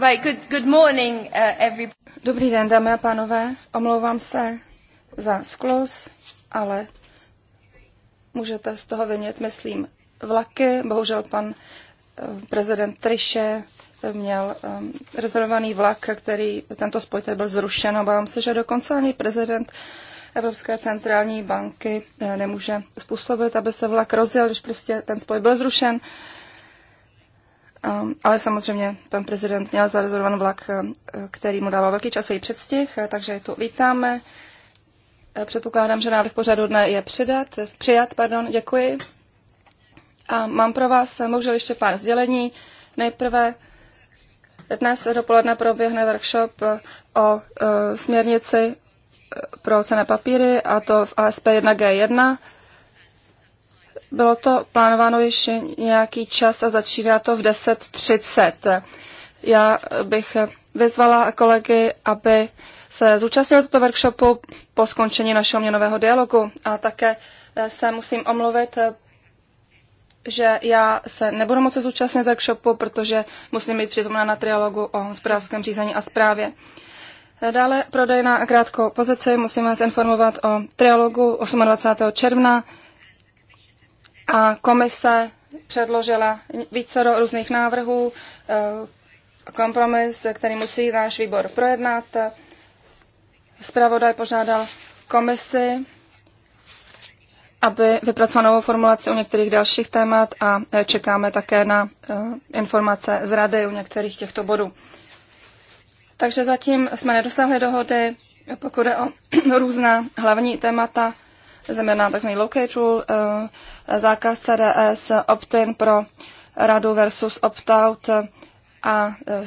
Right, good, good morning, uh, Dobrý den, dámy a pánové. Omlouvám se za sklus, ale můžete z toho vynět, myslím, vlaky. Bohužel pan eh, prezident Triše měl um, rezervovaný vlak, který tento spoj byl zrušen. Obávám se, že dokonce ani prezident Evropské centrální banky eh, nemůže způsobit, aby se vlak rozjel, když prostě ten spoj byl zrušen. Uh, Ehm, ale samozřejmě pan prezident měl zarezervovaný vlak, ehm, který mu dával velký časový předstih, eh, takže to vítáme. Eh, předpokládám, že návrh pořadu dne je přidat, přijat. Pardon, děkuji. A mám pro vás možná eh, ještě pár sdělení. Nejprve dnes dopoledne proběhne workshop o směrnici pro cené papíry, a to v ASP 1G1. Bylo to plánováno ještě nějaký čas a začíná to v 10.30. Já bych vyzvala kolegy, aby se zúčastnili tohoto workshopu po skončení našeho měnového dialogu. A také eh, se musím omluvit, eh, že já se nebudu moci zúčastnit workshopu, protože musím být přítomná na trialogu o hospodářském řízení a zprávě. Eh, dále prodej na krátkou pozici. Musím vás informovat o trialogu 28. června a komise předložila více různých návrhů, eh, kompromis, který musí náš výbor projednat. Zpravodaj požádal komisi, aby vypracoval novou formulaci u některých dalších témat a eh, čekáme také na eh, informace z rady u některých těchto bodů. Takže zatím jsme nedosáhli dohody, pokud je o různá hlavní témata, znamená tzv. locate rule, eh, zákaz CDS, opt-in pro radu versus opt-out a eh,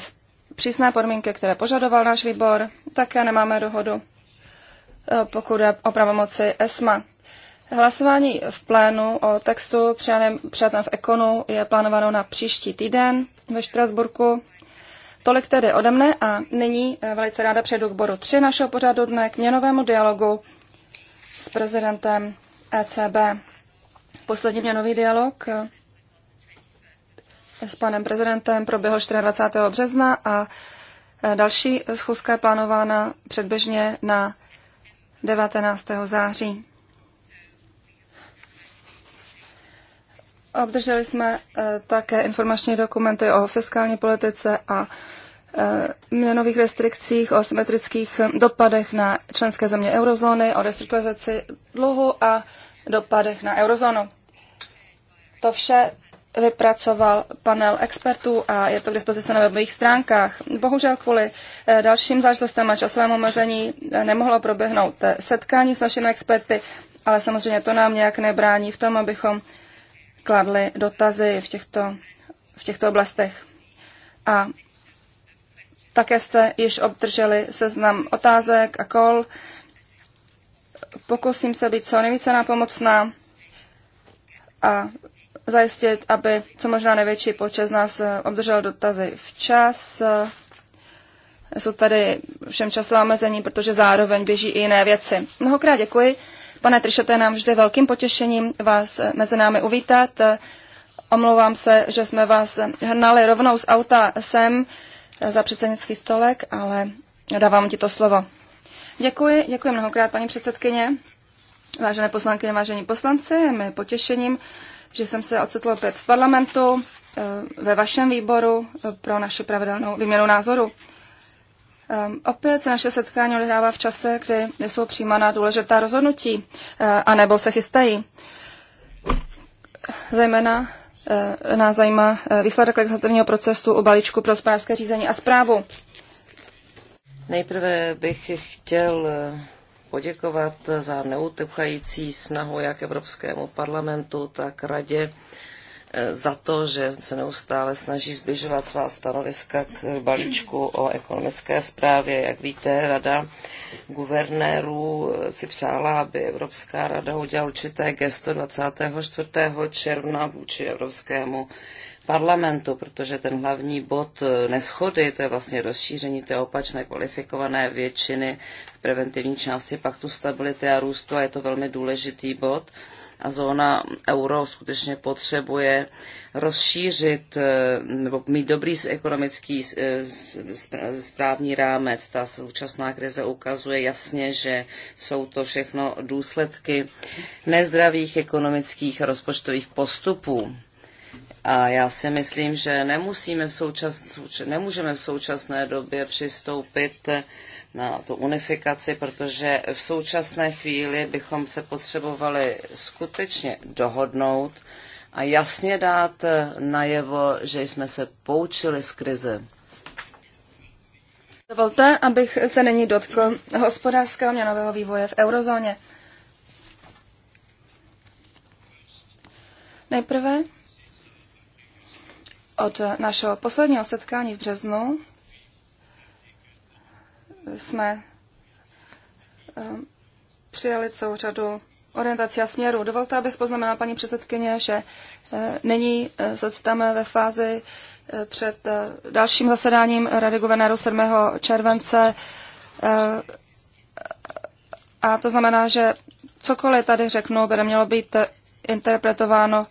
přísné podmínky, které požadoval náš výbor. Také nemáme dohodu, eh, pokud je o pravomoci ESMA. Hlasování v plénu o textu přijatém v Ekonu je plánováno na příští týden ve Štrasburku. Tolik tedy ode mne a nyní velice ráda přejdu k bodu 3 našeho pořadu dne k měnovému dialogu s prezidentem ECB. Poslední měnový dialog s panem prezidentem proběhl 24. března a e, další schůzka je plánována předběžně na 19. září. Obdrželi jsme e, také informační dokumenty o fiskální politice a Eh, měnových restrikcích, o symetrických eh, dopadech na členské země eurozóny, o restrukturalizaci dluhu a dopadech na eurozónu. To vše vypracoval panel expertů a je to k dispozici na webových stránkách. Bohužel kvůli eh, dalším zážitostem a časovému omezení nemohlo proběhnout setkání s našimi experty, ale samozřejmě to nám nějak nebrání v tom, abychom kladli dotazy v těchto, v těchto oblastech. A také jste již obdrželi seznam otázek a kol. Pokusím se být co nejvíce nápomocná a zajistit, aby co možná největší počet z nás eh, obdržel dotazy včas. Eh, jsou tady všem časová mezení, protože zároveň běží i jiné věci. Mnohokrát děkuji. Pane Trišete, nám vždy velkým potěšením vás eh, mezi námi uvítat. Omlouvám se, že jsme vás hnali rovnou z auta sem za předsednický stolek, ale dávám ti to slovo. Děkuji, děkuji mnohokrát, paní předsedkyně. Vážené poslankyně, vážení poslanci, je mi potěšením, že jsem se ocitla opět v parlamentu, eh, ve vašem výboru eh, pro naši pravidelnou výměnu názoru. Eh, opět se naše setkání odehrává v čase, kdy jsou přijímána důležitá rozhodnutí, anebo se chystají. Zejména Eh, nás zajímá eh, výsledek legislativního procesu u balíčku pro hospodářské řízení a zprávu. Nejprve bych chtěl eh, poděkovat za neutepchající snahu jak Evropskému parlamentu, tak Radě za to, že se neustále snaží zbližovat svá stanoviska k balíčku o ekonomické zprávě. Jak víte, Rada guvernérů si přála, aby Evropská rada udělala určité gesto 24. června vůči Evropskému parlamentu, protože ten hlavní bod neschody, to je vlastně rozšíření té opačné kvalifikované většiny v preventivní části paktu stability a růstu a je to velmi důležitý bod a zóna euro skutečně potřebuje rozšířit eh, nebo mít dobrý ekonomický eh, správní rámec. Ta současná krize ukazuje jasně, že jsou to všechno důsledky nezdravých ekonomických a rozpočtových postupů. A já si myslím, že nemusíme v součas, nemůžeme v současné době přistoupit eh, na tu unifikaci, protože v současné chvíli bychom se potřebovali skutečně dohodnout a jasně dát eh, najevo, že jsme se poučili z krize. Dovolte, abych se nyní dotkl hospodářského měnového vývoje v eurozóně. Nejprve od našeho posledního setkání v březnu jsme eh, přijali celou řadu orientaci a směru. Dovolte, abych poznamenala paní předsedkyně, že eh, nyní se eh, ocitáme ve fázi eh, před dalším zasedáním Rady guvernéru 7. července. A to znamená, že cokoliv tady řeknou, by nemělo být interpretováno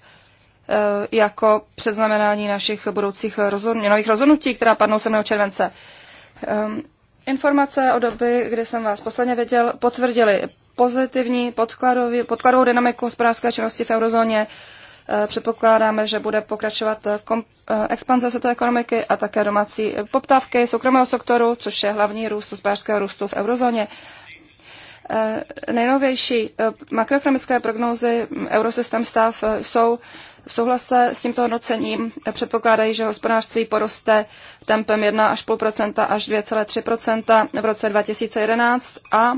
jako předznamenání našich budoucích rozhodnutí, nových rozhodnutí, která padnou 7. července. Ehm, informace o doby, kdy jsem vás posledně věděl, potvrdili pozitivní podkladovou dynamiku hospodářské činnosti v eurozóně. E, předpokládáme, že bude pokračovat e, expanze světové ekonomiky a také domácí poptávky soukromého sektoru, což je hlavní růst hospodářského růstu v eurozóně. E, nejnovější makroekonomické prognózy Eurosystem stav jsou v souhlase s tímto hodnocením. Předpokládají, že hospodářství poroste tempem 0,5 až 2,3% v roce 2011 a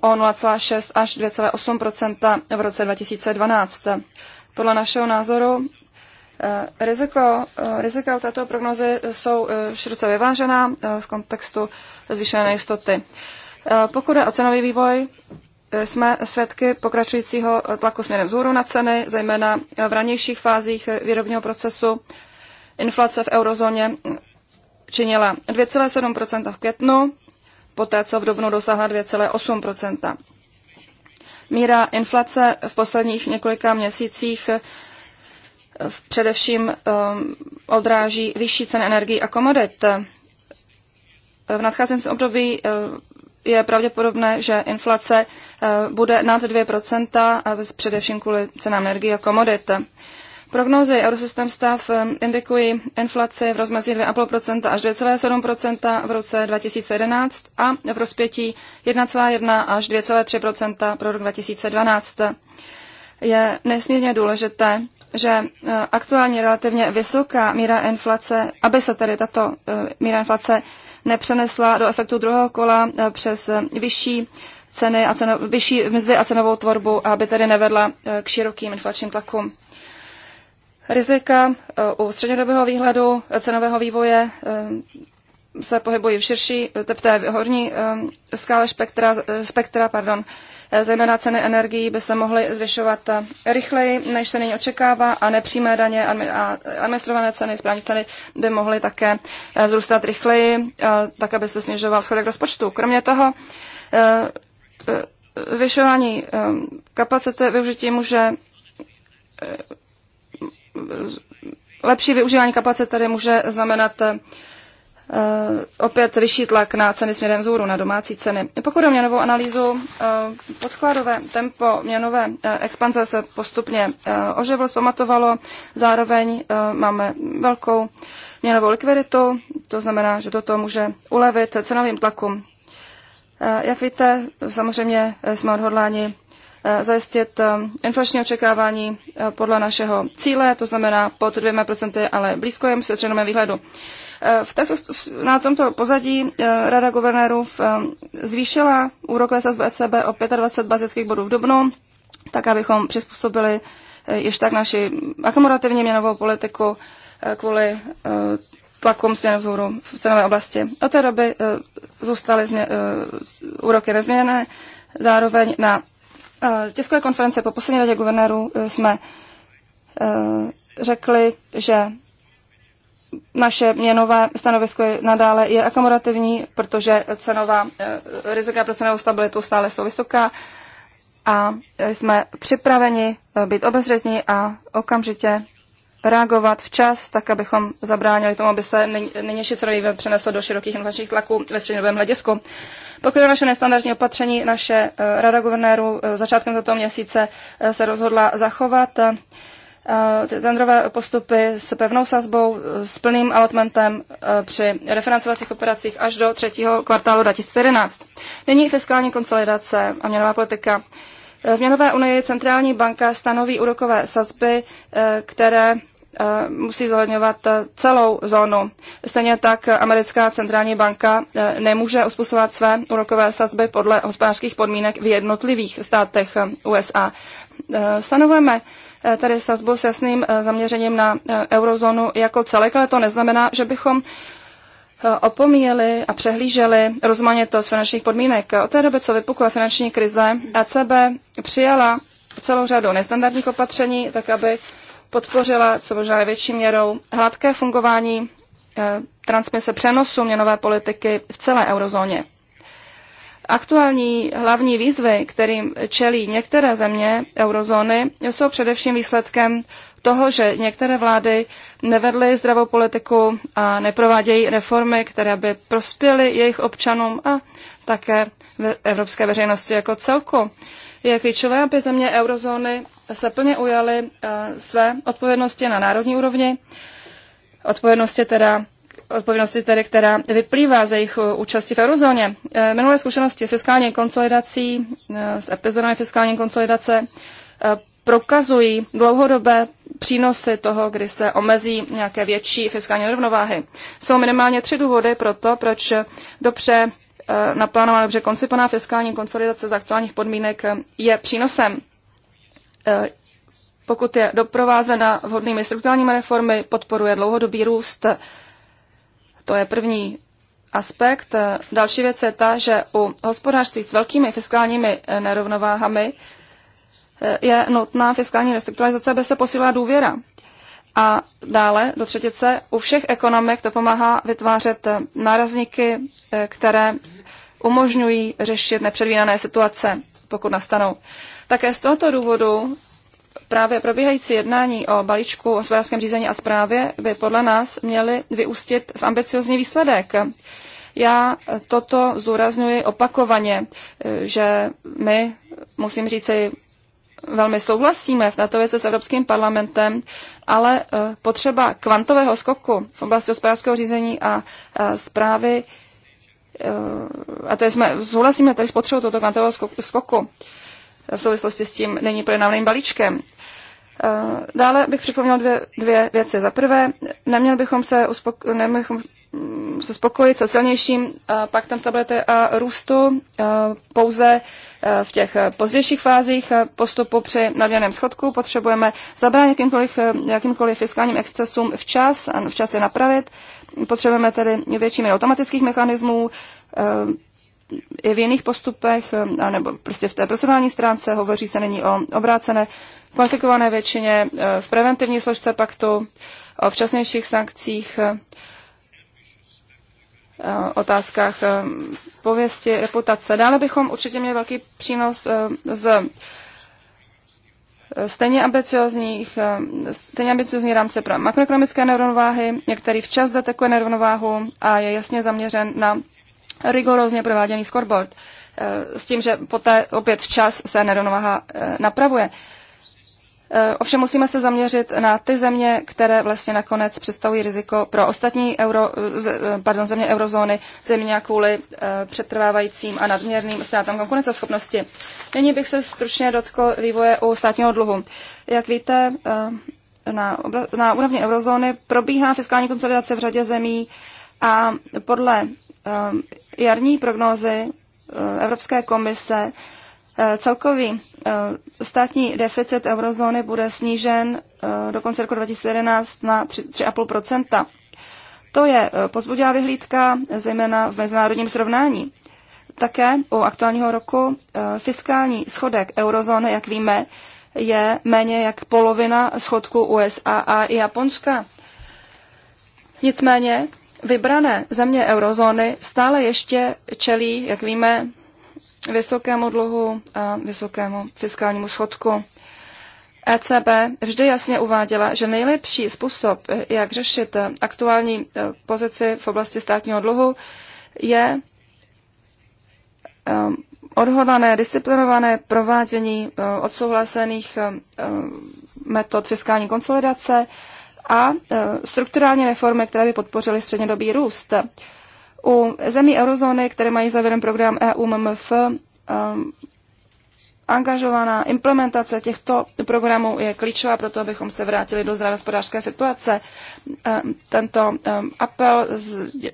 o 0,6 až 2,8 v roce 2012. Podle našeho názoru eh, Riziko, eh, rizika této prognozy jsou eh, široce vyvážená v kontextu zvýšené nejistoty. Pokud je o cenový vývoj, jsme svědky pokračujícího tlaku směrem vzhůru na ceny, zejména v ranějších fázích výrobního procesu. Inflace v eurozóně činila 2,7 v květnu, poté co v dubnu dosáhla 2,8 Míra inflace v posledních několika měsících eh, především ehm, odráží vyšší ceny energii a komodit. V nadcházejícím období eh, je pravděpodobné, že inflace eh, bude nad 2 především kvůli cenám energie a komodit. Prognózy Eurosystem stav ehm, indikují inflaci v rozmezí 2,5% až 2,7% v roce 2011 a v rozpětí 1,1 až 2,3% pro rok 2012. Je nesmírně důležité, že ehm, aktuálně relativně vysoká míra inflace, aby se tedy tato ehm, míra inflace nepřenesla do efektu druhého kola přes vyšší ceny a ceno, vyšší mzdy a cenovou tvorbu, aby tedy nevedla k širokým inflačním tlakům. Rizika eh, u střednědobého výhledu eh, cenového vývoje eh, se pohybují v širší, v té horní skále spektra, spektra pardon, zejména ceny energií by se mohly zvyšovat rychleji, než se nyní očekává a nepřímé daně a administrované ceny, správní ceny by mohly také vzrůstat rychleji, tak aby se snižoval schodek rozpočtu. Kromě toho zvyšování kapacity využití může lepší využívání kapacit tady může znamenat eh, opět vyšší tlak na ceny směrem vzhůru, na domácí ceny. Pokud o měnovou analýzu, eh, podkladové tempo měnové eh, expanze se postupně oživilo, zpamatovalo, zároveň máme velkou měnovou likviditu, to znamená, že toto může ulevit cenovým tlakům. Jak víte, samozřejmě jsme odhodláni Eh, zajistit eh, inflační očekávání eh, podle našeho cíle, to znamená pod 2%, ale blízko jemu se výhledu. V této, na tomto pozadí Rada guvernérů zvýšila úrokové sazby ECB o 25 bazických bodů v Dubnu, tak abychom přizpůsobili ještě tak naši akumulativní měnovou politiku kvůli tlakům směrem vzhůru v cenové oblasti. Od té doby zůstaly úroky nezměněné, zároveň na Eh, tiskové konference po poslední radě guvernérů eh, jsme eh, řekli, že naše měnové stanovisko je nadále je akomodativní, protože cenová rizika pro cenovou stabilitu stále jsou vysoká a jsme připraveni být obezřetní a okamžitě reagovat včas, tak abychom zabránili tomu, aby se nynější cenový přenesl do širokých inflačních tlaků ve střednědobém hledisku. Pokud je naše nestandardní opatření, naše eh, rada guvernérů eh, začátkem tohoto měsíce eh, se rozhodla zachovat tendrové postupy s pevnou sazbou, s plným allotmentem při refinancovacích operacích až do třetího kvartálu 2011. Nyní fiskální konsolidace a měnová politika. V měnové unii centrální banka stanoví úrokové sazby, které Eh, musí zohledňovat eh, celou zónu. Stejně tak americká centrální banka eh, nemůže uspůsobovat své úrokové sazby podle hospodářských podmínek v jednotlivých státech USA. Stanovujeme tady sazbu s jasným zaměřením na eurozónu jako celek, ale to neznamená, že bychom opomíjeli a přehlíželi rozmanitost finančních podmínek. Od té doby, co vypukla finanční krize, ECB přijala celou řadu nestandardních opatření, tak aby podpořila co možná největší měrou hladké fungování eh, transmise přenosu měnové politiky v celé eurozóně. Aktuální hlavní výzvy, kterým čelí některé země eurozóny, jsou především výsledkem toho, že některé vlády nevedly zdravou politiku a neprovádějí reformy, které by prospěly jejich občanům a také evropské veřejnosti jako celku. Je klíčové, aby země eurozóny se plně ujali eh, své odpovědnosti na národní úrovni, odpovědnosti teda odpovědnosti tedy, která vyplývá ze jejich eh, účasti v eurozóně. Eh, minulé zkušenosti s fiskální konsolidací, s epizodami fiskální konsolidace prokazují dlouhodobé přínosy toho, kdy se omezí nějaké větší fiskální rovnováhy. Jsou minimálně tři důvody pro to, proč dobře naplánovaná, dobře koncipovaná fiskální konsolidace za aktuálních podmínek je přínosem. Eh, pokud je doprovázena vhodnými strukturálními reformy, podporuje dlouhodobý růst. To je první aspekt. Další věc je ta, že u hospodářství s velkými fiskálními eh, nerovnováhami eh, je nutná fiskální restrukturalizace, aby se posílila důvěra. A dále, do třetice, u všech ekonomik to pomáhá vytvářet nárazníky, které umožňují řešit nepředvídané situace pokud nastanou. Také z tohoto důvodu právě probíhající jednání o balíčku o hospodářském řízení a zprávě by podle nás měly vyústit v ambiciozní výsledek. Já toto zdůrazňuji opakovaně, že my, musím říci, velmi souhlasíme v této věci s Evropským parlamentem, ale eh, potřeba kvantového skoku v oblasti hospodářského řízení a zprávy eh, Eh, a tady jsme, souhlasíme tady s potřebou tohoto kvantového skoku v souvislosti s tím není projednávaným balíčkem. Eh, dále bych připomněl dvě, dvě věci. Za prvé, neměli bychom se, uspoko- neměli bychom mm, se spokojit se silnějším eh, paktem stability a růstu pouze v těch pozdějších fázích postupu při nadměrném schodku. Potřebujeme zabránit jakýmkoliv, jakýmkoliv fiskálním excesům včas a včas je napravit. Potřebujeme tedy větší míru automatických mechanismů, eh, i v jiných postupech, eh, nebo prostě v té personální stránce, hovoří se nyní o obrácené kvalifikované většině, eh, v preventivní složce paktu, o včasnějších sankcích, otázkách pověsti, reputace. Dále bychom určitě měli velký přínos z stejně ambiciozních, eh, stejně ambiciozní rámce pro makroekonomické nerovnováhy, který včas detekuje nerovnováhu a je jasně zaměřen na rigorózně prováděný scoreboard. Eh, s tím, že poté opět včas se nerovnováha eh, napravuje. Eh, ovšem musíme se zaměřit na ty země, které vlastně nakonec představují riziko pro ostatní euro, eh, eh, pardon, země eurozóny, země kvůli přetrvávajícím a nadměrným ztrátám konkurenceschopnosti. Nyní bych se stručně dotkl vývoje u státního dluhu. Jak víte, na, na úrovni eurozóny probíhá fiskální konsolidace v řadě zemí a podle jarní prognózy Evropské komise Eh, celkový eh, státní deficit eurozóny bude snížen eh, do konce roku 2011 na 3,5 To je pozbudilá vyhlídka, zejména v mezinárodním srovnání. Také u aktuálního roku fiskální schodek eurozóny, jak víme, je méně jak polovina schodku USA a Japonska. Nicméně vybrané země eurozóny stále ještě čelí, jak víme, vysokému dluhu a vysokému fiskálnímu schodku. ECB vždy jasně uváděla, že nejlepší způsob, jak řešit aktuální e, pozici v oblasti státního dluhu, je e, odhodlané, disciplinované provádění e, odsouhlasených metod fiskální konsolidace a strukturální reformy, které by podpořily střednědobý růst. U zemí eurozóny, které mají zaveden program EUMMF, um, angažovaná implementace těchto programů je klíčová pro to, abychom se vrátili do zdravé hospodářské situace. Um, tento um, apel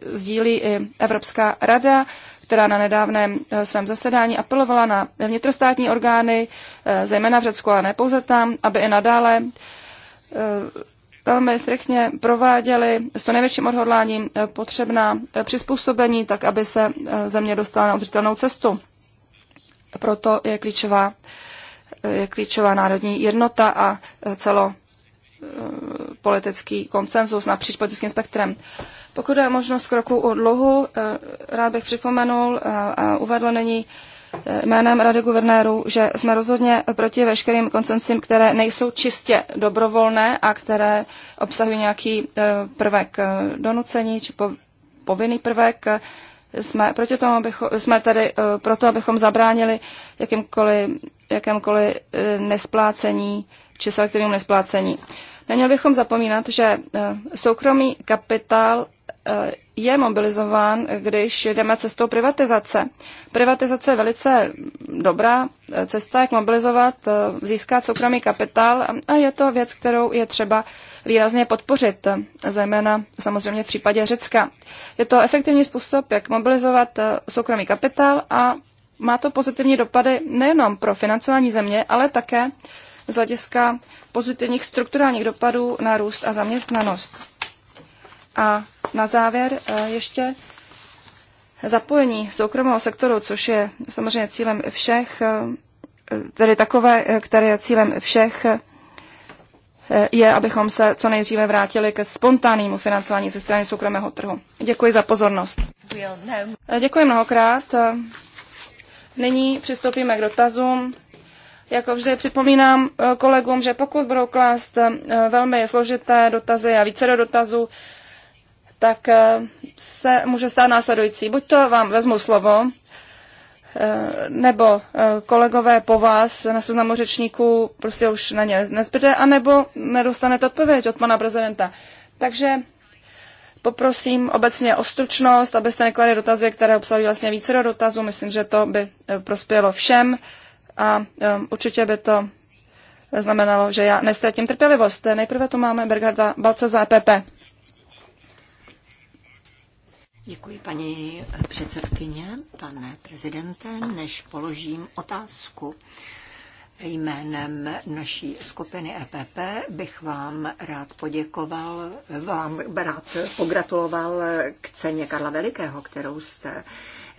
sdílí i Evropská rada, která na nedávném eh, svém zasedání apelovala na vnitrostátní orgány, eh, zejména v Řecku, ale ne pouze tam, aby i nadále eh, velmi striktně prováděli s to největším odhodláním eh, potřebná eh, přizpůsobení, tak aby se eh, země dostala na udržitelnou cestu. Proto je klíčová, je klíčová národní jednota a celo politický konsenzus napříč politickým spektrem. Pokud je možnost kroku u dluhu, rád bych připomenul a uvedl není jménem Rady guvernérů, že jsme rozhodně proti veškerým koncencím, které nejsou čistě dobrovolné a které obsahují nějaký e, prvek e, donucení či povinný prvek. Jsme, proti tomu, abychom, jsme tady e, proto, abychom zabránili jakýmkoliv, jakémkoliv nesplácení či selektivnímu nesplácení. Neměli bychom zapomínat, že soukromý kapitál Eh, je mobilizován, když jdeme cestou privatizace. Privatizace je velice dobrá eh, cesta, jak mobilizovat, eh, získat soukromý kapitál a je to věc, kterou je třeba výrazně podpořit, zejména samozřejmě v případě Řecka. Je to efektivní způsob, jak mobilizovat soukromý kapitál a má to pozitivní dopady nejenom pro financování země, ale také z hlediska pozitivních strukturálních dopadů na růst a zaměstnanost. A na závěr eh, ještě zapojení soukromého sektoru, což je samozřejmě cílem všech, eh, tedy takové, eh, které je cílem všech, je, abychom se co nejdříve vrátili ke spontánnímu financování ze strany soukromého trhu. Děkuji za pozornost. Děkuji mnohokrát. Nyní přistoupíme k dotazům. Jako vždy připomínám kolegům, že pokud budou klást velmi složité dotazy a více do dotazů, tak eh, se může stát následující. Buď to vám vezmu slovo, eh, nebo eh, kolegové po vás na seznamu řečníků prostě už na ně nezbyde, anebo nedostanete odpověď od pana prezidenta. Takže poprosím obecně o stručnost, abyste nekladli dotazy, které obsahují vlastně více do dotazů. Myslím, že to by prospělo všem a určitě by to znamenalo, že já nestratím trpělivost. Nejprve tu máme Bergarda Balce za EPP. Děkuji, paní předsedkyně, pane prezidente. Než položím otázku jménem naší skupiny EPP, bych vám rád poděkoval, vám rád pogratuloval k ceně Karla Velikého, kterou jste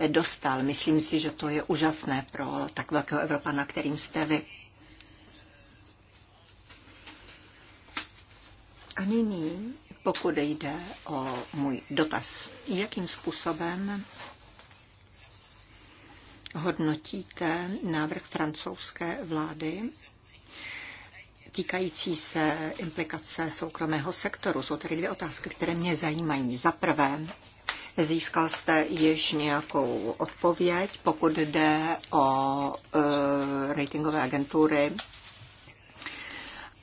dostal. Myslím si, že to je úžasné pro tak velkého Evropana, kterým jste vy. A nyní pokud jde o můj dotaz. Jakým způsobem hodnotíte návrh francouzské vlády týkající se implikace soukromého sektoru? Jsou tady dvě otázky, které mě zajímají. Za prvé, Získal jste již nějakou odpověď, pokud jde o e, ratingové agentury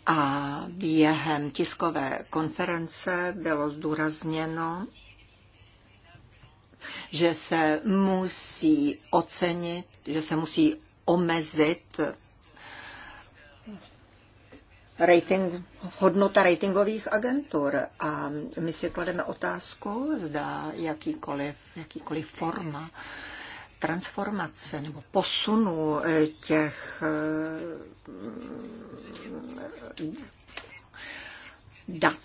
a během tiskové konference bylo zdůrazněno, že se musí ocenit, že se musí omezit rating, hodnota ratingových agentur. A my si klademe otázku, zda jakýkoliv, jakýkoliv forma uh, transformace nebo posunu eh, těch eh, dat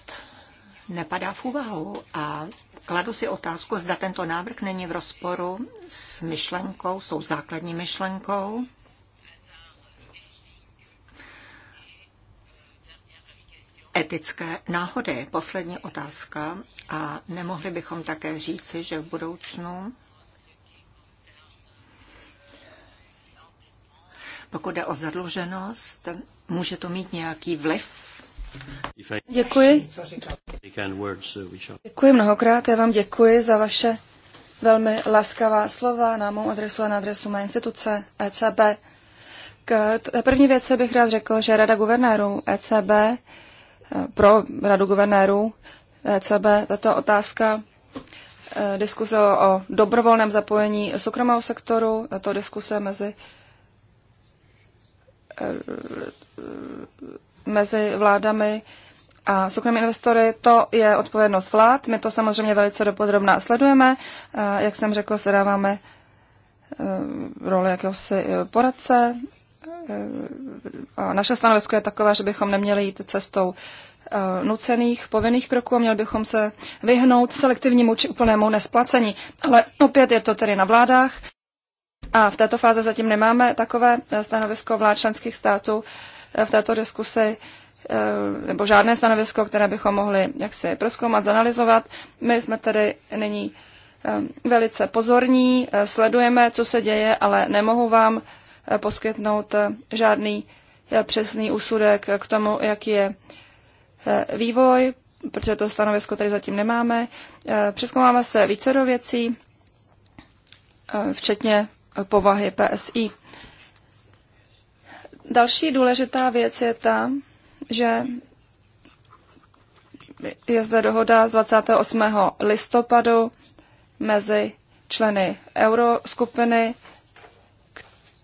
nepadá v úvahu a kladu si otázku, zda tento návrh není v rozporu s myšlenkou, s tou základní myšlenkou etické náhody. Poslední otázka. A nemohli bychom také říci, že v budoucnu Pokud jde o zadluženost, může to mít nějaký vliv? Děkuji. Uh, děkuji mnohokrát. Já vám děkuji za vaše velmi laskavá slova na mou adresu a na adresu mé instituce ECB. K první věci bych rád řekl, že Rada guvernérů ECB eh, pro Radu guvernérů ECB tato otázka eh, diskuse o dobrovolném zapojení soukromého sektoru, tato diskuse mezi Eh, mezi vládami a soukromými investory, to je odpovědnost vlád. My to samozřejmě velice dopodrobná sledujeme. Eh, jak jsem řekl, se dáváme eh, roli jakéhosi poradce. A naše stanovisko je takové, že bychom neměli jít cestou nucených, povinných kroků a měli bychom se vyhnout selektivnímu či úplnému nesplacení. Ale opět je to tedy na vládách. A v této fázi zatím nemáme takové eh, stanovisko vlád členských států eh, v této diskusi eh, nebo žádné stanovisko, které bychom mohli jaksi proskoumat, zanalizovat. My jsme tedy nyní velice pozorní, sledujeme, co se děje, ale nemohu vám poskytnout žádný přesný úsudek k tomu, jaký je vývoj, protože to stanovisko tady zatím nemáme. Přeskoumáme se více do věcí, včetně povahy PSI. Další důležitá věc je ta, že je zde dohoda z 28. listopadu mezi členy euroskupiny,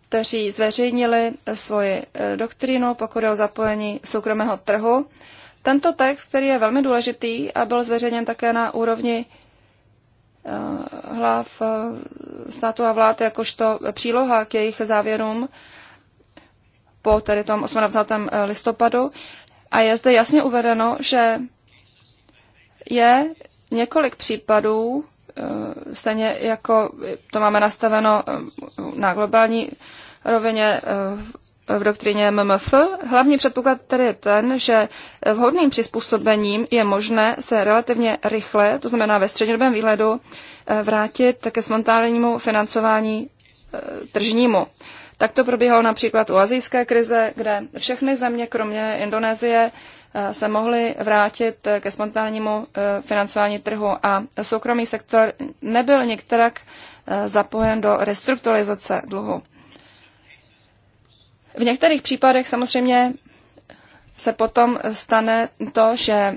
kteří zveřejnili svoji eh, doktrínu, pokud je o zapojení soukromého trhu. Tento text, který je velmi důležitý a byl zveřejněn také na úrovni Eh, hlav eh, státu a vlád jakožto příloha k jejich závěrům po tedy tom 28. Eh, listopadu. A je zde jasně uvedeno, že je několik případů, stejně jako to máme nastaveno na globální rovině v doktrině MMF. Hlavní předpoklad tedy je ten, že vhodným přizpůsobením je možné se relativně rychle, to znamená ve střednědobém výhledu, vrátit ke spontánnímu financování eh, tržnímu. Tak to probíhalo například u azijské krize, kde všechny země, kromě Indonésie, eh, se mohly vrátit ke spontánnímu eh, financování trhu a soukromý sektor nebyl některak zapojen do restrukturalizace dluhu. V některých případech samozřejmě se potom stane to, že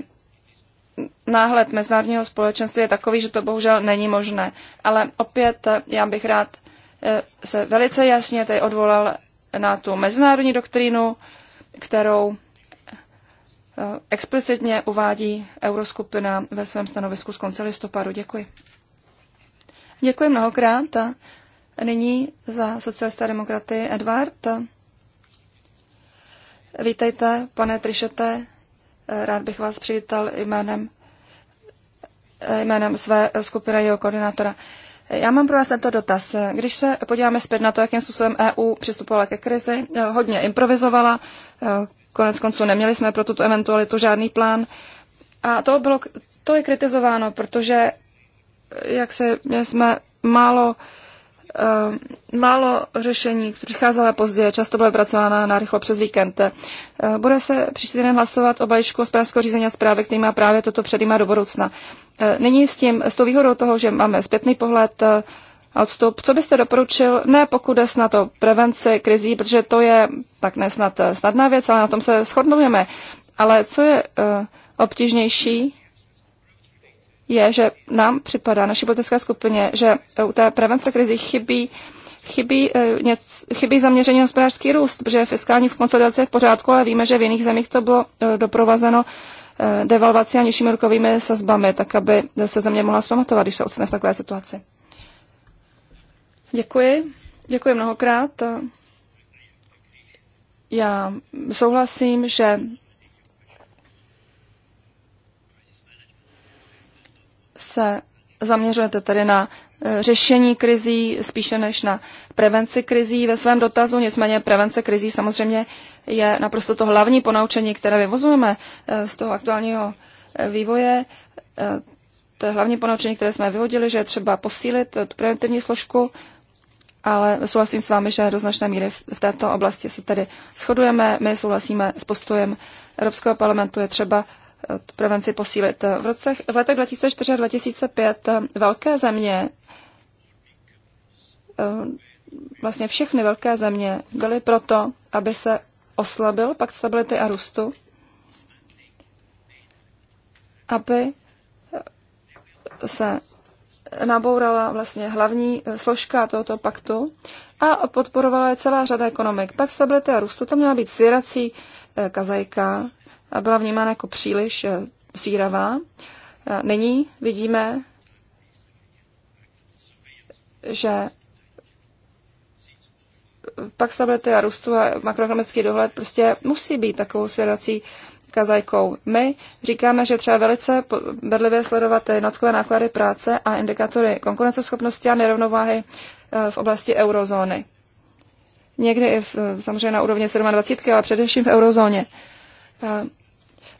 náhled mezinárodního společenství je takový, že to bohužel není možné. Ale opět eh, já bych rád eh, se velice jasně tady odvolal na tu mezinárodní doktrínu, kterou eh, explicitně uvádí Euroskupina ve svém stanovisku z konce listopadu. Děkuji. Děkuji mnohokrát. nyní za socialista demokraty Edward. Vítejte, pane Trišete. Rád bych vás přivítal jménem, jménem své skupiny jeho koordinátora. Já mám pro vás tento dotaz. Když se podíváme zpět na to, jakým způsobem EU přistupovala ke krizi, hodně improvizovala, konec konců neměli jsme pro tuto eventualitu žádný plán. A to, bylo, to je kritizováno, protože jak se jsme málo uh, Eh, málo řešení přicházela pozdě často byla pracována na rychlo přes víkend. Eh, bude se příští den hlasovat o balíčku hospodářského řízení a zprávy, který má právě toto předjímá do budoucna. Eh, není s tím, s tou výhodou toho, že máme zpětný pohled a odstup, co byste doporučil, ne pokud je snad o prevenci krizí, protože to je tak ne snad snadná věc, ale na tom se shodnujeme. Ale co je obtížnější, je, že nám připadá, naší politické skupině, že eh, u té prevence krizi chybí chybí, eh, něco, chybí zaměření na hospodářský růst, protože fiskální konsolidace je v pořádku, ale víme, že v jiných zemích to bylo eh, doprovázeno devalvací a nižšími rukovými sazbami, tak aby se země mohla zpamatovat, když se ocitne v takové situaci. Děkuji. Děkuji mnohokrát. Já souhlasím, že se zaměřujete tedy na e, řešení krizí spíše než na prevenci krizí ve svém dotazu. Nicméně prevence krizí samozřejmě je naprosto to hlavní ponaučení, které vyvozujeme e, z toho aktuálního e, vývoje. To je hlavní ponaučení, které jsme vyvodili, že je třeba posílit tu preventivní složku, ale souhlasím s vámi, že do značné míry v této oblasti se tedy shodujeme. My souhlasíme s postojem Evropského parlamentu, je třeba tu prevenci posílit. V, roce, v letech 2004 a 2005 velké země, eh, vlastně všechny velké země byly proto, aby se oslabil pak stability a růstu, aby eh, se nabourala vlastně hlavní eh, složka tohoto paktu a podporovala je celá řada ekonomik. Pak stability a růstu to měla být svěrací kazajka byla vnímána jako příliš eh, zvíravá. Eh, nyní vidíme, že pak stability a růstu a makroekonomický dohled prostě musí být takovou svědací kazajkou. My říkáme, že třeba velice bedlivě sledovat jednotkové náklady práce a indikátory konkurenceschopnosti a nerovnováhy eh, v oblasti eurozóny. Někdy i v, samozřejmě na úrovni 27, ale především v eurozóně. Eh,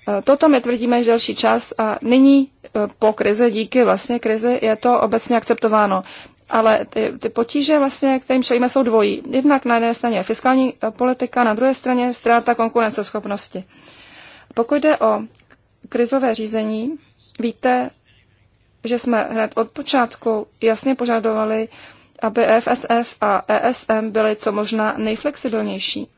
eh, toto my tvrdíme již delší čas a nyní eh, po krizi, díky vlastně krizi, je to obecně akceptováno. Ale ty, ty potíže, vlastně, kterým čelíme, jsou dvojí. Jednak na jedné straně fiskální politika, na druhé straně ztráta konkurenceschopnosti. Pokud jde o krizové řízení, víte, že jsme hned od počátku jasně požadovali, aby FSF a ESM byly co možná nejflexibilnější.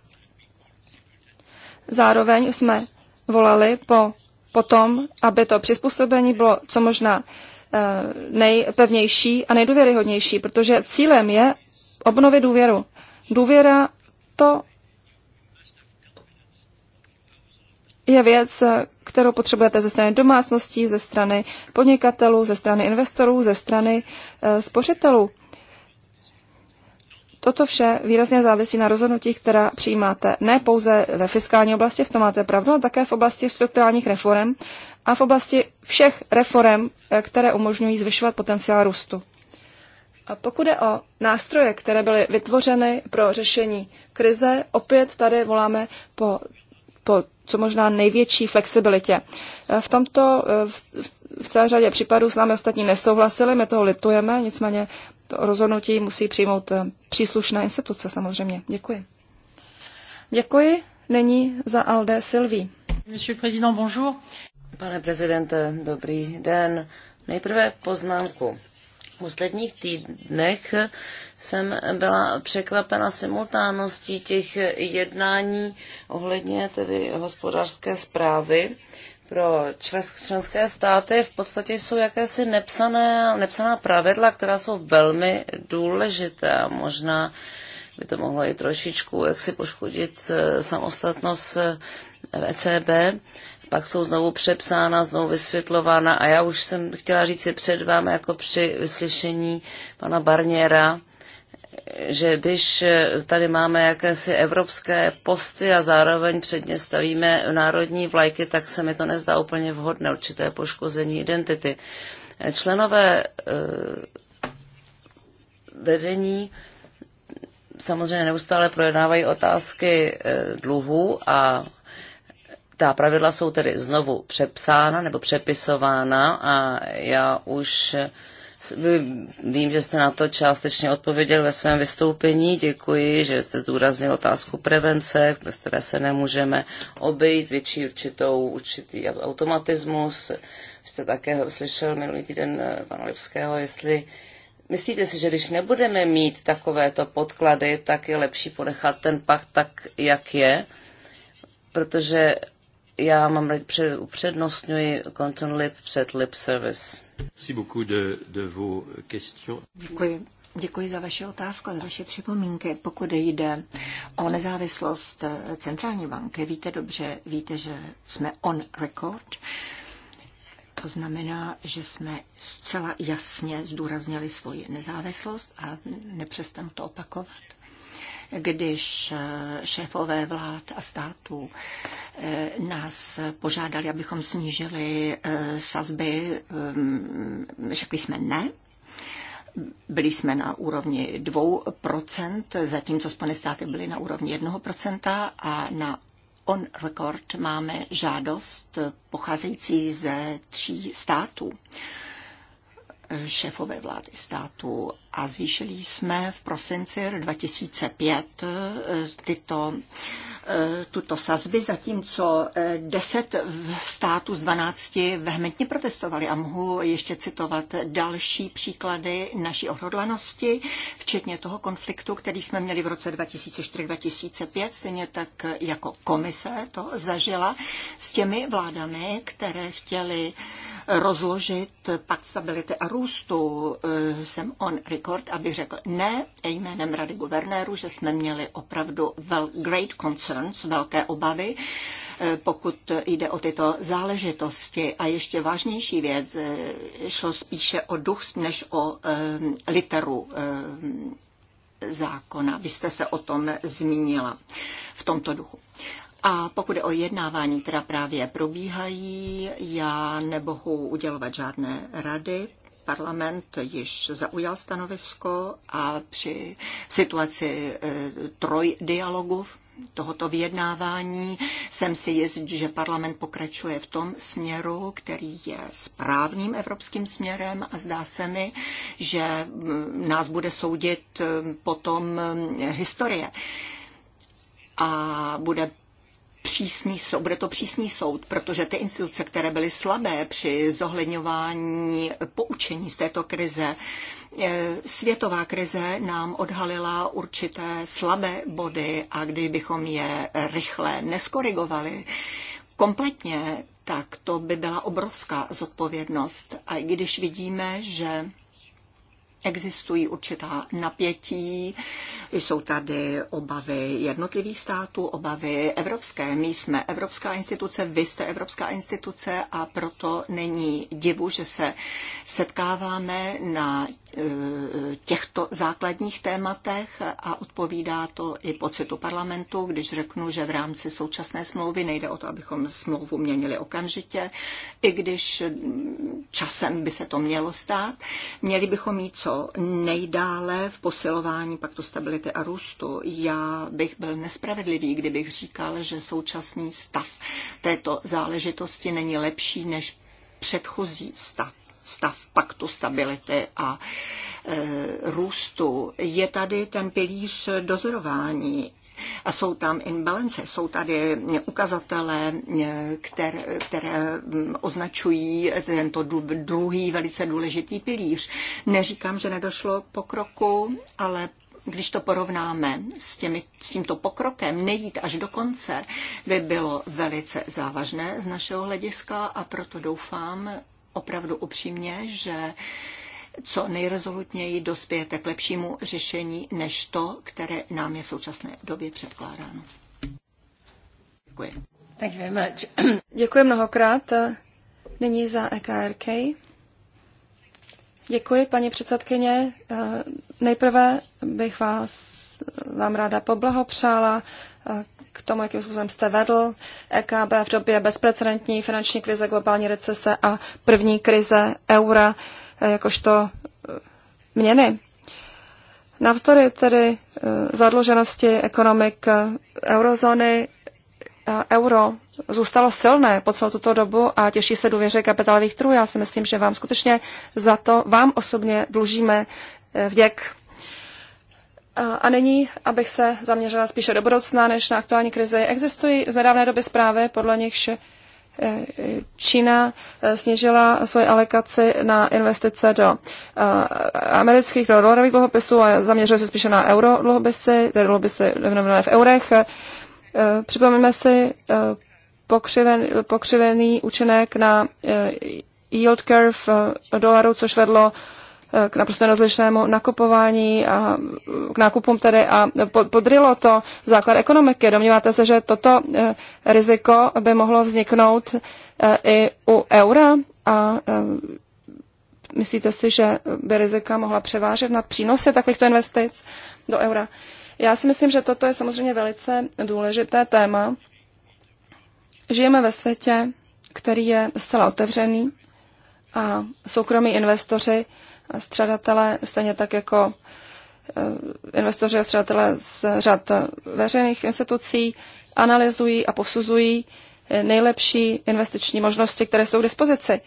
Zároveň jsme volali po, po tom, aby to přizpůsobení bylo co možná eh, nejpevnější a nejdůvěryhodnější, protože cílem je obnovit důvěru. Důvěra to je věc, kterou potřebujete ze strany domácností, ze strany podnikatelů, ze strany investorů, ze strany eh, spořitelů. Toto vše výrazně závisí na rozhodnutích, která přijímáte ne pouze ve fiskální oblasti, v tom máte pravdu, ale také v oblasti strukturálních reform a v oblasti všech reform, eh, které umožňují zvyšovat potenciál růstu. A pokud je o nástroje, které byly vytvořeny pro řešení krize, opět tady voláme po, po co možná největší flexibilitě. Eh, v tomto, eh, v, v celé řadě případů s námi ostatní nesouhlasili, my toho litujeme, nicméně to rozhodnutí musí přijmout eh, příslušná instituce samozřejmě. Děkuji. Děkuji. není za Alde Silví. Monsieur président, bonjour. Pane prezidente, dobrý den. Nejprve poznámku. V posledních týdnech jsem byla překvapena simultáností těch jednání ohledně tedy hospodářské zprávy pro členské státy v podstatě jsou jakési nepsané, nepsaná pravidla, která jsou velmi důležité. Možná by to mohlo i trošičku jak si poškodit eh, samostatnost ECB. Eh, e Pak jsou znovu přepsána, znovu vysvětlována a já už jsem chtěla říct si před vámi, jako při vyslyšení pana Barniera, že když tady máme jakési evropské posty a zároveň předně stavíme národní vlajky, tak se mi to nezdá úplně vhodné, určité poškození identity. Členové eh, vedení samozřejmě neustále projednávají otázky eh, dluhů a ta pravidla jsou tedy znovu přepsána nebo přepisována a já už Vím, že jste na to částečně odpověděl ve svém vystoupení. Děkuji, že jste zdůraznil otázku prevence, bez které se nemůžeme obejít, větší určitou, určitý automatismus. Jste také slyšel minulý týden eh, pana Lipského, jestli Myslíte si, že když nebudeme mít takovéto podklady, tak je lepší ponechat ten pakt tak, jak je? Protože já mám upřednostňuji Content lip před Lip Service. Děkuji. Děkuji za vaše otázku a za vaše připomínky. Pokud jde o nezávislost centrální banky, víte dobře, víte, že jsme on record. To znamená, že jsme zcela jasně zdůraznili svoji nezávislost a nepřestanu to opakovat když eh, šéfové vlád a států eh, nás požádali, abychom snížili eh, sazby, ehm, řekli jsme ne, byli jsme na úrovni 2%, zatímco Spojené státy byly na úrovni 1% a na on record máme žádost pocházející ze tří států šéfové vlády států a zvýšili jsme v prosinci 2005 eh, tyto E, tuto sazby, zatímco 10 e, států z 12 vehementně protestovali. A mohu ještě citovat další příklady naší odhodlanosti, včetně toho konfliktu, který jsme měli v roce 2004-2005, stejně tak jako komise to zažila s těmi vládami, které chtěly rozložit pak stability a růstu. E, jsem on record, aby řekl ne jménem Rady guvernéru, že jsme měli opravdu well, great concern Concerns, velké obavy, eh, pokud jde o tyto záležitosti. A ještě vážnější věc, eh, šlo spíše o duch než o eh, literu zákona. Vy jste se o tom zmínila v tomto duchu. A pokud je o jednávání, která právě probíhají, já nebohu udělovat žádné rady. Parlament již zaujal stanovisko a při situaci e, troj tohoto vyjednávání jsem si jist, že parlament pokračuje v tom směru, který je správným evropským směrem a zdá se mi, že mm, nás bude soudit mm, potom mm, historie. A bude přísný, bude to přísný soud, protože ty instituce, které byly slabé při zohledňování poučení z této krize, Eh, světová krize nám odhalila určité slabé body a kdybychom je rychle neskorigovali kompletně, tak to by byla obrovská zodpovědnost. A i když vidíme, že existují určitá napětí, jsou tady obavy jednotlivých států, obavy evropské. My jsme evropská instituce, vy jste evropská instituce a proto není divu, že se setkáváme na e, těchto základních tématech a odpovídá to i pocitu parlamentu, když řeknu, že v rámci současné smlouvy nejde o to, abychom smlouvu měnili okamžitě, i když časem by se to mělo stát. Měli bychom mít co co nejdále v posilování paktu stability a růstu. Já bych byl nespravedlivý, kdybych říkal, že současný stav této záležitosti není lepší než předchozí stav stav paktu stability a e, růstu. Je tady ten pilíř dozorování a jsou tam imbalance, jsou tady ukazatele, eh, které, které mm, označují tento druhý velice důležitý pilíř. Neříkám, že nedošlo pokroku, ale když to porovnáme s, těmi, s tímto pokrokem, nejít až do konce, by bylo velice závažné z našeho hlediska a proto doufám opravdu upřímně, že co nejrezolutněji dospějete k lepšímu řešení než to, které nám je v současné době předkládáno. Děkuji. Thank you very much. Děkuji mnohokrát. Nyní za EKRK. Děkuji, paní předsedkyně. Nejprve bych vás, vám ráda poblahopřála k tomu, jakým způsobem jste vedl EKB v době bezprecedentní finanční krize, globální recese a první krize eura. Eh, jakožto eh, měny. Navzdory tedy eh, zadluženosti ekonomik eurozóny euro zůstalo silné po celou tuto dobu a těší se důvěře kapitálových trhů. Já si myslím, že vám skutečně za to, vám osobně dlužíme vděk. A nyní, abych se zaměřila spíše do budoucna než na aktuální krizi, existují z nedávné doby zprávy, podle nichž Čína eh, snížila svoje alokaci na investice do eh, amerických do dolarových dluhopisů a zaměřuje se spíše na euro dluhopisy, tedy dluhopisy denominované v eurech. Eh, připomeňme si pokřiven, pokřivený účinek na yield curve dolaru, což vedlo Eh, k naprosto rozlišnému nakupování a eh, k nákupům tedy a podrylo to základ ekonomiky. Domníváte se, že toto eh, riziko by mohlo vzniknout i u eura a myslíte si, že by rizika mohla převážet nad přínosy takovýchto investic do eura? Já si myslím, že toto je samozřejmě velice důležité téma. Žijeme ve světě, který je zcela otevřený a soukromí investoři střadatele, stejně tak jako eh, investoři a střadatele z řad veřejných institucí analyzují a posuzují eh, nejlepší investiční možnosti, které jsou k dispozici.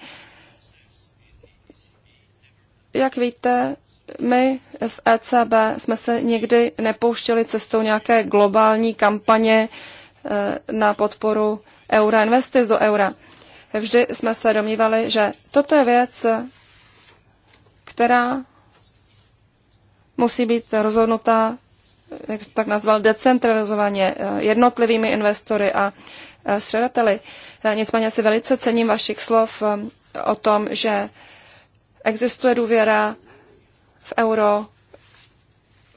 Jak víte, my v ECB jsme se nikdy nepouštěli cestou nějaké globální kampaně eh, na podporu eura investic do eura. Vždy jsme se domnívali, že toto je věc, která musí být rozhodnuta, jak tak nazval, decentralizovaně eh, jednotlivými investory a eh, středateli. Eh, nicméně si velice cením vašich slov o tom, že existuje důvěra v euro,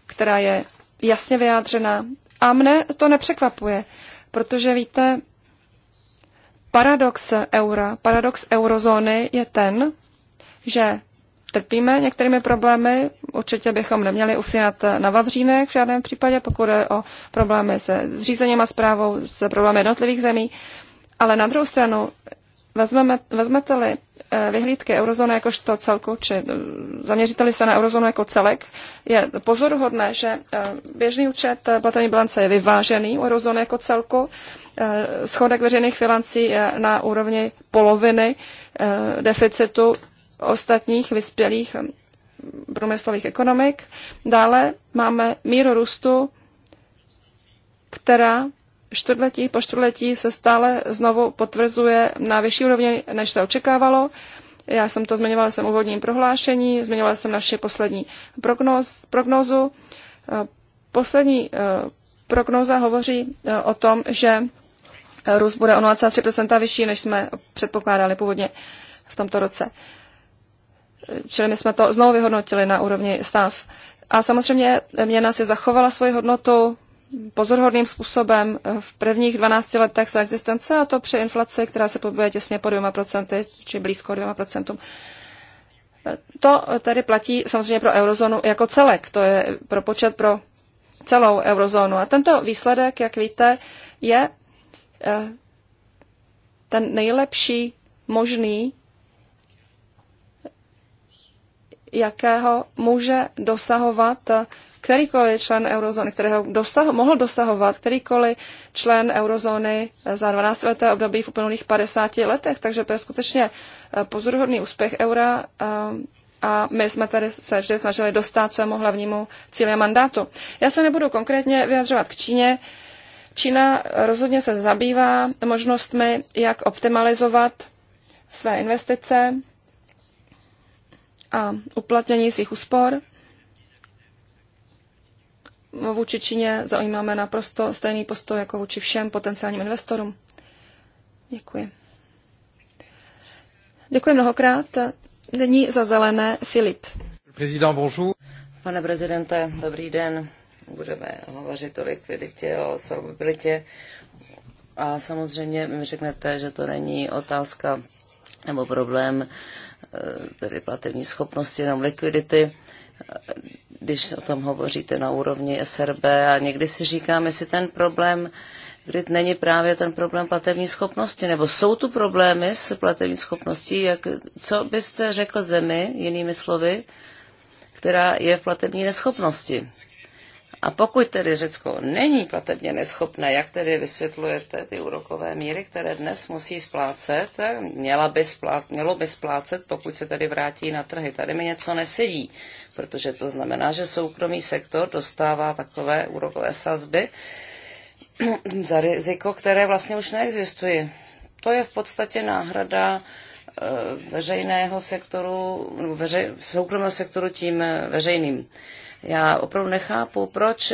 která je jasně vyjádřena. A mne to nepřekvapuje, protože víte, paradox eura, paradox eurozóny je ten, že trpíme některými problémy. Určitě bychom neměli usínat na Vavřínech v žádném případě, pokud je o problémy se zřízením a zprávou, se problémy jednotlivých zemí. Ale na druhou stranu, vezmeme, vezmete-li eh, vyhlídky eurozóny jakožto celku, či eh, zaměříte-li se na eurozónu jako celek, je pozoruhodné, že eh, běžný účet platební bilance je vyvážený u eurozóny jako celku, schodek veřejných financí je na úrovni poloviny deficitu ostatních vyspělých eh, průmyslových ekonomik. Dále máme míru růstu, která čtvrtletí po čtvrtletí se stále znovu potvrzuje na vyšší úrovni, než se očekávalo. Já jsem to zmiňovala jsem úvodním prohlášení, zmiňovala jsem naše poslední prognoz, prognozu. Eh, poslední eh, prognoza hovoří o tom, že růst bude o 0,3 vyšší, než jsme předpokládali původně v tomto roce čili my jsme to znovu vyhodnotili na úrovni stav. A samozřejmě měna si zachovala svoji hodnotu pozorhodným způsobem v prvních 12 letech své existence, a to při inflaci, která se pohybuje těsně po 2%, či blízko 2%. To tedy platí samozřejmě pro eurozónu jako celek, to je pro počet pro celou eurozónu. A tento výsledek, jak víte, je eh, ten nejlepší možný jakého může dosahovat kterýkoliv člen eurozóny, kterého dosah, mohl dosahovat kterýkoliv člen eurozóny za 12 leté období v uplynulých 50 letech. Takže to je skutečně eh, pozoruhodný úspěch eura eh, a my jsme tady se vždy snažili dostat svému hlavnímu cíli a mandátu. Já se nebudu konkrétně vyjadřovat k Číně. Čína rozhodně se zabývá možnostmi, jak optimalizovat své investice, a uplatnění svých úspor. Vůči Číně zaujímáme naprosto stejný postoj jako vůči všem potenciálním investorům. Děkuji. Děkuji mnohokrát. Nyní za zelené Filip. Prezident, bonjour. Pane prezidente, dobrý den. Budeme hovořit o likviditě, o solvabilitě. A samozřejmě mi řeknete, že to není otázka nebo problém Eh, tedy platební schopnosti, jenom likvidity, když o tom hovoříte na úrovni SRB a někdy si říkám, jestli ten problém kdy není právě ten problém platební schopnosti, nebo jsou tu problémy s platební schopností, jak, co byste řekl zemi, jinými slovy, která je v platební neschopnosti? A pokud tedy Řecko není platebně neschopné, jak tedy vysvětlujete ty úrokové míry, které dnes musí splácet, měla by splát, mělo by splácet, pokud se tedy vrátí na trhy. Tady mi něco nesedí, protože to znamená, že soukromý sektor dostává takové úrokové sazby za riziko, které vlastně už neexistuje. To je v podstatě náhrada eh, veřejného sektoru, veře, soukromého sektoru tím eh, veřejným. Já opravdu nechápu, proč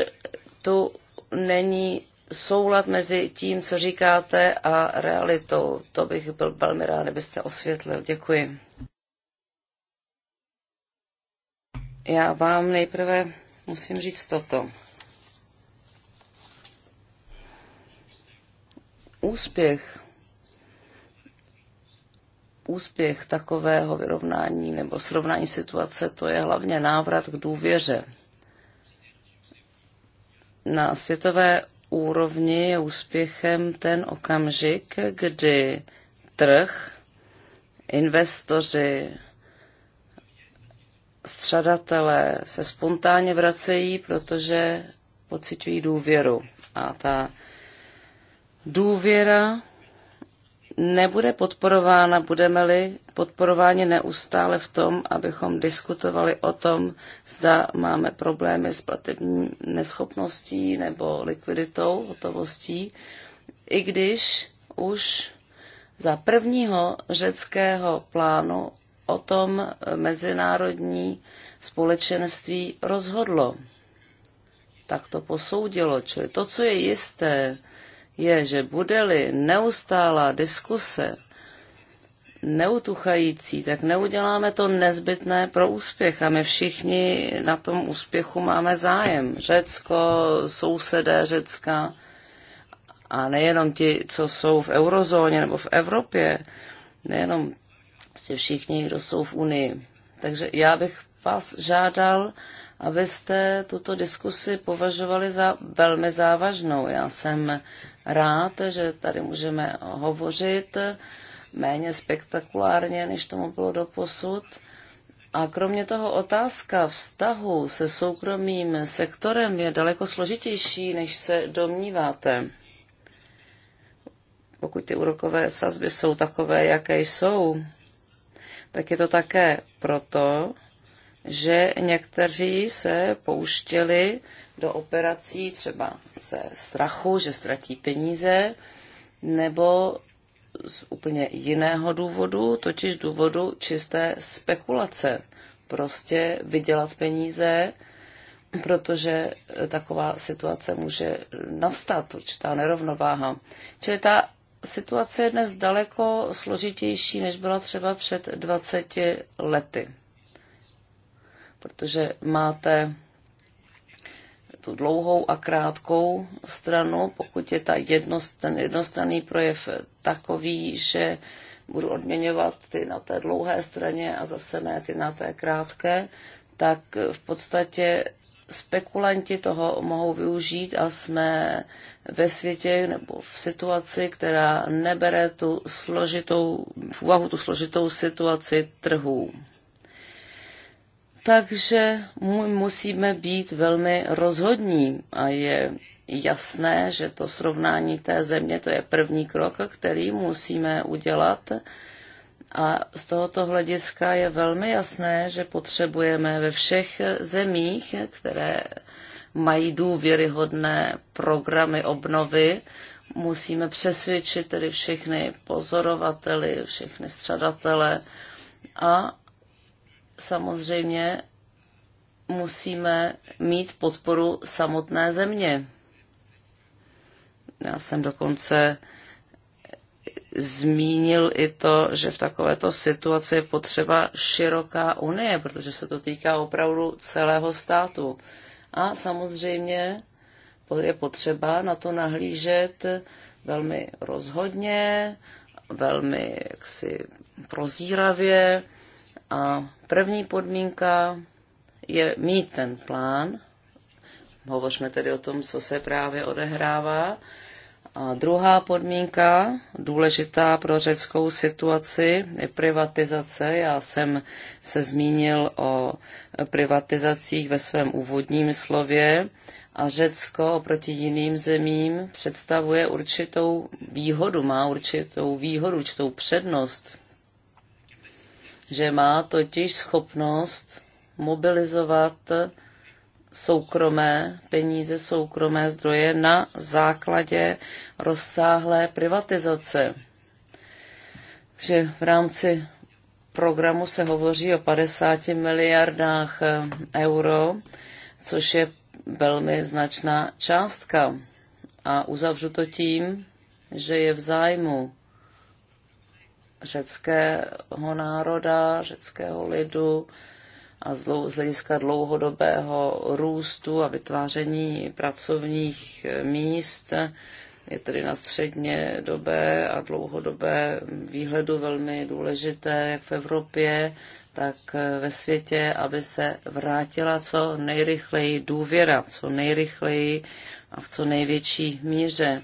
tu není soulad mezi tím, co říkáte a realitou. To bych byl velmi rád, kdybyste osvětlil. Děkuji. Já vám nejprve musím říct toto. Úspěch úspěch takového vyrovnání nebo srovnání situace, to je hlavně návrat k důvěře na světové úrovni je úspěchem ten okamžik, kdy trh, investoři, střadatelé se spontánně vracejí, protože pocitují důvěru. A ta důvěra nebude podporována, budeme-li podporováni neustále v tom, abychom diskutovali o tom, zda máme problémy s platební neschopností nebo likviditou, hotovostí, i když už za prvního řeckého plánu o tom mezinárodní společenství rozhodlo. Tak to posoudilo. Čili to, co je jisté, je, že bude-li neustálá diskuse neutuchající, tak neuděláme to nezbytné pro úspěch a my všichni na tom úspěchu máme zájem. Řecko, sousedé Řecka a nejenom ti, co jsou v eurozóně nebo v Evropě, nejenom prostě všichni, kdo jsou v Unii. Takže já bych vás žádal, abyste tuto diskusi považovali za velmi závažnou. Já jsem rád, že tady můžeme hovořit méně spektakulárně, než tomu bylo posud. A kromě toho otázka vztahu se soukromým sektorem je daleko složitější, než se domníváte. Pokud ty úrokové sazby jsou takové, jaké jsou, tak je to také proto, že někteří se pouštěli do operací třeba ze strachu, že ztratí peníze, nebo z úplně jiného důvodu, totiž důvodu čisté spekulace. Prostě vydělat peníze, protože taková situace může nastat, určitá nerovnováha. Čili ta situace je dnes daleko složitější, než byla třeba před 20 lety protože máte tu dlouhou a krátkou stranu, pokud je ta jednost, ten jednostranný projev takový, že budu odměňovat ty na té dlouhé straně a zase ne ty na té krátké, tak v podstatě spekulanti toho mohou využít a jsme ve světě nebo v situaci, která nebere tu složitou, v úvahu tu složitou situaci trhů. Takže musíme být velmi rozhodní a je jasné, že to srovnání té země, to je první krok, který musíme udělat. A z tohoto hlediska je velmi jasné, že potřebujeme ve všech zemích, které mají důvěryhodné programy obnovy, musíme přesvědčit tedy všechny pozorovateli, všechny střadatele a samozřejmě musíme mít podporu samotné země. Já jsem dokonce zmínil i to, že v takovéto situaci je potřeba široká unie, protože se to týká opravdu celého státu. A samozřejmě je potřeba na to nahlížet velmi rozhodně, velmi jaksi prozíravě a První podmínka je mít ten plán. Hovořme tedy o tom, co se právě odehrává. A druhá podmínka, důležitá pro řeckou situaci, je privatizace. Já jsem se zmínil o privatizacích ve svém úvodním slově a Řecko oproti jiným zemím představuje určitou výhodu, má určitou výhodu, určitou přednost že má totiž schopnost mobilizovat soukromé peníze, soukromé zdroje na základě rozsáhlé privatizace. Že v rámci programu se hovoří o 50 miliardách eh, euro, což je velmi značná částka. A uzavřu to tím, že je v zájmu řeckého národa, řeckého lidu a z hlediska dlouhodobého růstu a vytváření pracovních míst je tedy na středně dobé a dlouhodobé výhledu velmi důležité jak v Evropě, tak ve světě, aby se vrátila co nejrychleji důvěra, co nejrychleji a v co největší míře.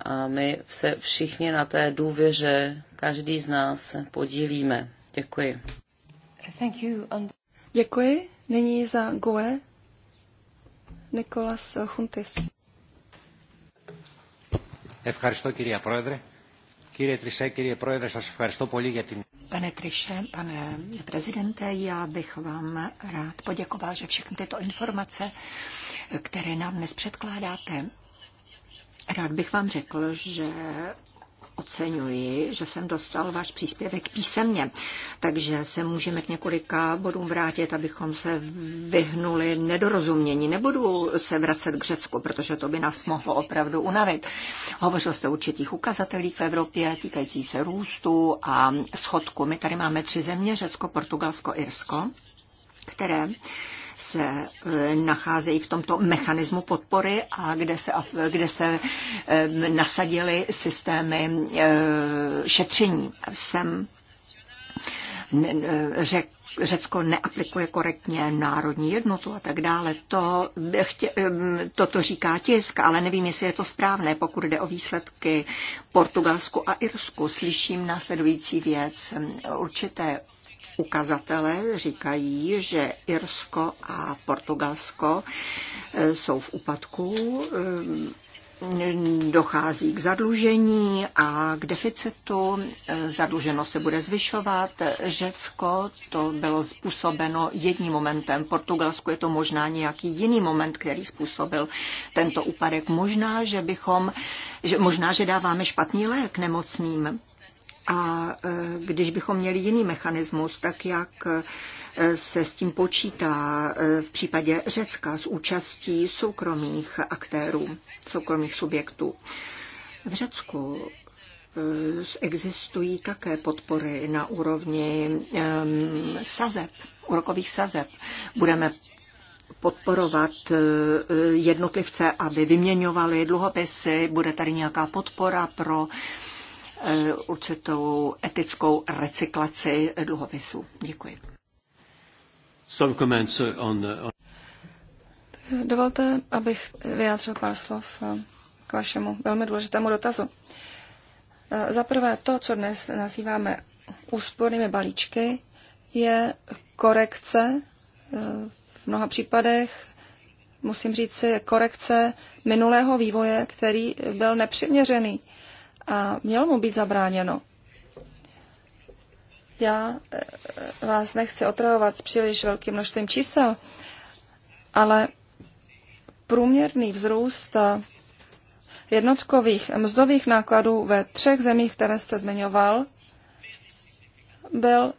A my se všichni na té důvěře každý z nás podílíme. Děkuji. Thank you. Děkuji. Nyní za GUE Nikolas Chuntis. Pane Triše, pane prezidente, já bych vám rád poděkoval, že všechny tyto informace, které nám dnes předkládáte, rád bych vám řekl, že oceňuji, že jsem dostal váš příspěvek písemně, takže se můžeme k několika bodům vrátit, abychom se vyhnuli nedorozumění. Nebudu se vracet k Řecku, protože to by nás mohlo opravdu unavit. Hovořil jste o určitých ukazatelích v Evropě týkající se růstu a schodku. My tady máme tři země, Řecko, Portugalsko, Irsko, které se e, nacházejí v tomto mechanismu podpory a kde se, kde se e, nasadily systémy e, šetření. Jsem řekl, Řecko neaplikuje korektně národní jednotu a tak dále. To, chtě, toto říká tisk, ale nevím, jestli je to správné, pokud jde o výsledky Portugalsku a Irsku. Slyším následující věc. Určité ukazatele říkají, že Irsko a Portugalsko eh, jsou v úpadku, eh, dochází k zadlužení a k deficitu, eh, zadluženost se bude zvyšovat. Řecko to bylo způsobeno jedním momentem, Portugalsku je to možná nějaký jiný moment, který způsobil tento úpadek. Možná, že bychom, že, možná, že dáváme špatný lék nemocným. A e, když bychom měli jiný mechanismus, tak jak e, se s tím počítá e, v případě Řecka s účastí soukromých aktérů, soukromých subjektů. V Řecku existují také podpory na úrovni sazeb, úrokových sazeb. Budeme podporovat jednotlivce, aby vyměňovali dluhopisy, bude tady nějaká podpora pro Eh, určitou etickou recyklaci dluhopisů. Děkuji. Some comments uh, on the, on... Dovolte, abych vyjádřil pár slov eh, k vašemu velmi důležitému dotazu. Eh, za prvé, to, co dnes nazýváme úspornými balíčky, je korekce v mnoha případech, musím říct si, korekce minulého vývoje, který byl nepřiměřený a mělo mu být zabráněno. Já eh, vás nechci otravovat s příliš velkým množstvím čísel, ale průměrný vzrůst eh, jednotkových mzdových nákladů ve třech zemích, které jste zmiňoval, byl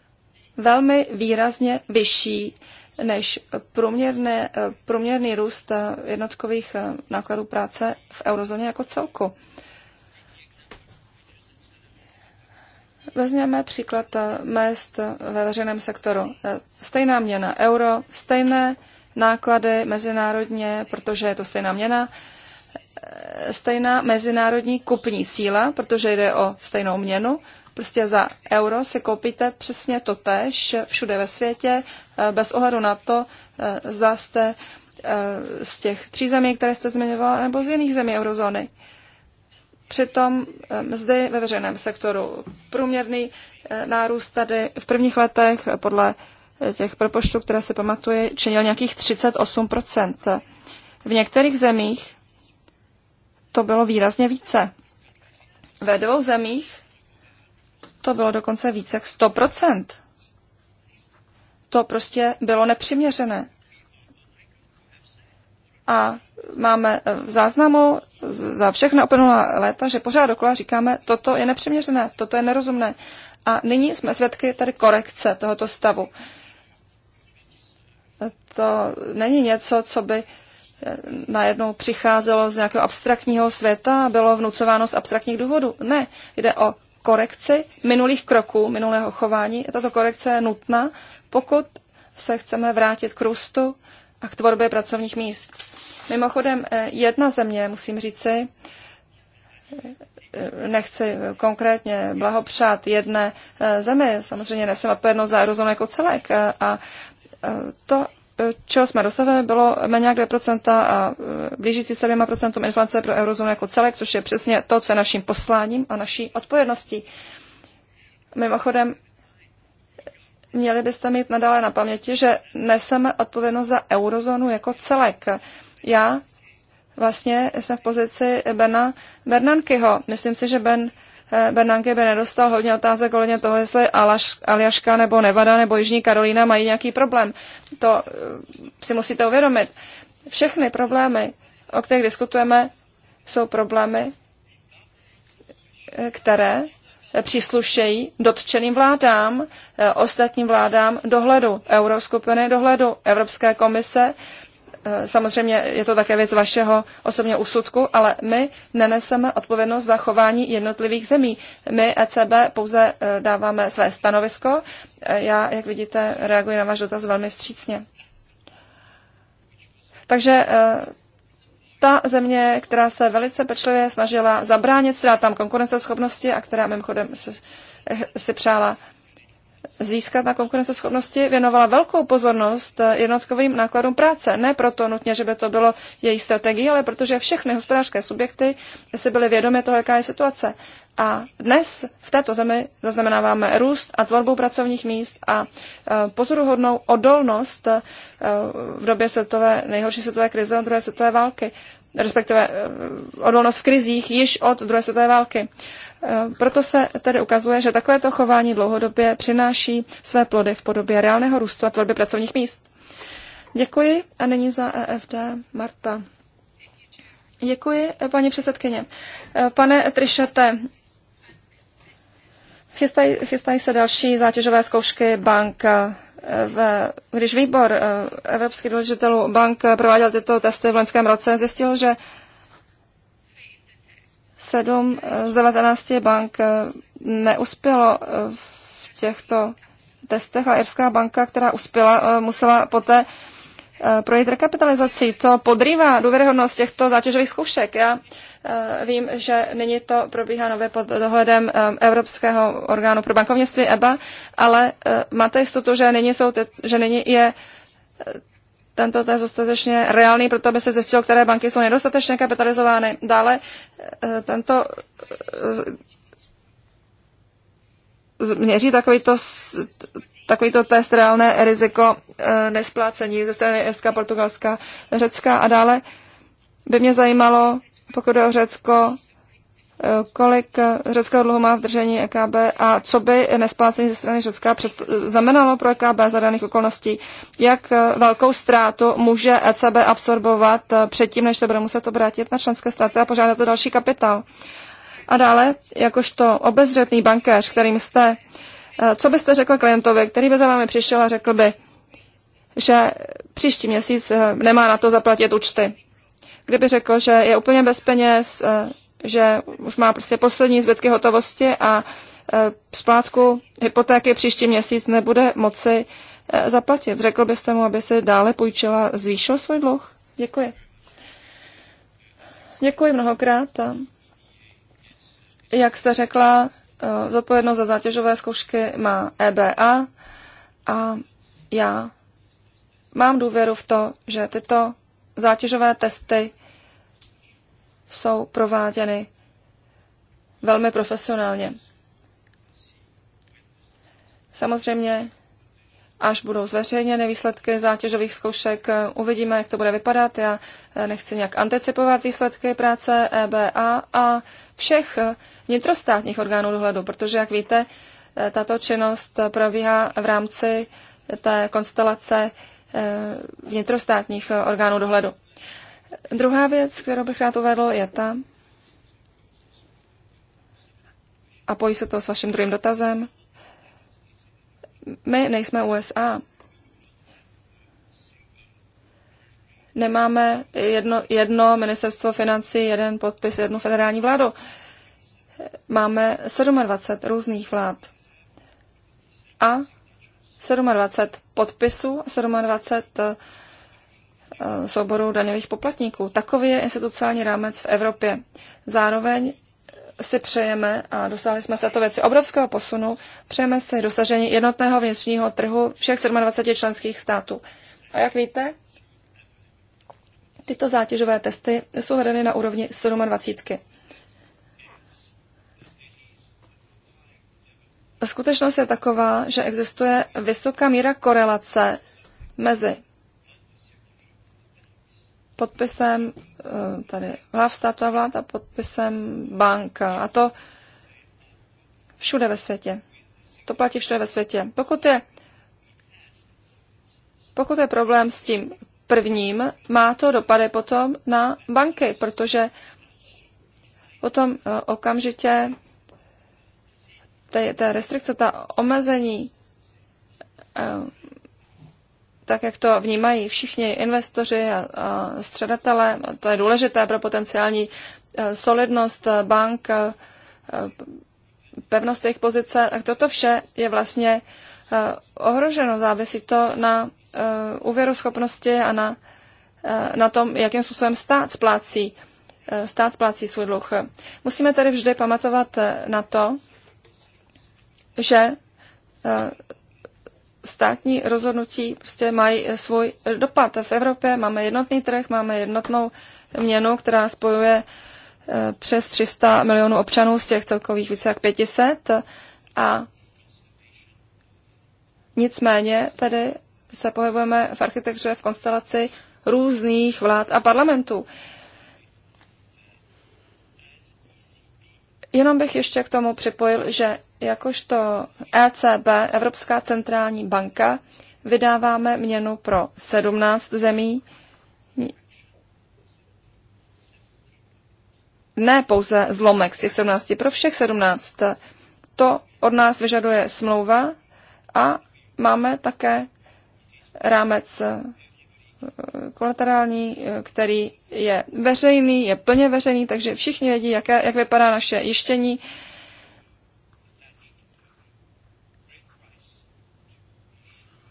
velmi výrazně vyšší než průměrné, eh, průměrný růst jednotkových nákladů práce v eurozóně jako celku. Vezměme příklad eh, mest eh, ve veřejném sektoru. Eh, stejná měna euro, stejné náklady mezinárodně, protože je to stejná měna, stejná mezinárodní kupní síla, protože jde o stejnou měnu. Prostě za euro si koupíte přesně to tež všude ve světě, bez ohledu na to, zda jste z těch tří zemí, které jste zmiňovala, nebo z jiných zemí eurozóny. Přitom mzdy ve veřejném sektoru průměrný e, nárůst tady v prvních letech e, podle e, těch propočtů, které si pamatuje, činil nějakých 38 V některých zemích to bylo výrazně více. Ve dvou zemích to bylo dokonce více jak 100 To prostě bylo nepřiměřené a máme eh, v záznamu za všechna uplynulá léta, že pořád dokola říkáme, toto je nepřiměřené, toto je nerozumné. A nyní jsme svědky tady korekce tohoto stavu. To není něco, co by eh, najednou přicházelo z nějakého abstraktního světa a bylo vnucováno z abstraktních důvodů. Ne, jde o korekci minulých kroků, minulého chování. Tato korekce je nutná, pokud se chceme vrátit k růstu a k tvorbě pracovních míst. Mimochodem, eh, jedna země, musím říci, eh, eh, nechci konkrétně blahopřát jedné zemi, samozřejmě nesem odpovědnost za eurozónu jako celek a to, čeho jsme dosáhli, bylo méně jak 2% a blížící se 2% inflace pro eurozónu jako celek, což je přesně to, co je naším posláním a naší odpovědností. Mimochodem, měli byste mít nadále na paměti, že neseme odpovědnost za eurozónu jako celek. Já vlastně jsem v pozici Bena Bernankyho. Myslím si, že Ben eh, Bernanke by nedostal hodně otázek ohledně toho, jestli Alaš, Aljaška nebo Nevada nebo Jižní Karolína mají nějaký problém. To eh, si musíte uvědomit. Všechny problémy, o kterých diskutujeme, jsou problémy, eh, které příslušejí dotčeným vládám, eh, ostatním vládám dohledu, euroskupiny dohledu, Evropské komise. Eh, samozřejmě je to také věc vašeho osobního úsudku, ale my neneseme odpovědnost za chování jednotlivých zemí. My ECB pouze eh, dáváme své stanovisko. Já, jak vidíte, reaguji na váš dotaz velmi vstřícně. Takže ta země, která se velice pečlivě snažila zabránit ztrátám konkurenceschopnosti a která mimochodem si, si přála získat na konkurenceschopnosti, věnovala velkou pozornost jednotkovým nákladům práce. Ne proto nutně, že by to bylo její strategií, ale protože všechny hospodářské subjekty si byly vědomi toho, jaká je situace. A dnes v této zemi zaznamenáváme růst a tvorbu pracovních míst a e, pozoruhodnou odolnost e, v době světové, nejhorší světové krize a druhé světové války respektive eh, odolnost v krizích již od druhé světové války. Eh, proto se tedy ukazuje, že takovéto chování dlouhodobě přináší své plody v podobě reálného růstu a tvorby pracovních míst. Děkuji a nyní za EFD Marta. Děkuji, eh, paní předsedkyně. Pane Trišete, chystají, chystají se další zátěžové zkoušky bank v, když výbor eh, evropských důležitelů bank prováděl tyto testy v loňském roce, zjistil, že 7 z 19 bank eh, neuspělo eh, v těchto testech a Irská banka, která uspěla, musela poté projít rekapitalizací. To podrývá důvěryhodnost těchto zátěžových zkoušek. Já eh, vím, že nyní to probíhá nově pod dohledem eh, Evropského orgánu pro bankovnictví EBA, ale eh, máte jistotu, že nyní, jsou ty, že nyní je tento test dostatečně reálný, proto aby se zjistilo, které banky jsou nedostatečně kapitalizovány. Dále tento měří takovýto takovýto test reálné riziko e, nesplácení ze strany SK, Portugalska, Řecka a dále. By mě zajímalo, pokud je o Řecko, e, kolik řeckého dluhu má v držení EKB a co by nesplácení ze strany Řecka znamenalo pro EKB za daných okolností, jak e, velkou ztrátu může ECB absorbovat předtím, než se bude muset obrátit na členské státy a požádat o další kapitál. A dále, jakožto obezřetný bankéř, kterým jste, Eh, co byste řekl klientovi, který by za vámi přišel a řekl by, že příští měsíc eh, nemá na to zaplatit účty? Kdyby řekl, že je úplně bez peněz, eh, že už má prostě poslední zbytky hotovosti a splátku hypotéky příští měsíc nebude moci zaplatit. Řekl byste mu, aby se dále půjčila, zvýšil svůj dluh? Děkuji. Děkuji mnohokrát. Jak jste řekla, Eh, zodpovědnost za zátěžové zkoušky má EBA a já mám důvěru v to, že tyto zátěžové testy jsou prováděny velmi profesionálně. Samozřejmě až budou zveřejněny výsledky zátěžových zkoušek, uvidíme, jak to bude vypadat. Já eh, nechci nějak anticipovat výsledky práce EBA a všech eh, vnitrostátních orgánů dohledu, protože, jak víte, eh, tato činnost probíhá v rámci té konstelace vnitrostátních orgánů dohledu. Druhá věc, kterou bych rád uvedl, je ta, a pojí se to s vaším druhým dotazem, my nejsme USA. Nemáme jedno, jedno ministerstvo financí, jeden podpis, jednu federální vládu. Máme 27 různých vlád a 27 podpisů a 27 eh, souboru daňových poplatníků. Takový je institucionální rámec v Evropě. Zároveň si přejeme, a dostali jsme v této věci obrovského posunu, přejeme si dosažení jednotného vnitřního trhu všech 27 členských států. A jak víte, tyto zátěžové testy jsou vedeny na úrovni 27. Skutečnost je taková, že existuje vysoká míra korelace mezi podpisem eh, tady hlav státu a vlád a podpisem banka. A to všude ve světě. To platí všude ve světě. Pokud je, pokud je problém s tím prvním, má to dopady potom na banky, protože potom eh, okamžitě té, restrikce, ta omezení eh, tak jak to vnímají všichni investoři a, středatele. To je důležité pro potenciální e, solidnost e, bank, e, pevnost jejich pozice. Tak toto vše je vlastně ohroženo. Závisí to na úvěroschopnosti a na, na tom, jakým způsobem stát splácí, stát splácí svůj dluh. Musíme tedy vždy pamatovat na to, že státní rozhodnutí prostě mají eh, svůj eh, dopad. V Evropě máme jednotný trh, máme jednotnou měnu, která spojuje eh, přes 300 milionů občanů z těch celkových více jak 500 a nicméně tady se pohybujeme v architektuře v konstelaci různých vlád a parlamentů. Jenom bych ještě k tomu připojil, že jakožto ECB, Evropská centrální banka, vydáváme měnu pro 17 zemí, ne pouze zlomek z těch 17, pro všech 17. To od nás vyžaduje smlouva a máme také rámec eh, kolaterální, eh, který je veřejný, je plně veřejný, takže všichni vědí, jaké, jak vypadá naše jištění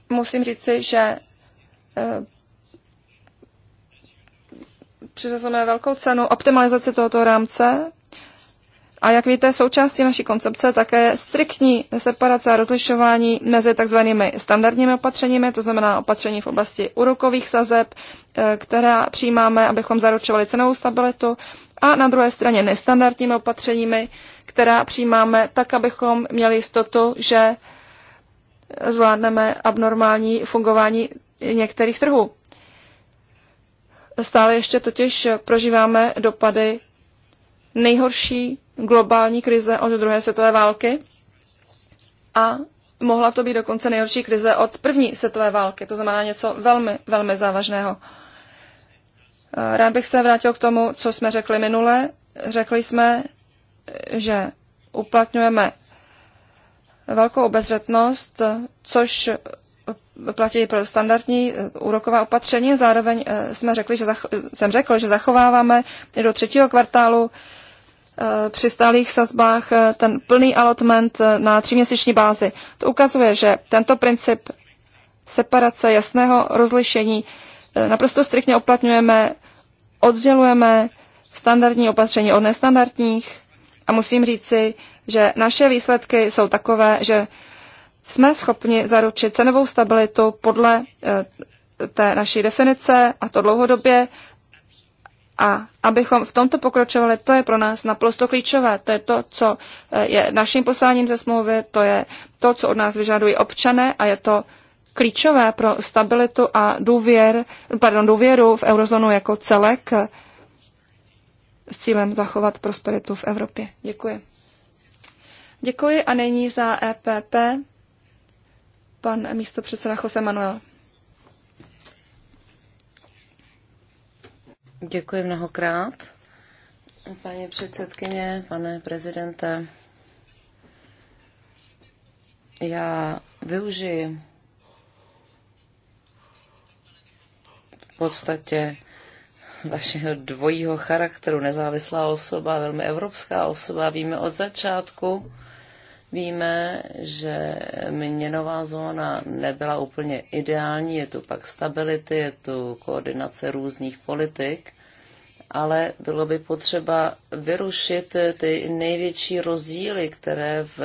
musím říci, že eh, přizazujeme velkou cenu optimalizace tohoto rámce. A jak víte, součástí naší koncepce také je striktní separace a rozlišování mezi takzvanými standardními opatřeními, to znamená opatření v oblasti úrokových sazeb, eh, která přijímáme, abychom zaručovali cenovou stabilitu, a na druhé straně nestandardními opatřeními, která přijímáme tak, abychom měli jistotu, že zvládneme abnormální fungování některých trhů. Stále ještě totiž prožíváme dopady nejhorší globální krize od druhé světové války a mohla to být dokonce nejhorší krize od první světové války. To znamená něco velmi, velmi závažného. Rád bych se vrátil k tomu, co jsme řekli minule. Řekli jsme, že uplatňujeme velkou obezřetnost, což platí pro standardní eh, úroková opatření. Zároveň eh, jsme řekli, že zach- jsem řekl, že zachováváme do třetího kvartálu eh, při stálých sazbách ten plný allotment na tříměsíční bázi. To ukazuje, že tento princip separace, jasného rozlišení naprosto striktně uplatňujeme, oddělujeme standardní opatření od nestandardních a musím říci, že naše výsledky jsou takové, že jsme schopni zaručit cenovou stabilitu podle eh, té naší definice a to dlouhodobě. A abychom v tomto pokročovali, to je pro nás naprosto klíčové. To je to, co eh, je naším posláním ze smlouvy, to je to, co od nás vyžadují občané a je to klíčové pro stabilitu a důvěr, pardon, důvěru v eurozónu jako celek s cílem zachovat prosperitu v Evropě. Děkuji. Děkuji a nyní za EPP pan místopředseda Jose Manuel. Děkuji mnohokrát. Paní předsedkyně, pane prezidente, já využiji v podstatě vašeho dvojího charakteru, nezávislá osoba, velmi evropská osoba. Víme od začátku, víme, že měnová zóna nebyla úplně ideální, je tu pak stability, je tu koordinace různých politik, ale bylo by potřeba vyrušit ty největší rozdíly, které v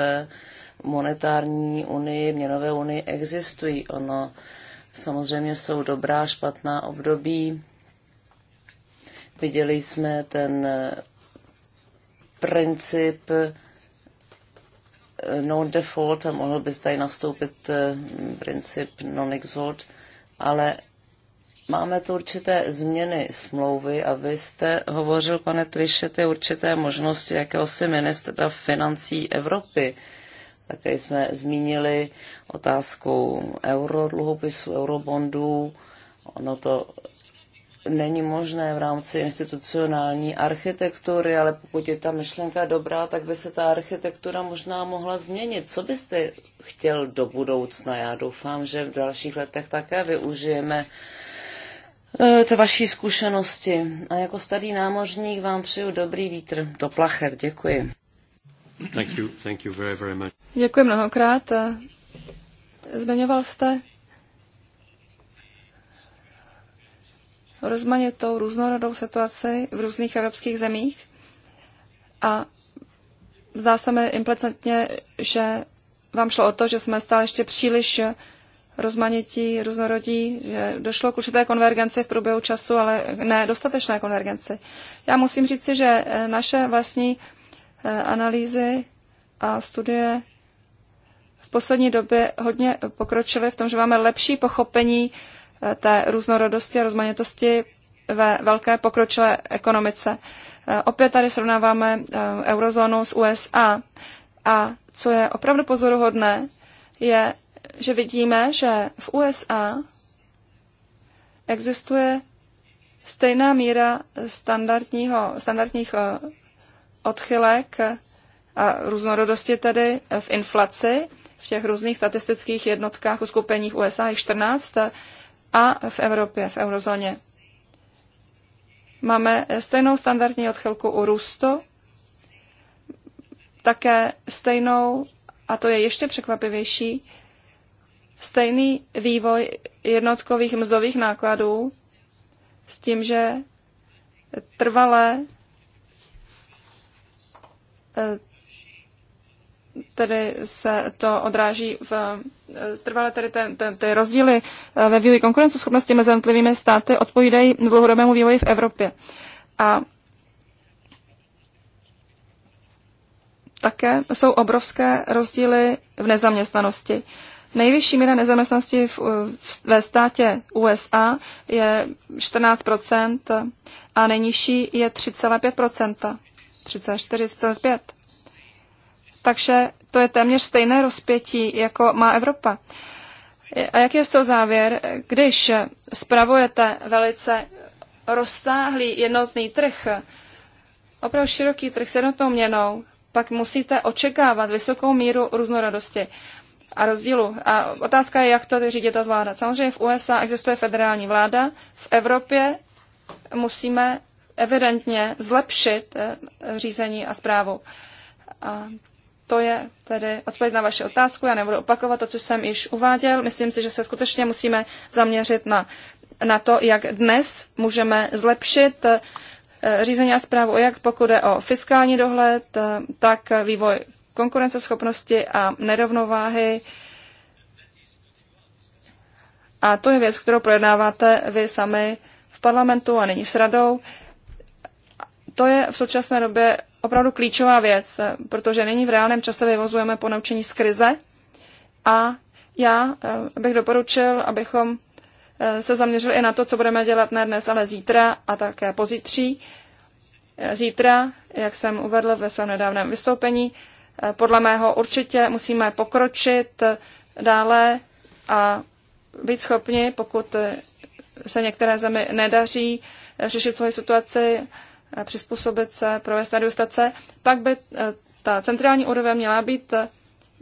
monetární unii, měnové unii existují. Ono samozřejmě jsou dobrá, špatná období, Viděli jsme ten eh, princip eh, no default a mohl by tady nastoupit eh, princip non-exalt, ale máme tu určité změny smlouvy a vy jste hovořil, pane Trišety, určité možnosti jakéhosi ministra financí Evropy. Také jsme zmínili otázku eurodluhopisu, eurobondů. Ono to není možné v rámci institucionální architektury, ale pokud je ta myšlenka dobrá, tak by se ta architektura možná mohla změnit. Co byste chtěl do budoucna? Já doufám, že v dalších letech také využijeme eh, ty vaší zkušenosti. A jako starý námořník vám přeju dobrý vítr do plachet. Děkuji. Thank you, thank you very, very much. Děkuji mnohokrát. Zmiňoval jste rozmanitou, různorodou situaci v různých evropských zemích a zdá se mi implicitně, že vám šlo o to, že jsme stále ještě příliš rozmanití, různorodí, že došlo k určité konvergenci v průběhu času, ale ne dostatečné konvergenci. Já musím říci, že eh, naše vlastní eh, analýzy a studie v poslední době hodně pokročily v tom, že máme lepší pochopení té různorodosti a rozmanitosti ve velké pokročilé ekonomice. Eh, opět tady srovnáváme eh, eurozónu s USA. A co je opravdu pozoruhodné, je, že vidíme, že v USA existuje stejná míra standardního, standardních eh, odchylek a různorodosti tedy v inflaci v těch různých statistických jednotkách uskupeních USA je 14 a v Evropě, v eurozóně. Máme stejnou standardní odchylku u růstu, také stejnou, a to je ještě překvapivější, stejný vývoj jednotkových mzdových nákladů s tím, že trvalé eh, tedy se to odráží v eh, trvalé tedy ten, ten, ty rozdíly eh, ve vývoji konkurenceschopnosti mezi jednotlivými státy odpovídají dlouhodobému vývoji v Evropě. A také jsou obrovské rozdíly v nezaměstnanosti. Nejvyšší míra nezaměstnanosti v, eh, v, ve státě USA je 14 a nejnižší je 3,5 3,45 takže to je téměř stejné rozpětí, jako má Evropa. A jaký je z toho závěr? Když spravujete velice roztáhlý jednotný trh, opravdu široký trh s jednotnou měnou, pak musíte očekávat vysokou míru různorodosti a rozdílu. A otázka je, jak to řídit a zvládat. Samozřejmě v USA existuje federální vláda, v Evropě musíme evidentně zlepšit eh, řízení a zprávu. A to je tedy odpověď na vaši otázku. Já nebudu opakovat to, co jsem již uváděl. Myslím si, že se skutečně musíme zaměřit na, na to, jak dnes můžeme zlepšit eh, řízení a zprávu, jak pokud je o fiskální dohled, eh, tak vývoj konkurenceschopnosti a nerovnováhy. A to je věc, kterou projednáváte vy sami v parlamentu a nyní s radou. To je v současné době opravdu klíčová věc, eh, protože nyní v reálném čase vyvozujeme ponaučení z krize a já eh, bych doporučil, abychom eh, se zaměřili i na to, co budeme dělat ne dnes, ale zítra a také pozítří. Zítra, jak jsem uvedl ve svém nedávném vystoupení, podle mého určitě musíme pokročit dále a být schopni, pokud se některé zemi nedaří řešit svoji situaci, Eh, přizpůsobit se, provést adjustace, pak by eh, ta centrální úroveň měla být,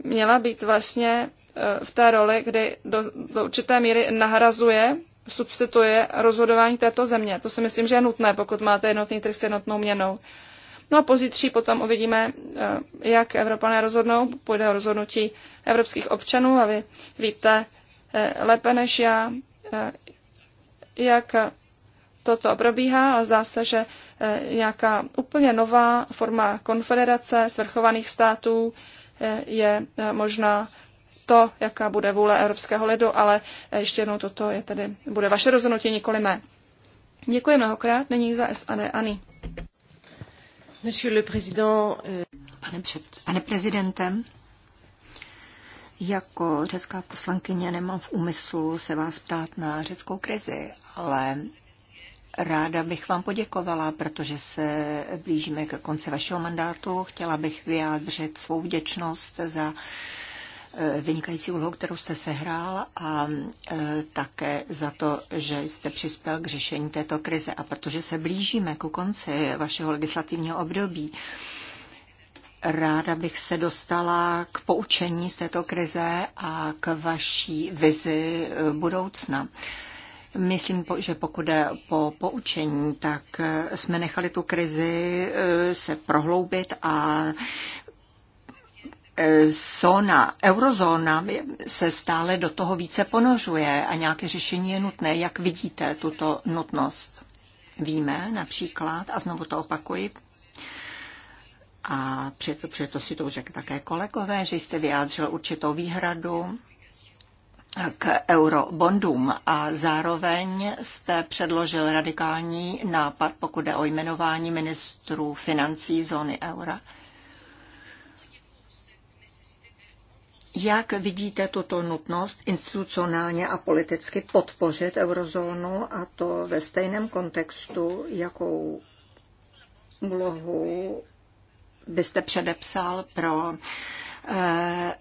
měla být vlastně eh, v té roli, kdy do, do určité míry nahrazuje, substituje rozhodování této země. To si myslím, že je nutné, pokud máte jednotný trh s jednotnou měnou. No a pozítří potom uvidíme, jak Evropané rozhodnou. Půjde o rozhodnutí evropských občanů a vy víte lépe než já, jak toto probíhá, a zdá se, že eh, nějaká úplně nová forma konfederace svrchovaných států eh, je eh, možná to, jaká bude vůle evropského lidu, ale ještě jednou toto je tedy, bude vaše rozhodnutí, nikoli mé. Děkuji mnohokrát, není za SAD Ani. Monsieur le président, pane, před, pane prezidentem, jako řecká poslankyně nemám v úmyslu se vás ptát na řeckou krizi, ale Ráda bych vám poděkovala, protože se blížíme k konci vašeho mandátu. Chtěla bych vyjádřit svou vděčnost za eh, vynikající úlohu, kterou jste sehrál a eh, také za to, že jste přispěl k řešení této krize. A protože se blížíme ku konci vašeho legislativního období, Ráda bych se dostala k poučení z této krize a k vaší vizi eh, budoucna. Myslím, že pokud jde po poučení, tak eh, jsme nechali tu krizi eh, se prohloubit a eh, zóna, eurozóna se stále do toho více ponožuje a nějaké řešení je nutné. Jak vidíte tuto nutnost? Víme například, a znovu to opakuji, a přeto, přeto si to řekl také kolegové, že jste vyjádřil určitou výhradu k eurobondům a zároveň jste předložil radikální nápad, pokud jde o jmenování ministrů financí zóny eura. Jak vidíte tuto nutnost institucionálně a politicky podpořit eurozónu a to ve stejném kontextu, jakou úlohu byste předepsal pro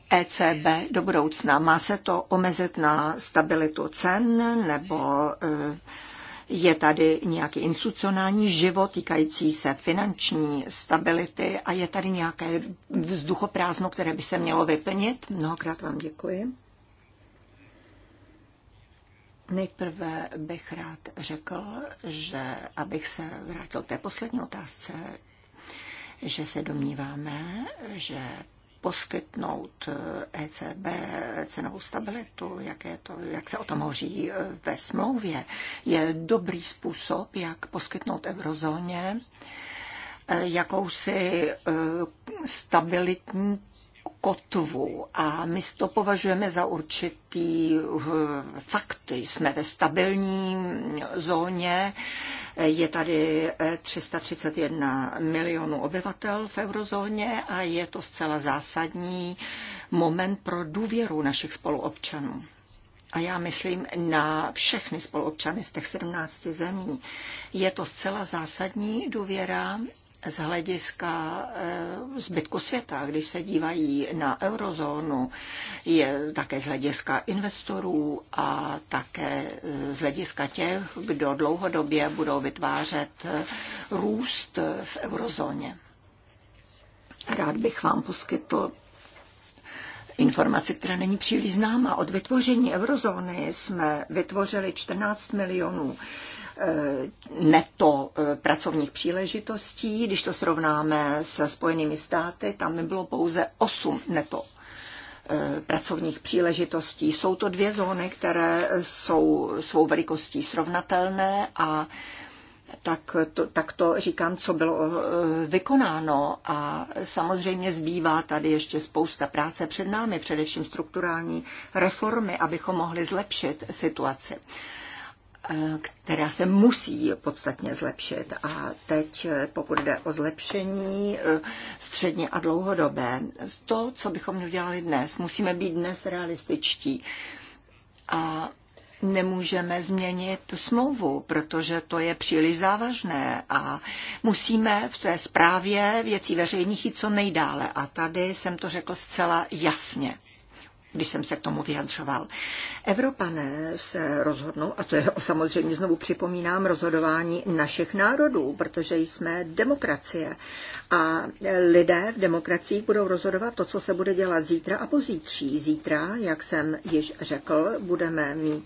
ECB eh, e do budoucna? Má se to omezit na stabilitu cen nebo eh, je tady nějaký institucionální život týkající se finanční stability a je tady nějaké vzduchoprázdno, které by se mělo vyplnit? Mnohokrát vám děkuji. Nejprve bych rád řekl, že abych se vrátil k té poslední otázce, že se domníváme, že poskytnout ECB eh, e cenovou stabilitu, jak, je to, jak se o tom hoří eh, ve smlouvě, je dobrý způsob, jak poskytnout eurozóně eh, jakousi stabilitní kotvu a my to považujeme za určitý eh, fakt. Jsme ve stabilní zóně, je tady 331 eh, milionů obyvatel v eurozóně a je to zcela zásadní moment pro důvěru našich spoluobčanů. A já myslím na všechny spoluobčany z těch 17 zemí. Je to zcela zásadní důvěra z hlediska eh, zbytku světa, když se dívají na eurozónu, je také z hlediska investorů a také eh, z hlediska těch, kdo dlouhodobě budou vytvářet eh, růst v eurozóně. Rád bych vám poskytl informaci, která není příliš známa. Od vytvoření eurozóny jsme vytvořili 14 milionů Eh, neto eh, pracovních příležitostí. Když to srovnáme se Spojenými státy, tam by bylo pouze 8 neto eh, pracovních příležitostí. Jsou to dvě zóny, které jsou svou velikostí srovnatelné a tak to, tak to říkám, co bylo vykonáno a samozřejmě zbývá tady ještě spousta práce před námi, především strukturální reformy, abychom mohli zlepšit situaci která se musí podstatně zlepšit. A teď, pokud jde o zlepšení eh, středně a dlouhodobé, to, co bychom udělali dnes, musíme být dnes realističtí. A nemůžeme změnit smlouvu, protože to je příliš závažné a musíme v té zprávě věcí veřejných jít co nejdále. A tady jsem to řekl zcela jasně když jsem se k tomu vyjadřoval. Evropané se rozhodnou, a to je samozřejmě znovu připomínám rozhodování našich národů, protože jsme demokracie a lidé v demokracii budou rozhodovat to, co se bude dělat zítra a pozítří. Zítra, jak jsem již řekl, budeme mít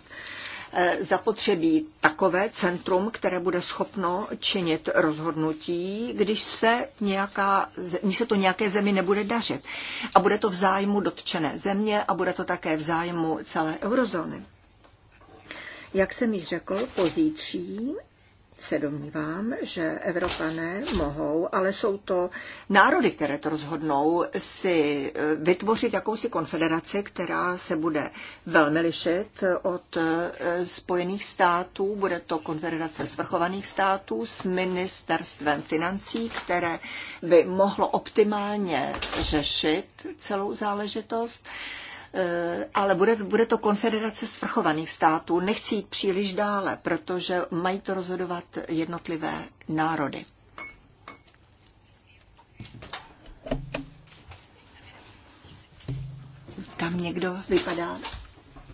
Eh, zapotřebí takové centrum, které bude schopno činit rozhodnutí, když se, nějaká, když se to nějaké zemi nebude dařit. A bude to v zájmu dotčené země a bude to také v zájmu celé eurozóny. Jak jsem již řekl, pozítří se domnívám, že Evropané mohou, ale jsou to národy, které to rozhodnou, si eh, vytvořit jakousi konfederaci, která se bude velmi lišit od eh, Spojených států. Bude to konfederace svrchovaných států s ministerstvem financí, které by mohlo optimálně řešit celou záležitost. Eh, ale bude, bude to konfederace svrchovaných států. Nechci jít příliš dále, protože mají to rozhodovat jednotlivé národy. Tam někdo vypadá.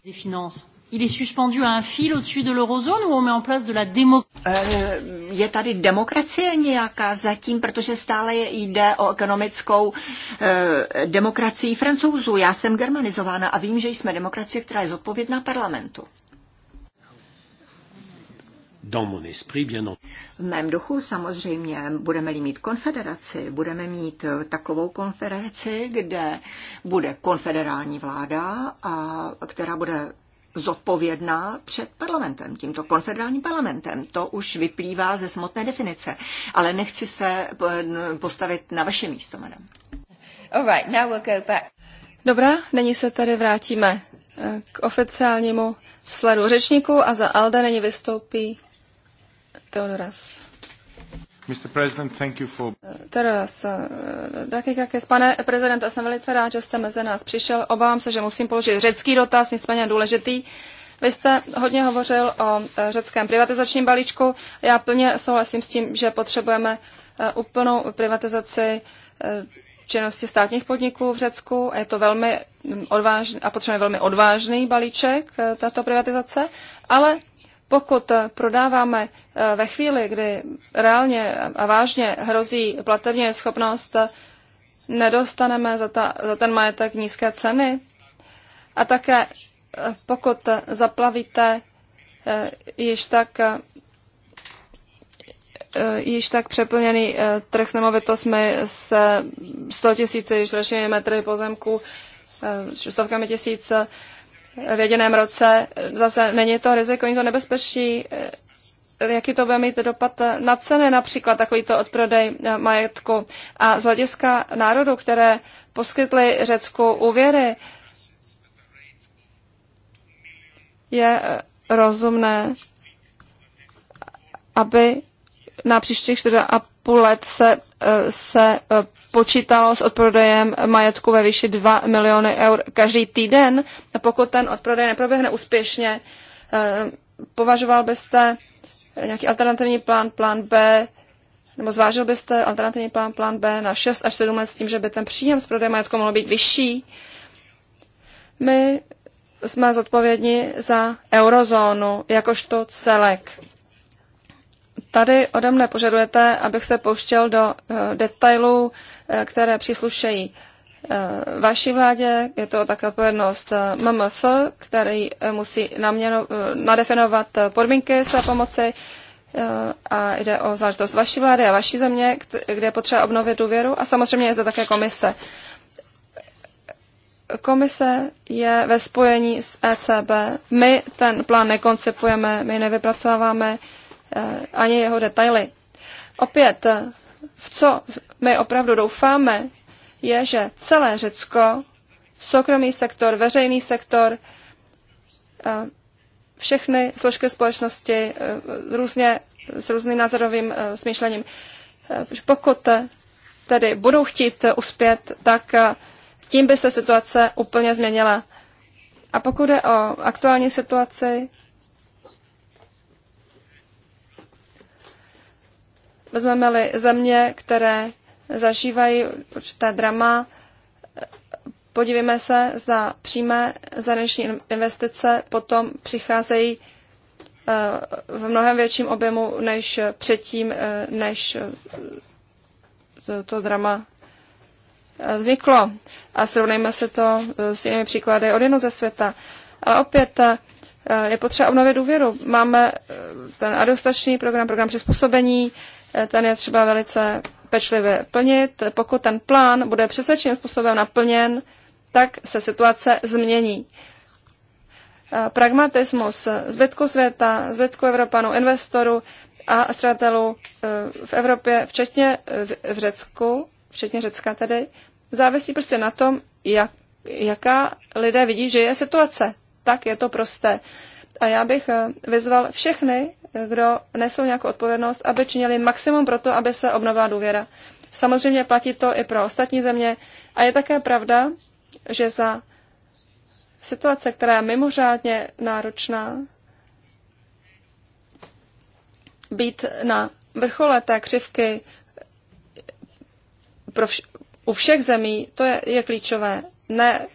Des finances Il est suspendu à un fil au-dessus de l'eurozone ou on met en place de la démocratie? Eh, je tady demokracie nějaká zatím, protože stále jde o ekonomickou eh, demokracii francouzů. Já jsem germanizována a vím, že jsme demokracie, která je zodpovědná parlamentu. V mém duchu samozřejmě budeme-li mít konfederaci, budeme mít eh, takovou konfederaci, kde bude konfederální vláda, a která bude zodpovědná před parlamentem, tímto konfederálním parlamentem. To už vyplývá ze smotné definice. Ale nechci se eh, postavit na vaše místo, madam. Right, now we'll go back. Dobrá, nyní se tady vrátíme eh, k oficiálnímu sledu řečníku a za Alda nyní vystoupí Teodoras. Mr. Eh, pane prezidente, jsem velice rád, že jste mezi nás přišel. Obávám se, že musím položit řecký dotaz, nicméně důležitý. Vy jste hodně hovořil o eh, řeckém privatizačním balíčku. Já plně souhlasím s tím, že potřebujeme eh, úplnou privatizaci činnosti státních podniků v Řecku. Je to velmi odvážný, a potřebujeme velmi odvážný balíček tato privatizace, ale pokud prodáváme eh, ve chvíli, kdy reálně a vážně hrozí platební schopnost, eh, nedostaneme za, ta, za ten majetek nízké ceny. A také eh, pokud zaplavíte již tak již tak přeplněný trh s nemovitostmi se 100 tisíci již metry pozemků, stovkami tisíce, v jediném roce. Zase není to riziko, není to nebezpečí, eh, jaký to bude mít dopad na ceny, například takovýto odprodej eh, majetku. A z hlediska národů, které poskytly Řecku úvěry, je eh, rozumné, aby na příštích půl let se, eh, se eh, počítalo s odprodejem majetku ve výši 2 miliony eur každý týden. A pokud ten odprodej neproběhne úspěšně, eh, považoval byste nějaký alternativní plán, plán B, nebo zvážil byste alternativní plán, plán B na 6 až 7 let s tím, že by ten příjem z prodeje majetku mohl být vyšší? My jsme zodpovědní za eurozónu jakožto celek. Tady ode mne požadujete, abych se pouštěl do eh, detailů, eh, které příslušejí eh, vaší vládě, je to také odpovědnost MMF, který musí naměno, nadefinovat podmínky své pomoci a jde o záležitost vaší vlády a vaší země, kde je potřeba obnovit důvěru a samozřejmě je zde také komise. Komise je ve spojení s ECB. My ten plán nekoncipujeme, my nevypracováváme, Eh, ani jeho detaily. Opět, eh, v co my opravdu doufáme, je, že celé Řecko, soukromý sektor, veřejný sektor, eh, všechny složky společnosti různě, s různým názorovým smýšlením, pokud tedy budou chtít uspět, tak tím by se situace úplně změnila. A pokud je o aktuální situaci, Vezmeme-li země, které zažívají určité drama, podívejme se, zda přímé zahraniční investice potom přicházejí eh, v mnohem větším objemu než předtím, eh, než eh, to, to drama vzniklo. A srovnejme se to s jinými příklady od jednoho ze světa. Ale opět je potřeba obnovit důvěru. Máme ten adostační program, program přizpůsobení, ten je třeba velice pečlivě plnit. Pokud ten plán bude přesvědčeným způsobem naplněn, tak se situace změní. Eh, pragmatismus zbytku světa, zbytku Evropanů, investorů a střadatelů eh, v Evropě, včetně eh, v Řecku, včetně Řecka tedy, závisí prostě na tom, jak, jaká lidé vidí, že je situace. Tak je to prosté. A já bych vyzval všechny, kdo nesou nějakou odpovědnost, aby činili maximum pro to, aby se obnovila důvěra. Samozřejmě platí to i pro ostatní země a je také pravda, že za situace, která je mimořádně náročná, být na vrchole té křivky pro vš- u všech zemí, to je, je klíčové. Ne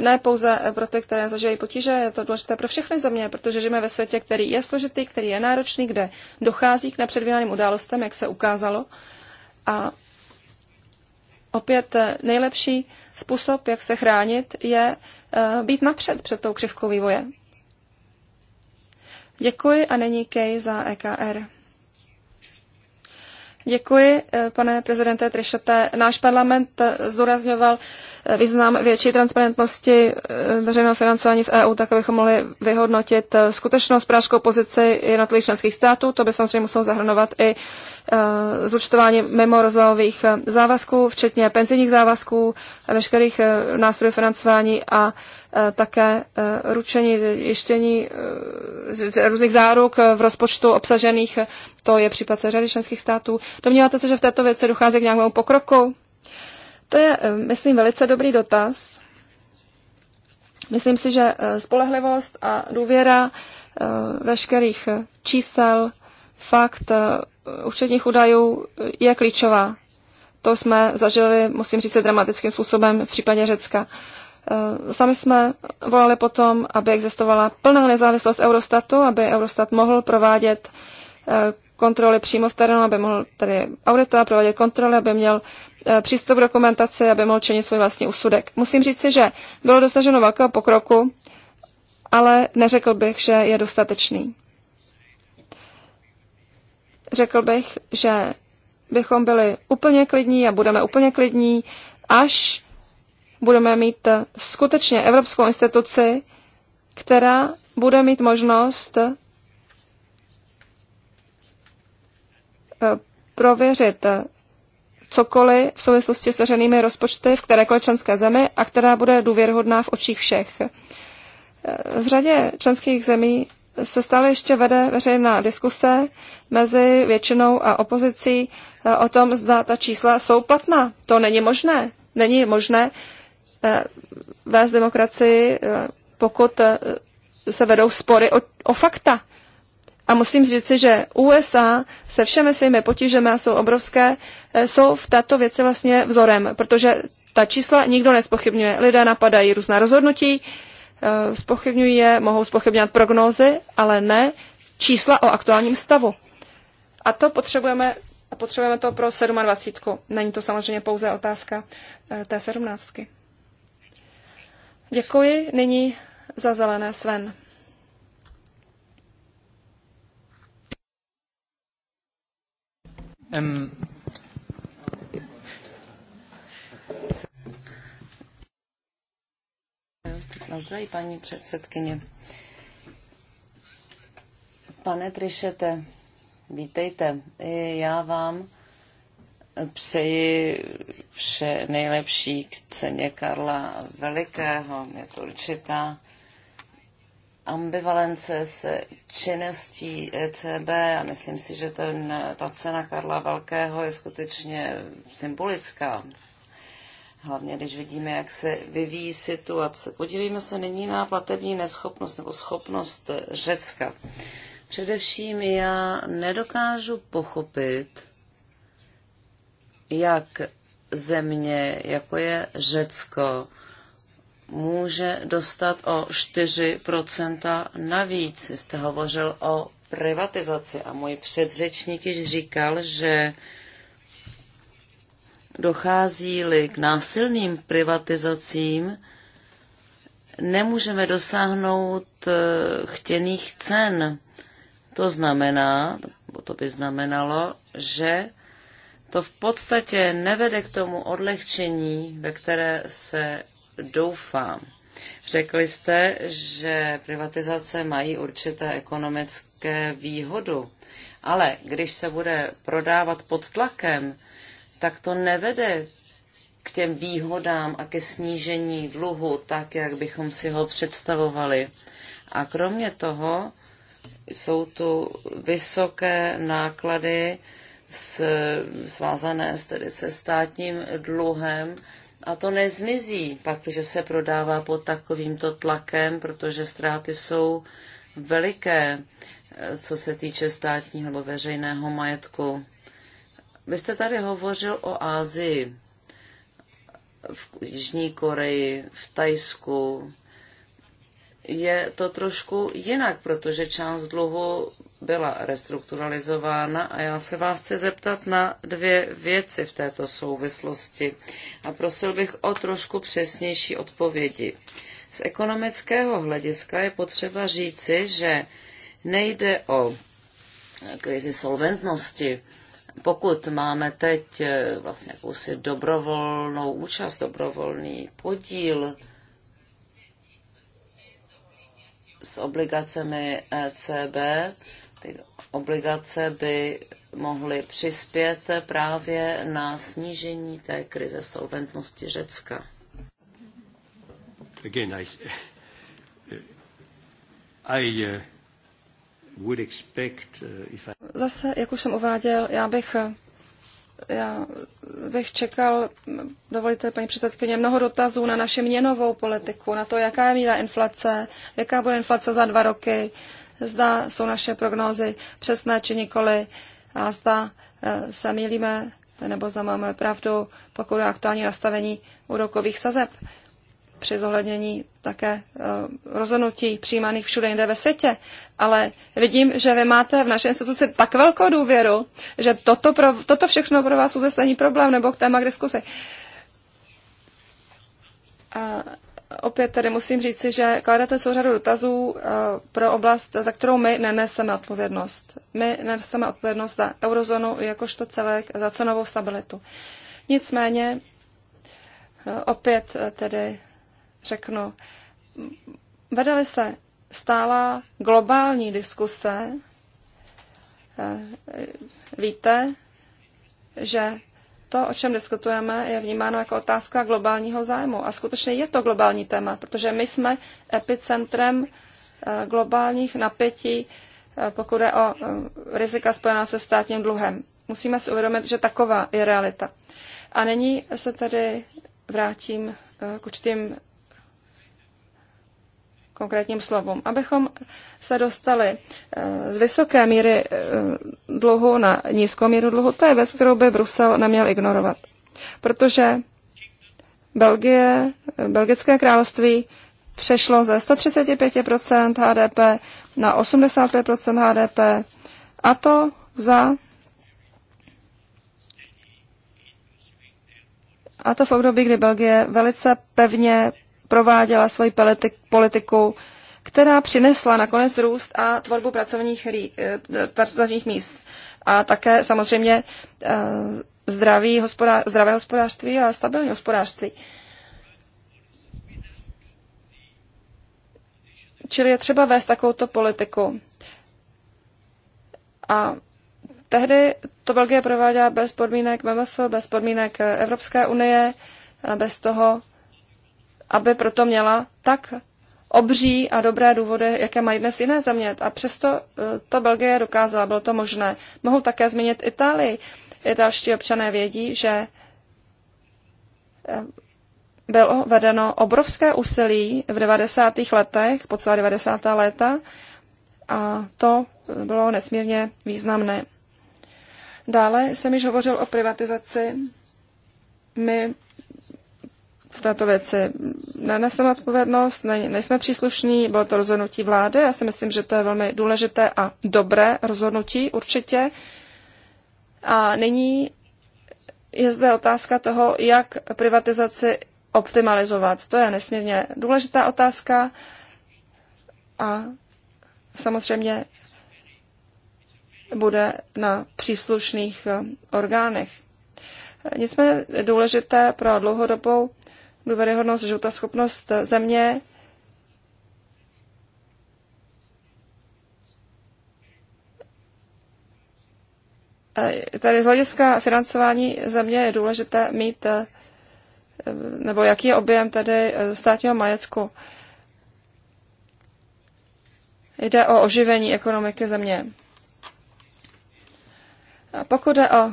ne pouze pro ty, které zažívají potíže, je to důležité pro všechny země, protože žijeme ve světě, který je složitý, který je náročný, kde dochází k nepředvídaným událostem, jak se ukázalo. A opět eh, nejlepší způsob, jak se chránit, je eh, být napřed před tou křivkou vývoje. Děkuji a není Kej za EKR. Děkuji, eh, pane prezidente Trišete. Náš parlament eh, zdůrazňoval eh, význam větší transparentnosti veřejného financování v EU, tak abychom mohli vyhodnotit skutečnou správskou pozici jednotlivých členských států. To by samozřejmě muselo zahrnovat i zúčtování mimo rozvojových závazků, včetně penzijních závazků, veškerých nástrojů financování a také ručení, jištění různých záruk v rozpočtu obsažených to je případ se řady členských států. Domníváte se, že v této věci dochází k nějakému pokroku? To je, eh, myslím, velice dobrý dotaz. Myslím si, že eh, spolehlivost a důvěra eh, veškerých čísel, fakt, účetních údajů je klíčová. To jsme zažili, musím říct, dramatickým způsobem v případě Řecka. Sami jsme volali potom, aby existovala plná nezávislost Eurostatu, aby Eurostat mohl provádět kontroly přímo v terénu, aby mohl tady auditovat, provádět kontroly, aby měl eh, přístup k dokumentaci, aby mohl činit svůj vlastní úsudek. Musím říct si, že bylo dosaženo velkého pokroku, ale neřekl bych, že je dostatečný. Řekl bych, že bychom byli úplně klidní a budeme úplně klidní, až budeme mít skutečně evropskou instituci, která bude mít možnost Eh, prověřit eh, cokoliv v souvislosti s veřejnými rozpočty v kterékoliv členské zemi a která bude důvěrhodná v očích všech. Eh, v řadě členských zemí se stále ještě vede veřejná diskuse mezi většinou a opozicí o tom, zda ta čísla jsou platná. To není možné. Není možné vést demokracii, pokud se vedou spory o, o fakta. A musím říci, že USA se všemi svými potížemi, a jsou obrovské, eh, jsou v této věci vlastně vzorem, protože ta čísla nikdo nespochybňuje. Lidé napadají různá rozhodnutí, eh, spochybňují je, mohou spochybňovat prognózy, ale ne čísla o aktuálním stavu. A to potřebujeme, potřebujeme to pro 27. Není to samozřejmě pouze otázka eh, té 17. Děkuji. Nyní za zelené Sven. Um, Na zdraví, paní předsedkyně. Pane Trišete, vítejte. Já vám přeji vše nejlepší k ceně Karla Velikého. Je to určitá ambivalence s činností ECB a myslím si, že ten, ta cena Karla Velkého je skutečně symbolická. Hlavně, když vidíme, jak se vyvíjí situace. Podívejme se nyní na platební neschopnost nebo schopnost Řecka. Především já nedokážu pochopit, jak země, jako je Řecko, může dostat o 4% navíc. Jste hovořil o privatizaci a můj předřečník již říkal, že dochází-li k násilným privatizacím, nemůžeme dosáhnout e, chtěných cen. To znamená, bo to by znamenalo, že to v podstatě nevede k tomu odlehčení, ve které se doufám. Řekli jste, že privatizace mají určité ekonomické výhodu, ale když se bude prodávat pod tlakem, tak to nevede k těm výhodám a ke snížení dluhu, tak jak bychom si ho představovali. A kromě toho jsou tu vysoké náklady s, svázané s, tedy se státním dluhem, a to nezmizí, pak, se prodává pod takovýmto tlakem, protože ztráty jsou veliké, eh, co se týče státního nebo veřejného majetku. Vy jste tady hovořil o Ázii, v Jižní Koreji, v Tajsku. Je to trošku jinak, protože část dluhu byla restrukturalizována a já se vás chci zeptat na dvě věci v této souvislosti a prosil bych o trošku přesnější odpovědi. Z ekonomického hlediska je potřeba říci, že nejde o krizi solventnosti. Pokud máme teď eh, vlastně jakousi dobrovolnou účast, dobrovolný podíl s obligacemi ECB, ty obligace by mohly přispět právě na snížení té krize solventnosti Řecka. Again, I, eh, I, uh... Zase, jak už jsem uváděl, já bych, já bych čekal, dovolíte paní předsedkyně, mnoho dotazů na naši měnovou politiku, na to, jaká je míra inflace, jaká bude inflace za dva roky, zda jsou naše prognózy přesné či nikoli a zda eh, se mýlíme nebo zda máme pravdu, pokud je aktuální nastavení úrokových sazeb při zohlednění také eh, rozhodnutí přijímaných všude jinde ve světě. Ale vidím, že vy máte v naší instituci tak velkou důvěru, že toto, pro, toto všechno pro vás vůbec není problém nebo k téma k diskusi. A opět tady musím říci, že kladete celou řadu dotazů eh, pro oblast, za kterou my neneseme odpovědnost. My neneseme odpovědnost za eurozónu jakožto celek, za cenovou stabilitu. Nicméně, eh, opět eh, tedy řeknu, vedely se stála globální diskuse. Víte, že to, o čem diskutujeme, je vnímáno jako otázka globálního zájmu. A skutečně je to globální téma, protože my jsme epicentrem eh, globálních napětí, eh, pokud je o eh, rizika spojená se státním dluhem. Musíme si uvědomit, že taková je realita. A nyní se tedy vrátím k určitým konkrétním slovům. Abychom se dostali eh, z vysoké míry eh, dluhu na nízkou míru dluhu, to je věc, kterou by Brusel neměl ignorovat. Protože Belgie, Belgické království přešlo ze 135% HDP na 85% HDP a to za a to v období, kdy Belgie velice pevně prováděla svoji politiku, která přinesla nakonec růst a tvorbu pracovních, rý, eh, pracovních míst. A také samozřejmě eh, zdraví hospodář, zdravé hospodářství a stabilní hospodářství. Čili je třeba vést takovouto politiku. A tehdy to Belgie prováděla bez podmínek MMF, bez podmínek Evropské unie, bez toho, aby proto měla tak obří a dobré důvody, jaké mají dnes jiné země. A přesto e, to Belgie dokázala, bylo to možné. Mohu také zmínit Itálii. Italští občané vědí, že e, bylo vedeno obrovské úsilí v 90. letech, po celá 90. léta, a to bylo nesmírně významné. Dále jsem již hovořil o privatizaci. My v této věci nenesem odpovědnost, ne, nejsme příslušní, bylo to rozhodnutí vlády. Já si myslím, že to je velmi důležité a dobré rozhodnutí určitě. A nyní je zde otázka toho, jak privatizaci optimalizovat. To je nesmírně důležitá otázka a samozřejmě bude na příslušných eh, orgánech. Nicméně důležité pro dlouhodobou důvěryhodnost, života schopnost země. Tady z hlediska financování země je důležité mít, eh, nebo jaký je objem tady eh, státního majetku. Jde o oživení ekonomiky země. A pokud jde o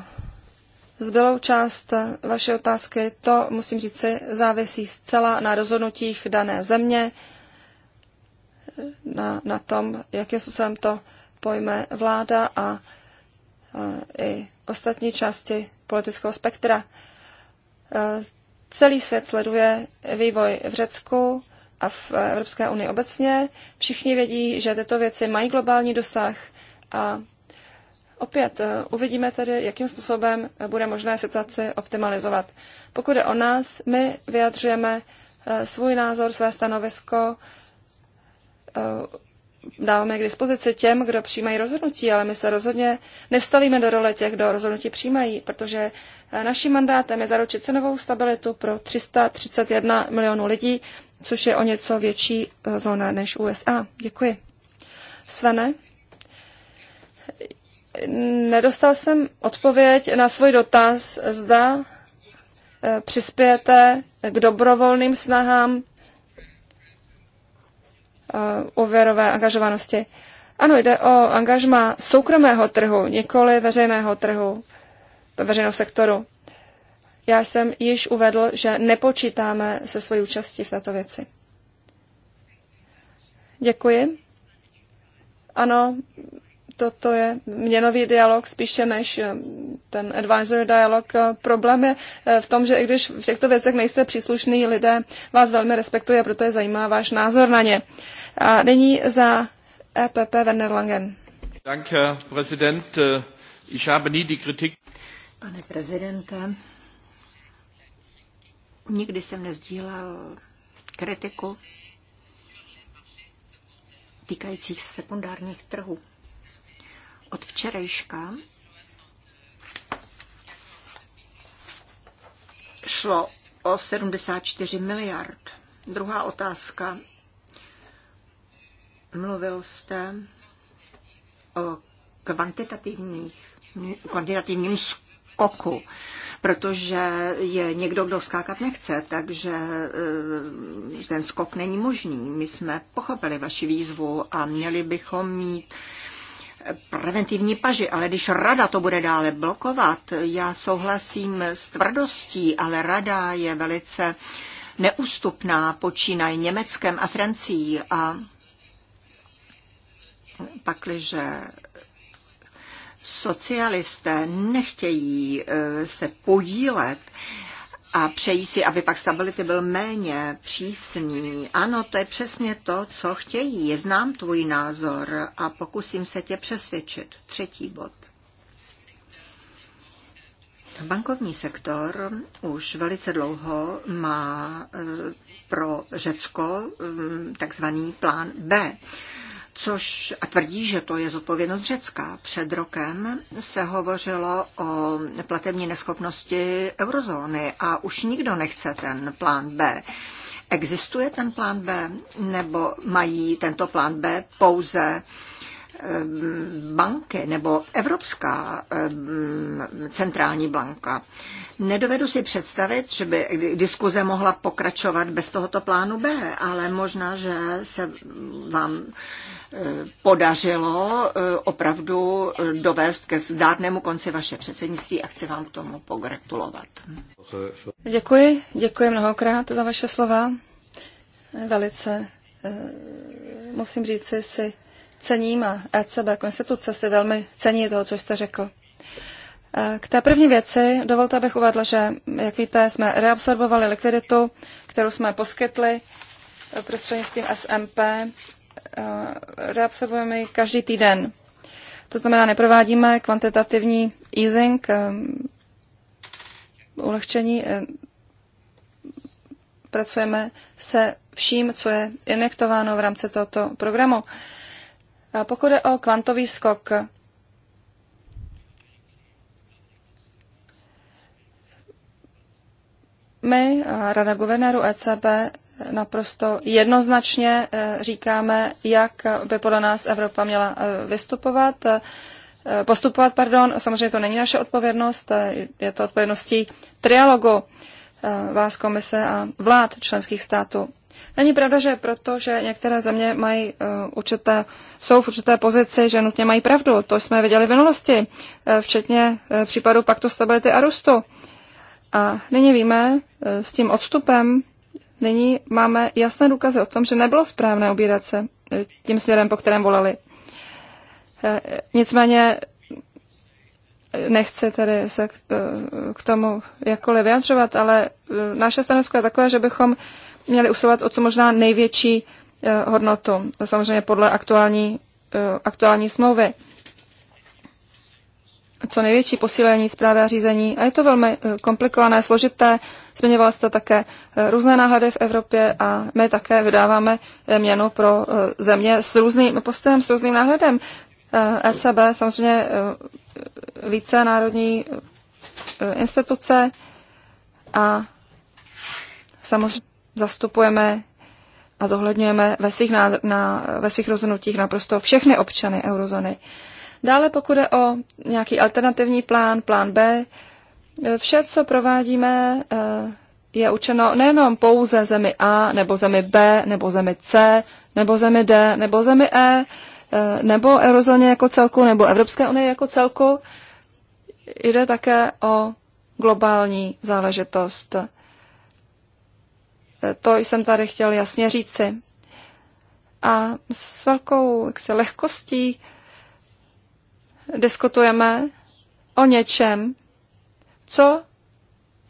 Zbylou část vaše otázky, to musím si, závisí zcela na rozhodnutích dané země, na, na tom, jakým způsobem to pojme vláda a, a i ostatní části politického spektra. E, celý svět sleduje vývoj v Řecku a v Evropské unii obecně. Všichni vědí, že tyto věci mají globální dosah a Opět eh, uvidíme tedy, jakým způsobem bude možné situaci optimalizovat. Pokud je o nás, my vyjadřujeme eh, svůj názor, své stanovisko, eh, dáváme k dispozici těm, kdo přijímají rozhodnutí, ale my se rozhodně nestavíme do role těch, kdo rozhodnutí přijímají, protože naším mandátem je zaručit cenovou stabilitu pro 331 milionů lidí, což je o něco větší zóna než USA. Děkuji. Svene? Nedostal jsem odpověď na svůj dotaz, zda e, přispějete k dobrovolným snahám úvěrové e, angažovanosti. Ano, jde o angažma soukromého trhu, nikoli veřejného trhu, veřejného sektoru. Já jsem již uvedl, že nepočítáme se svojí účastí v této věci. Děkuji. Ano, to je měnový dialog spíše než eh, ten advisory dialog. Eh, problém je eh, v tom, že i když v těchto věcech nejste příslušný, lidé vás velmi respektují a proto je zajímá váš názor na ně. A nyní za EPP Werner Langen. Danke, prezident. Äh, ich habe nie die Kritik... Pane prezidente, nikdy jsem nezdílal kritiku týkajících sekundárních trhů od včerejška šlo o 74 miliard. Druhá otázka. Mluvil jste o kvantitativních, kvantitativním skoku, protože je někdo, kdo skákat nechce, takže eh, ten skok není možný. My jsme pochopili vaši výzvu a měli bychom mít preventivní paži, ale když rada to bude dále blokovat, já souhlasím s tvrdostí, ale rada je velice neústupná, počínají Německem a Francií a pakliže socialisté nechtějí eh, se podílet a přejí si, aby pak stability byl méně přísný. Ano, to je přesně to, co chtějí. Znám tvůj názor a pokusím se tě přesvědčit. Třetí bod. Bankovní sektor už velice dlouho má eh, pro Řecko hm, takzvaný plán B což a tvrdí, že to je zodpovědnost Řecka. Před rokem se hovořilo o platební neschopnosti eurozóny a už nikdo nechce ten plán B. Existuje ten plán B nebo mají tento plán B pouze eh, banky nebo Evropská eh, centrální banka. Nedovedu si představit, že by diskuze mohla pokračovat bez tohoto plánu B, ale možná, že se vám podařilo eh, opravdu eh, dovést ke zdárnému konci vaše předsednictví a chci vám k tomu pogratulovat. Děkuji, děkuji mnohokrát za vaše slova. Velice, eh, musím říct, si, si cením a ECB jako instituce si velmi cení toho, co jste řekl. K té první věci dovolte, abych uvedla, že, jak víte, jsme reabsorbovali likviditu, kterou jsme poskytli prostřednictvím SMP Eh, reabsorbujeme ji každý týden. To znamená, neprovádíme kvantitativní easing, eh, ulehčení, eh, pracujeme se vším, co je injektováno v rámci tohoto programu. A pokud je o kvantový skok, my, Rada guvernéru ECB, naprosto jednoznačně eh, říkáme, jak by podle nás Evropa měla eh, vystupovat, eh, postupovat. Pardon. Samozřejmě to není naše odpovědnost, je to odpovědností trialogu vás komise a vlád členských států. Není pravda, že proto, že některé země mají určité, jsou v určité pozici, že nutně mají pravdu. To jsme viděli v minulosti, včetně případu Paktu stability a růstu. A nyní víme s tím odstupem nyní máme jasné důkazy o tom, že nebylo správné ubírat se eh, tím směrem, po kterém volali. Eh, nicméně eh, nechci tedy se k tomu jakkoliv vyjadřovat, ale naše stanovisko je takové, že bychom měli usilovat o co možná největší hodnotu, samozřejmě podle aktuální, aktuální smlouvy co největší posílení zprávy a řízení. A je to velmi eh, komplikované, složité. Zmiňovala jste také eh, různé náhledy v Evropě a my také vydáváme eh, měnu pro země s různým postojem, s různým náhledem. ECB e samozřejmě více národní instituce a samozřejmě zastupujeme a zohledňujeme ve svých, na, na, ve svých rozhodnutích naprosto všechny občany eurozóny. Dále pokud je o nějaký alternativní plán, plán B, vše, co provádíme, eh, je učeno nejenom pouze zemi A, nebo zemi B, nebo zemi C, nebo zemi D, nebo zemi E, eh, nebo eurozóně jako celku, nebo Evropské unie jako celku. Jde také o globální záležitost. Eh, to jsem tady chtěl jasně říci. A s velkou jaksi, lehkostí diskutujeme o něčem, co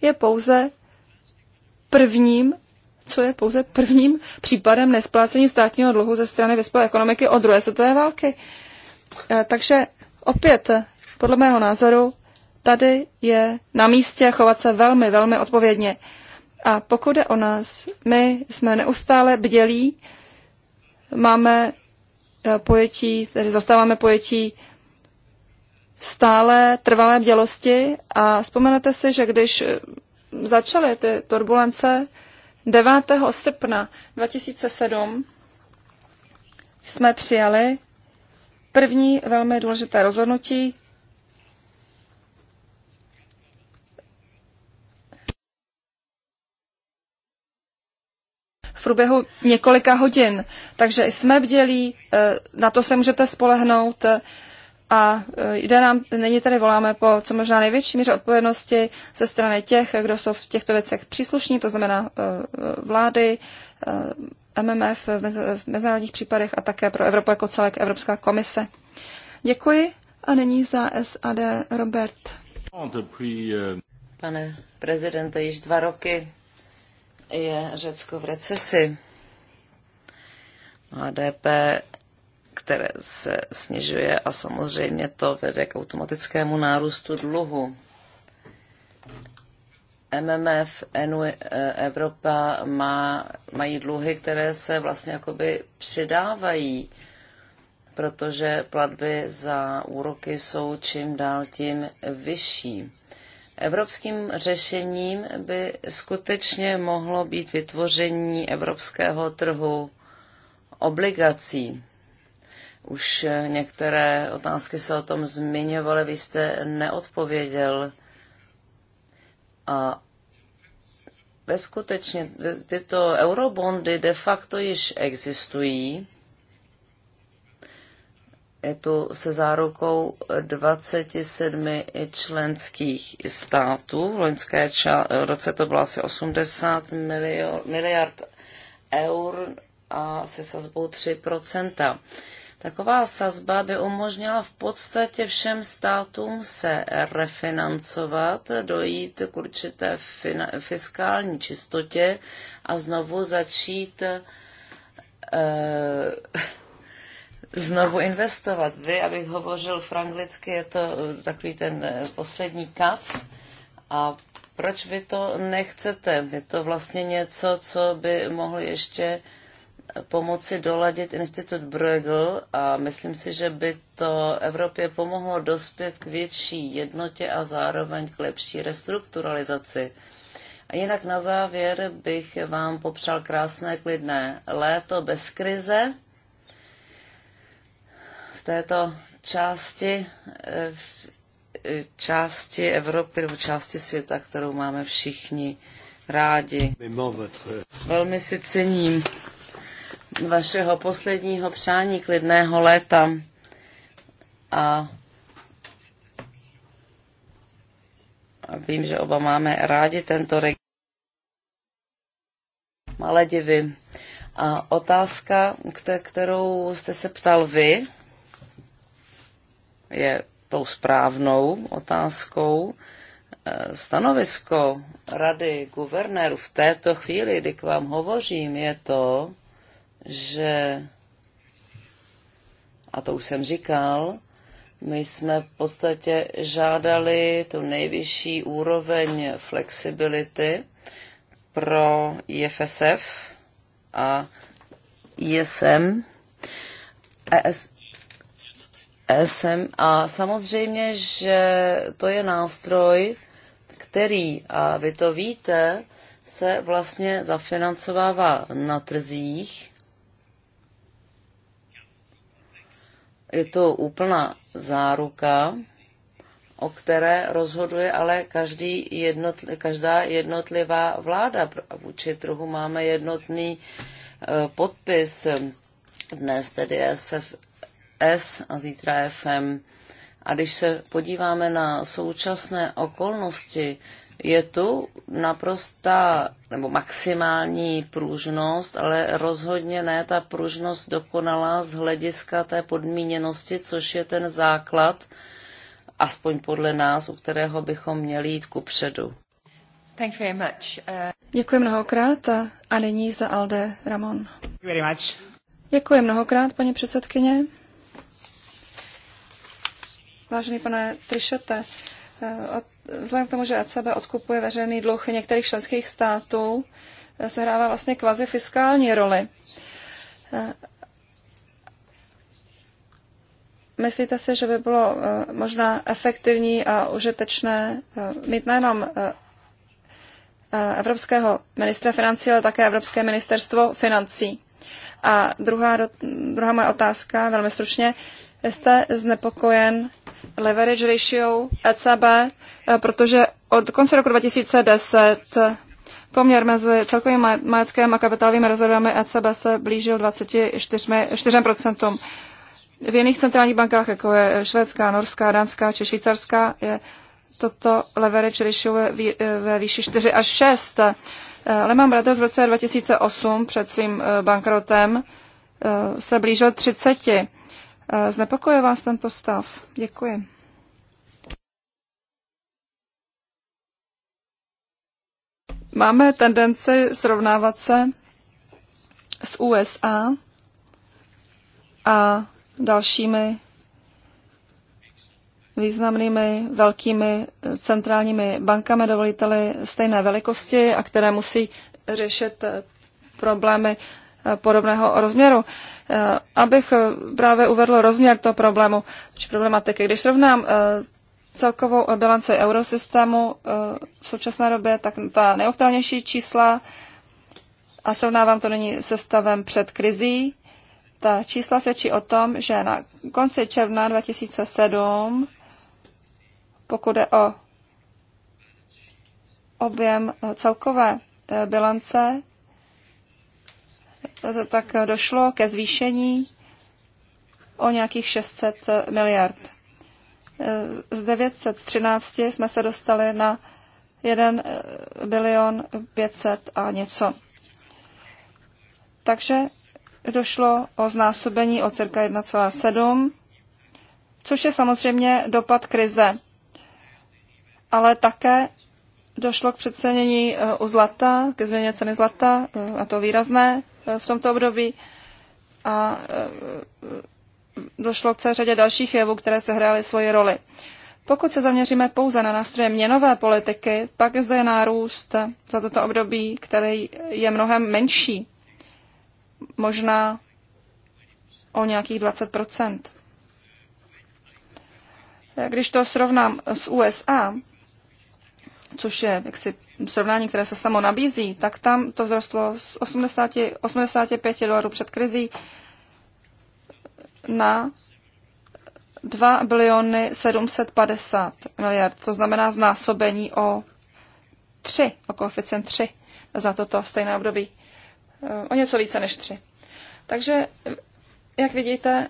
je pouze prvním, co je pouze prvním případem nesplácení státního dluhu ze strany vyspělé ekonomiky od druhé světové války. E, takže opět, podle mého názoru, tady je na místě chovat se velmi, velmi odpovědně. A pokud je o nás, my jsme neustále bdělí, máme e, pojetí, tedy zastáváme pojetí stále trvalé bdělosti a vzpomenete si, že když eh, začaly ty turbulence 9. srpna 2007, jsme přijali první velmi důležité rozhodnutí, v průběhu několika hodin. Takže jsme bdělí, eh, na to se můžete spolehnout. Eh, a e, jde nám, není tady voláme po co možná největší míře odpovědnosti ze strany těch, kdo jsou v těchto věcech příslušní, to znamená e, vlády, e, MMF v mezinárodních případech a také pro Evropu jako celek Evropská komise. Děkuji a nyní za SAD Robert. Pane prezidente, již dva roky je Řecko v recesi. HDP které se snižuje a samozřejmě to vede k automatickému nárůstu dluhu. MMF, NU, eh, Evropa má, mají dluhy, které se vlastně jakoby přidávají, protože platby za úroky jsou čím dál tím vyšší. Evropským řešením by skutečně mohlo být vytvoření evropského trhu obligací. Už eh, některé otázky se o tom zmiňovaly, vy jste neodpověděl. A bezskutečně tyto eurobondy de facto již existují. Je tu se zárukou 27 členských států. V loňské roce to bylo asi 80 miliard eur a se sazbou 3 Taková sazba by umožnila v podstatě všem státům se refinancovat, dojít k určité fiskální čistotě a znovu začít e, znovu investovat. Vy, abych hovořil franglicky, je to eh, takový ten eh, poslední kac a proč vy to nechcete? Je to vlastně něco, co by mohlo ještě pomoci doladit institut Bruegel a myslím si, že by to Evropě pomohlo dospět k větší jednotě a zároveň k lepší restrukturalizaci. A jinak na závěr bych vám popřál krásné klidné léto bez krize. V této části, v eh, části Evropy nebo části světa, kterou máme všichni rádi. Velmi si cením vašeho posledního přání klidného léta a a vím, že oba máme rádi tento region Maledivy. A otázka, kterou jste se ptal vy, je tou správnou otázkou. E, stanovisko Rady guvernérů v této chvíli, kdy k vám hovořím, je to, že, a to už jsem říkal, my jsme v podstatě žádali tu nejvyšší úroveň flexibility pro IFSF a ISM, ES, ESM a samozřejmě, že to je nástroj, který, a vy to víte, se vlastně zafinancovává na trzích Je to úplná záruka, o které rozhoduje ale každý jednotl, každá jednotlivá vláda. Vůči trhu máme jednotný e, podpis. Dnes tedy SFS a zítra FM. A když se podíváme na současné okolnosti, je tu naprosta nebo maximální pružnost, ale rozhodně ne ta pružnost dokonalá z hlediska té podmíněnosti, což je ten základ, aspoň podle nás, u kterého bychom měli jít ku předu. Thank you very much. Uh... Děkuji mnohokrát a, a nyní za Alde Ramon. Thank you very much. Děkuji mnohokrát, paní předsedkyně. Vážený pane Trišete, eh, od vzhledem k tomu, že ECB odkupuje veřejný dluh některých členských států, sehrává vlastně kvazi fiskální roli. Myslíte si, že by bylo eh, možná efektivní a užitečné eh, mít nejenom eh, evropského ministra financí, ale také Evropské ministerstvo financí? A druhá, druhá moje otázka, velmi stručně. Jste znepokojen leverage ratio ECB Eh, protože od konce roku 2010 poměr mezi celkovým majetkem a kapitálovými rezervami ECB se blížil 24, 4%. V jiných centrálních bankách, jako je švédská, norská, dánská či švýcarská, je toto leverage ratio ve eh, výši 4 až 6. Lehman Brothers v roce 2008 před svým eh, bankrotem se blížil 30. Znepokojuje vás tento stav? Děkuji. Máme tendenci srovnávat se s USA a dalšími významnými velkými centrálními bankami, dovoliteli stejné velikosti a které musí řešit problémy podobného rozměru. Abych právě uvedl rozměr toho problému či problematiky. Když srovnám eh, celkovou bilanci eurosystému eh, v současné době, tak ta neochtelnější čísla a srovnávám to nyní se stavem před krizí. Ta čísla svědčí o tom, že na konci června 2007, pokud je o objem eh, celkové eh, bilance, tak došlo ke zvýšení o nějakých 600 miliard z 913 jsme se dostali na 1 eh, bilion 500 a něco. Takže došlo o znásobení o cirka 1,7, což je samozřejmě dopad krize. Ale také došlo k přecenění eh, u zlata, ke změně ceny zlata, eh, a to výrazné v tomto období. A došlo k celé řadě dalších jevů, které se hrály svoji roli. Pokud se zaměříme pouze na nástroje měnové politiky, pak zde je nárůst za toto období, který je mnohem menší, možná o nějakých 20 Když to srovnám s USA, což je jaksi srovnání, které se samo nabízí, tak tam to vzrostlo z 80, 85 dolarů před krizí na 2 biliony 750 miliard, to znamená znásobení o 3, o koeficient 3 za toto stejné období, e, o něco více než 3. Takže, jak vidíte,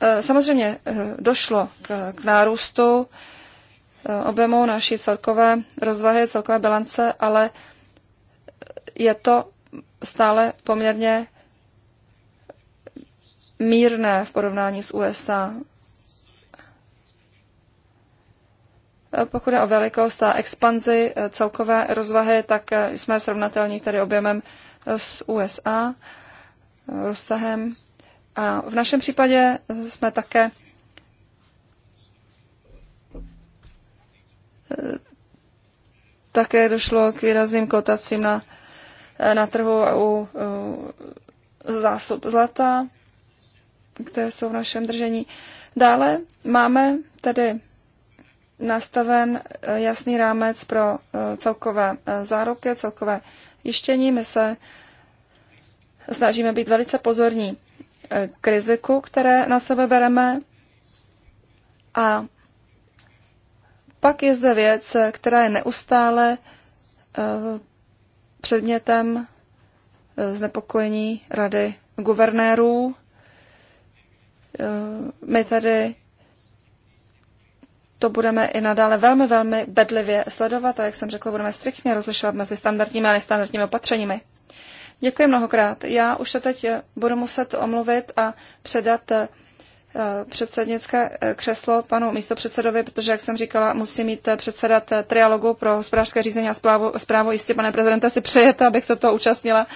e, samozřejmě e, došlo k, k nárůstu objemu naší celkové rozvahy, celkové bilance, ale je to stále poměrně mírné v porovnání s USA. Pokud je o velikost a expanzi eh, celkové rozvahy, tak eh, jsme srovnatelní tedy objemem eh, s USA, rozsahem. A v našem případě jsme také také došlo k výrazným kotacím na, na trhu u, u zásob zlata které jsou v našem držení. Dále máme tedy nastaven eh, jasný rámec pro eh, celkové eh, záruky, celkové jištění. My se snažíme být velice pozorní k riziku, které na sebe bereme. A pak je zde věc, která je neustále předmětem znepokojení rady guvernérů Eh, my tady to budeme i nadále velmi, velmi bedlivě sledovat a jak jsem řekla, budeme striktně rozlišovat mezi standardními a nestandardními opatřeními. Děkuji mnohokrát. Já už se teď eh, budu muset omluvit a předat eh, předsednické křeslo panu místopředsedovi, protože, jak jsem říkala, musí mít předsedat trialogu pro hospodářské řízení a zprávu, Jistě, pane prezidente, si přejete, abych se toho účastnila.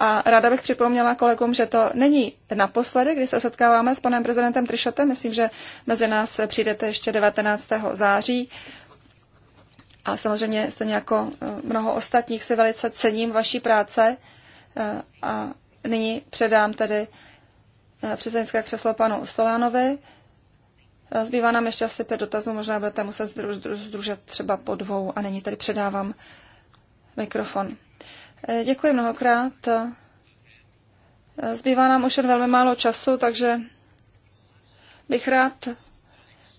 A ráda bych připomněla kolegům, že to není naposledy, kdy se setkáváme s panem prezidentem Trišotem. Myslím, že mezi nás přijdete ještě 19. září. A samozřejmě stejně jako eh, mnoho ostatních si velice cením vaší práce eh, a nyní předám tedy eh, předsednické křeslo panu Stolánovi. Zbývá nám ještě asi pět dotazů, možná budete muset združet třeba po dvou a nyní tedy předávám mikrofon. Eh, děkuji mnohokrát. Eh, zbývá nám už jen velmi málo času, takže bych rád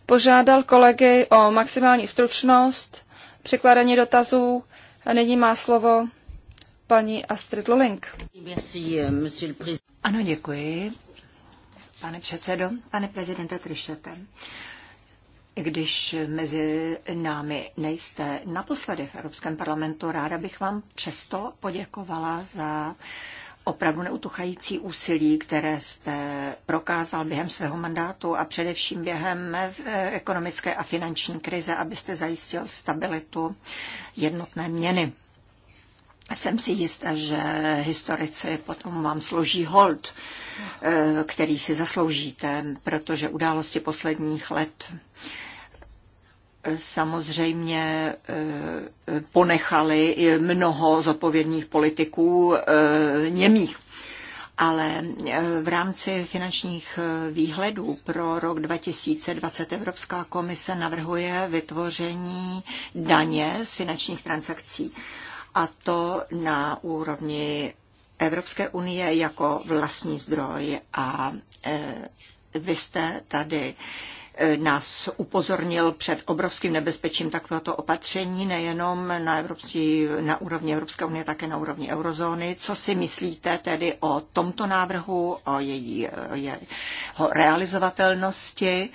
požádal kolegy o maximální stručnost, překládání dotazů. A nyní má slovo paní Astrid Lulink. Eh, ano, děkuji. Pane předsedo, pane prezidente Trišete, když mezi námi nejste naposledy v Evropském parlamentu, ráda bych vám přesto poděkovala za opravdu neutuchající úsilí, které jste prokázal během svého mandátu a především během ekonomické a finanční krize, abyste zajistil stabilitu jednotné měny. Jsem si jistá, že historici potom vám složí hold, eh, který si zasloužíte, protože události posledních let samozřejmě eh, ponechali mnoho zodpovědných politiků eh, němých. Ale eh, v rámci finančních výhledů pro rok 2020 Evropská komise navrhuje vytvoření daně z finančních transakcí. A to na úrovni Evropské unie jako vlastní zdroj. A vy jste tady nás upozornil před obrovským nebezpečím takovéhoto opatření, nejenom na, Evropský, na úrovni Evropské unie, také na úrovni eurozóny. Co si myslíte tedy o tomto návrhu, o její, jeho realizovatelnosti?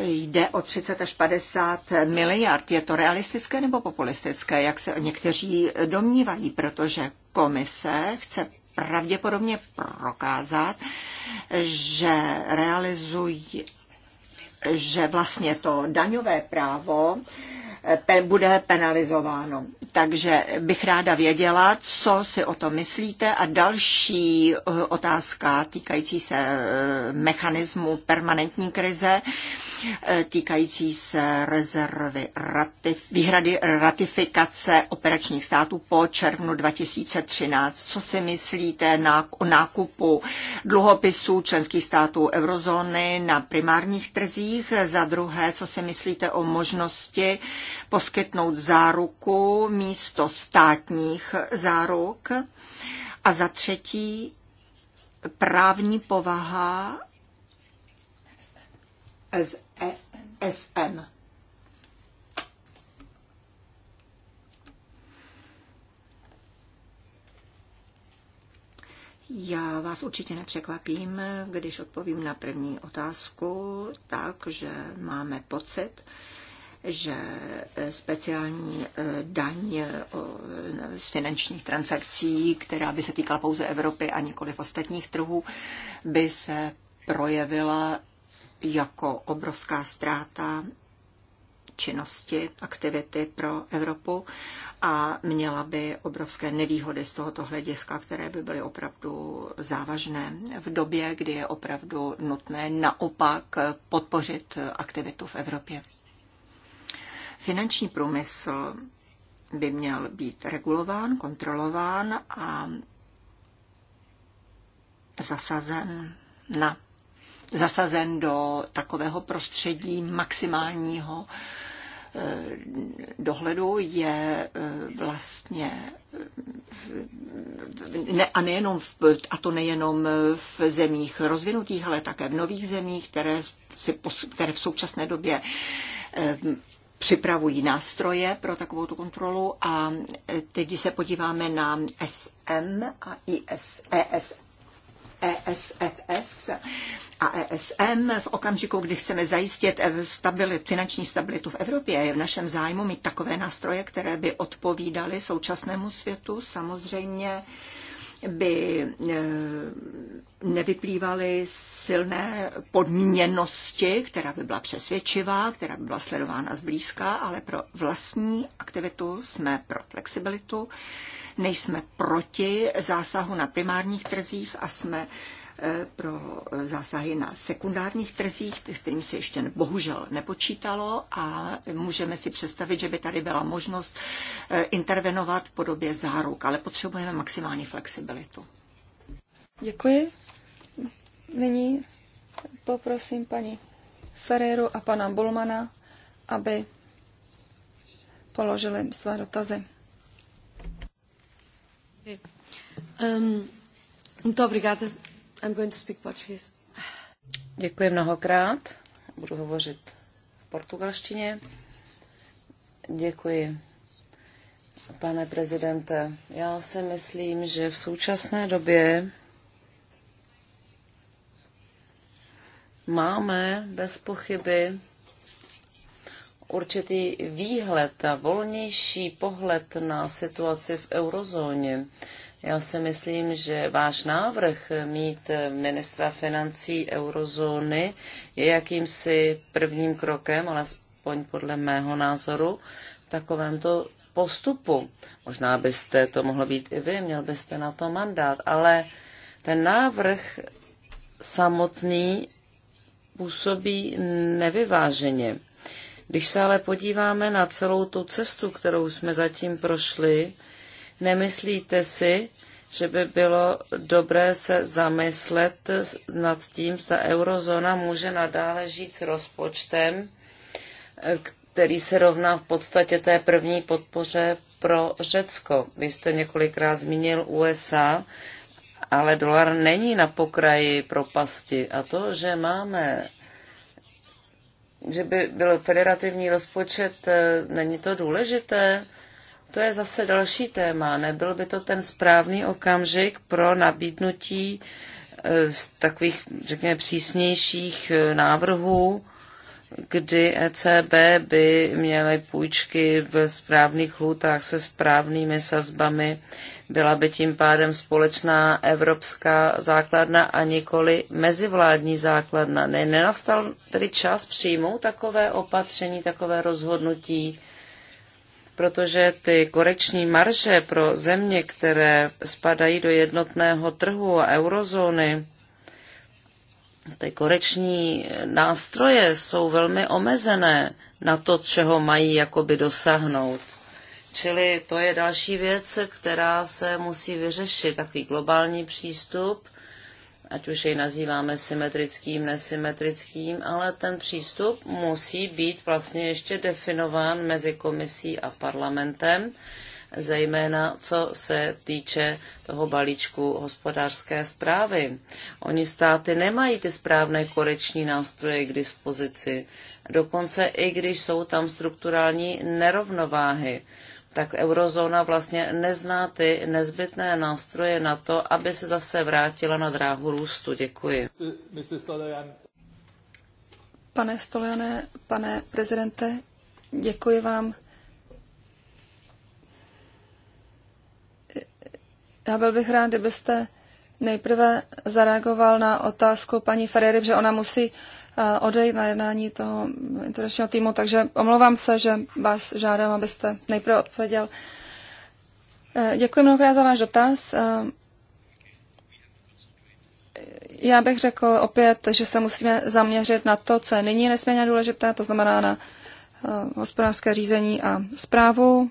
jde o 30 až 50 miliard. Je to realistické nebo populistické, jak se někteří domnívají, protože komise chce pravděpodobně prokázat, že realizují že vlastně to daňové právo eh, bude penalizováno. Takže bych ráda věděla, co si o to myslíte. A další eh, otázka týkající se eh, mechanismu permanentní krize. Eh, týkající se rezervy ratif- výhrady ratifikace operačních států po červnu 2013. Co si myslíte na, o nákupu dluhopisů členských států eurozóny na primárních trzích? Za druhé, co si myslíte o možnosti poskytnout záruku místo státních záruk? A za třetí, právní povaha FN. Já vás určitě nepřekvapím, když odpovím na první otázku, takže máme pocit, že speciální eh, daň eh, z finančních transakcí, která by se týkala pouze Evropy a nikoli v ostatních trhů, by se projevila jako obrovská ztráta činnosti, aktivity pro Evropu a měla by obrovské nevýhody z tohoto hlediska, které by byly opravdu závažné v době, kdy je opravdu nutné naopak podpořit aktivitu v Evropě. Finanční průmysl by měl být regulován, kontrolován a zasazen na zasazen do takového prostředí maximálního eh, dohledu je eh, vlastně eh, ne, a, nejenom v, a to nejenom v zemích rozvinutých, ale také v nových zemích, které, si, které v současné době připravují nástroje pro takovou kontrolu a teď, se podíváme na SM a IS, ESM, ESFS a ESM v okamžiku, kdy chceme zajistit stabilit, finanční stabilitu v Evropě, je v našem zájmu mít takové nástroje, které by odpovídaly současnému světu. Samozřejmě by e, nevyplývaly silné podmíněnosti, která by byla přesvědčivá, která by byla sledována zblízka, ale pro vlastní aktivitu jsme pro flexibilitu Nejsme proti zásahu na primárních trzích a jsme eh, pro eh, zásahy na sekundárních trzích, kterým se ještě bohužel nepočítalo a můžeme si představit, že by tady byla možnost eh, intervenovat v podobě záruk, ale potřebujeme maximální flexibilitu. Děkuji. Nyní poprosím paní Ferreru a pana Bulmana, aby položili své dotazy. Okay. Um, ehm, muito obrigada. I'm going to speak Portuguese. Děkuji mnohokrát. Budu hovořit v portugalštině. Děkuji. Pane prezidente, já si myslím, že v současné době máme bez pochyby určitý výhled a volnější pohled na situaci v eurozóně. Já si myslím, že váš návrh mít ministra financí eurozóny je jakýmsi prvním krokem, alespoň podle mého názoru, v takovémto postupu. Možná byste to mohlo být i vy, měl byste na to mandát, ale ten návrh samotný působí nevyváženě. Když se ale podíváme na celou tu cestu, kterou jsme zatím prošli, nemyslíte si, že by bylo dobré se zamyslet nad tím, zda eurozóna může nadále žít s rozpočtem, který se rovná v podstatě té první podpoře pro Řecko. Vy jste několikrát zmínil USA, ale dolar není na pokraji propasti. A to, že máme že by byl federativní rozpočet, e, není to důležité? To je zase další téma. Nebyl by to ten správný okamžik pro nabídnutí e, z takových, řekněme, přísnějších e, návrhů, kdy ECB by měly půjčky v správných lhůtách se správnými sazbami, byla by tím pádem společná evropská základna a nikoli mezivládní základna. Ne, nenastal tedy čas přijmout takové opatření, takové rozhodnutí, protože ty koreční marže pro země, které spadají do jednotného trhu a eurozóny, ty koreční nástroje jsou velmi omezené na to, čeho mají jakoby dosáhnout. Čili to je další věc, která se musí vyřešit, takový globální přístup, ať už jej nazýváme symetrickým, nesymetrickým, ale ten přístup musí být vlastně ještě definován mezi komisí a parlamentem, zejména co se týče toho balíčku hospodářské zprávy. Oni státy nemají ty správné koreční nástroje k dispozici, dokonce i když jsou tam strukturální nerovnováhy tak eurozóna vlastně nezná ty nezbytné nástroje na to, aby se zase vrátila na dráhu růstu. Děkuji. Pane Stoliane, pane prezidente, děkuji vám. Já byl bych rád, kdybyste nejprve zareagoval na otázku paní Ferrery, že ona musí Eh, odejít na jednání toho internačního týmu, takže omlouvám se, že vás žádám, abyste nejprve odpověděl. Eh, děkuji mnohokrát za váš dotaz. Eh, já bych řekl opět, že se musíme zaměřit na to, co je nyní nesmírně důležité, to znamená na hospodářské řízení a zprávu,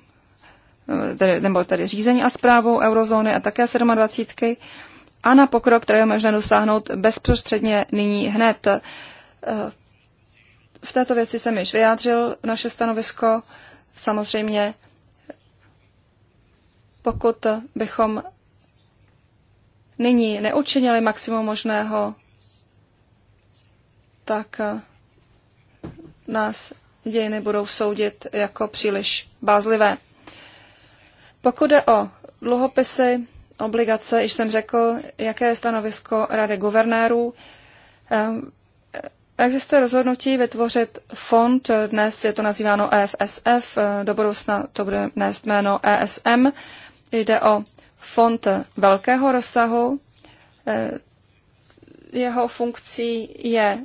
tedy, nebo tedy řízení a zprávu eurozóny a také 27 a na pokrok, který je možné dosáhnout bezprostředně nyní hned. Eh, v této věci jsem již vyjádřil naše stanovisko. Samozřejmě, pokud bychom nyní neučinili maximum možného, tak eh, nás dějiny budou soudit jako příliš bázlivé. Pokud jde o dluhopisy, obligace, již jsem řekl, jaké je stanovisko Rady guvernérů. Eh, Existuje rozhodnutí vytvořit fond, dnes je to nazýváno EFSF, do budoucna to bude nést jméno ESM. Jde o fond velkého rozsahu. Eh, jeho funkcí je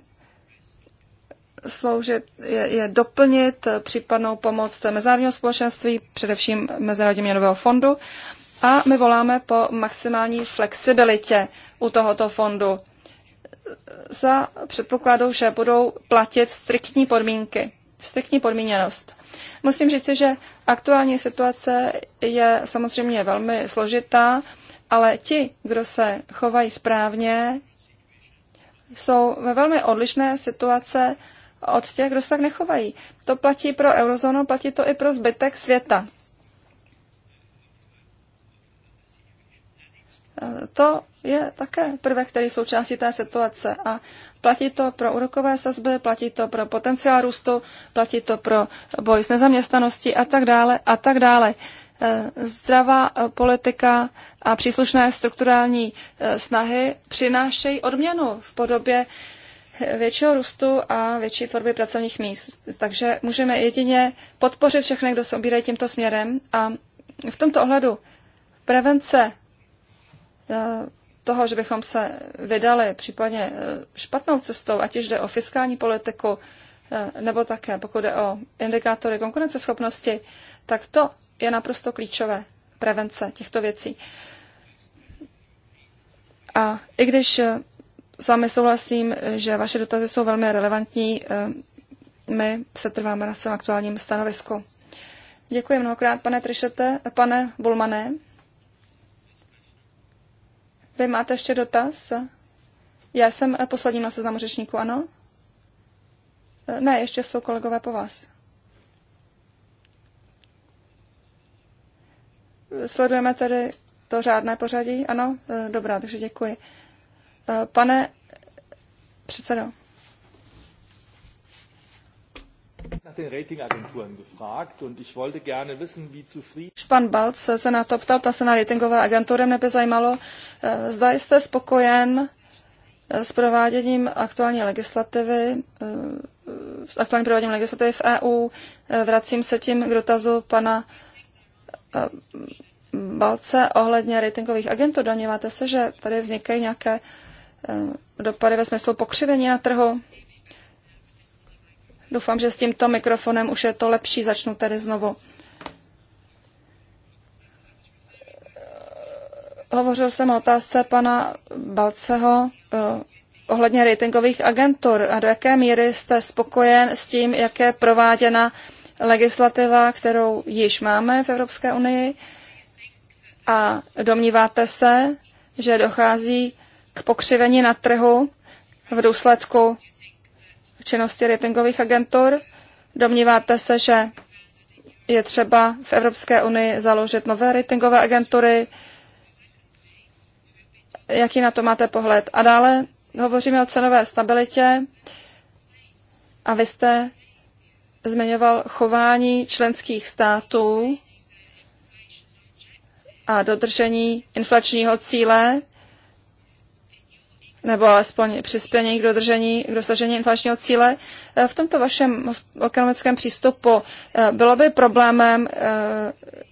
sloužit, je, je doplnit případnou pomoc mezinárodního společenství, především Mezinárodního měnového fondu. A my voláme po maximální flexibilitě u tohoto fondu za předpokladu, že budou platit striktní podmínky, striktní podmíněnost. Musím říci, že aktuální situace je samozřejmě velmi složitá, ale ti, kdo se chovají správně, jsou ve velmi odlišné situace od těch, kdo se tak nechovají. To platí pro eurozónu, platí to i pro zbytek světa. To je také prvek, který je součástí té situace a platí to pro úrokové sazby, platí to pro potenciál růstu, platí to pro boj s nezaměstnaností a tak dále a tak dále. Eh, zdravá eh, politika a příslušné strukturální eh, snahy přinášejí odměnu v podobě většího růstu a větší tvorby pracovních míst. Takže můžeme jedině podpořit všechny, kdo se obírají tímto směrem. A v tomto ohledu prevence Eh, toho, že bychom se vydali případně eh, špatnou cestou, ať už jde o fiskální politiku, eh, nebo také pokud jde o indikátory konkurenceschopnosti, tak to je naprosto klíčové prevence těchto věcí. A i když s vámi souhlasím, že vaše dotazy jsou velmi relevantní, my se trváme na svém aktuálním stanovisku. Děkuji mnohokrát, pane Trišete, pane Bulmané. Vy máte ještě dotaz? Já jsem eh, posledním na seznamu řečníků, ano? Eh, ne, ještě jsou kolegové po vás. Sledujeme tedy to řádné pořadí? Ano? Eh, dobrá, takže děkuji. Pane předsedo, Pan Balc se na to ptal, ta se na ratingové agentury, mě by zajímalo, eh, zda jste spokojen eh, s prováděním aktuální legislativy, eh, s aktuálním prováděním legislativy v EU. Vracím se tím k dotazu pana Balce ohledně ratingových agentů. Domníváte se, že tady vznikají nějaké dopady ve smyslu pokřivení na trhu? Doufám, že s tímto mikrofonem už je to lepší. Začnu tedy znovu. Hovořil jsem o otázce pana Balceho eh, ohledně ratingových agentur a do jaké míry jste spokojen s tím, jak je prováděna legislativa, kterou již máme v Evropské unii a domníváte se, že dochází k pokřivení na trhu v důsledku činnosti ratingových agentur? Domníváte se, že je třeba v Evropské unii založit nové ratingové agentury? Jaký na to máte pohled? A dále hovoříme o cenové stabilitě a vy jste zmiňoval chování členských států a dodržení inflačního cíle nebo alespoň přispění k dodržení, k dosažení inflačního cíle. E, v tomto vašem ekonomickém přístupu e, bylo by problémem, e,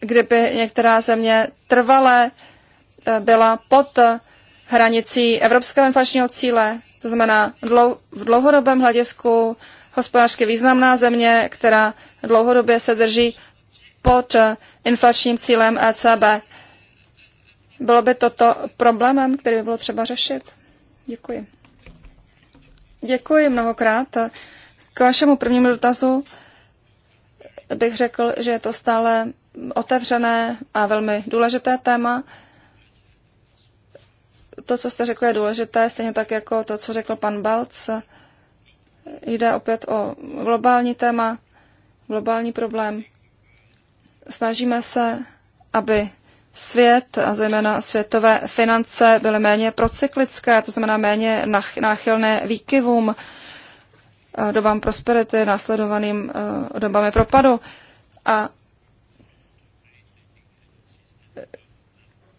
kdyby některá země trvale byla pod hranicí evropského inflačního cíle, to znamená v dlouhodobém hledisku hospodářsky významná země, která dlouhodobě se drží pod inflačním cílem ECB. Bylo by toto problémem, který by bylo třeba řešit? Děkuji. Děkuji mnohokrát. K vašemu prvnímu dotazu bych řekl, že je to stále otevřené a velmi důležité téma. To, co jste řekl, je důležité, stejně tak jako to, co řekl pan Balc. Jde opět o globální téma, globální problém. Snažíme se, aby svět a zejména světové finance byly méně procyklické, to znamená méně náchylné výkyvům, eh, dobám prosperity, následovaným eh, dobami propadu. A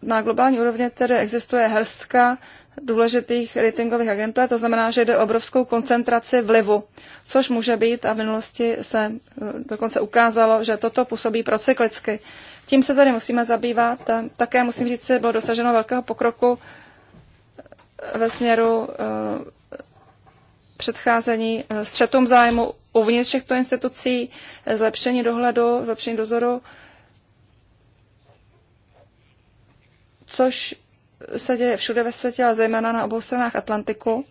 na globální úrovni tedy existuje hrstka důležitých ratingových agentů, to znamená, že jde o obrovskou koncentraci vlivu, což může být a v minulosti se eh, dokonce ukázalo, že toto působí procyklicky. Tím se tady musíme zabývat. Také musím říct, že bylo dosaženo velkého pokroku eh, ve směru eh, předcházení eh, střetům zájmu uvnitř těchto institucí, zlepšení dohledu, zlepšení dozoru, což se děje všude ve světě, ale zejména na obou stranách Atlantiku.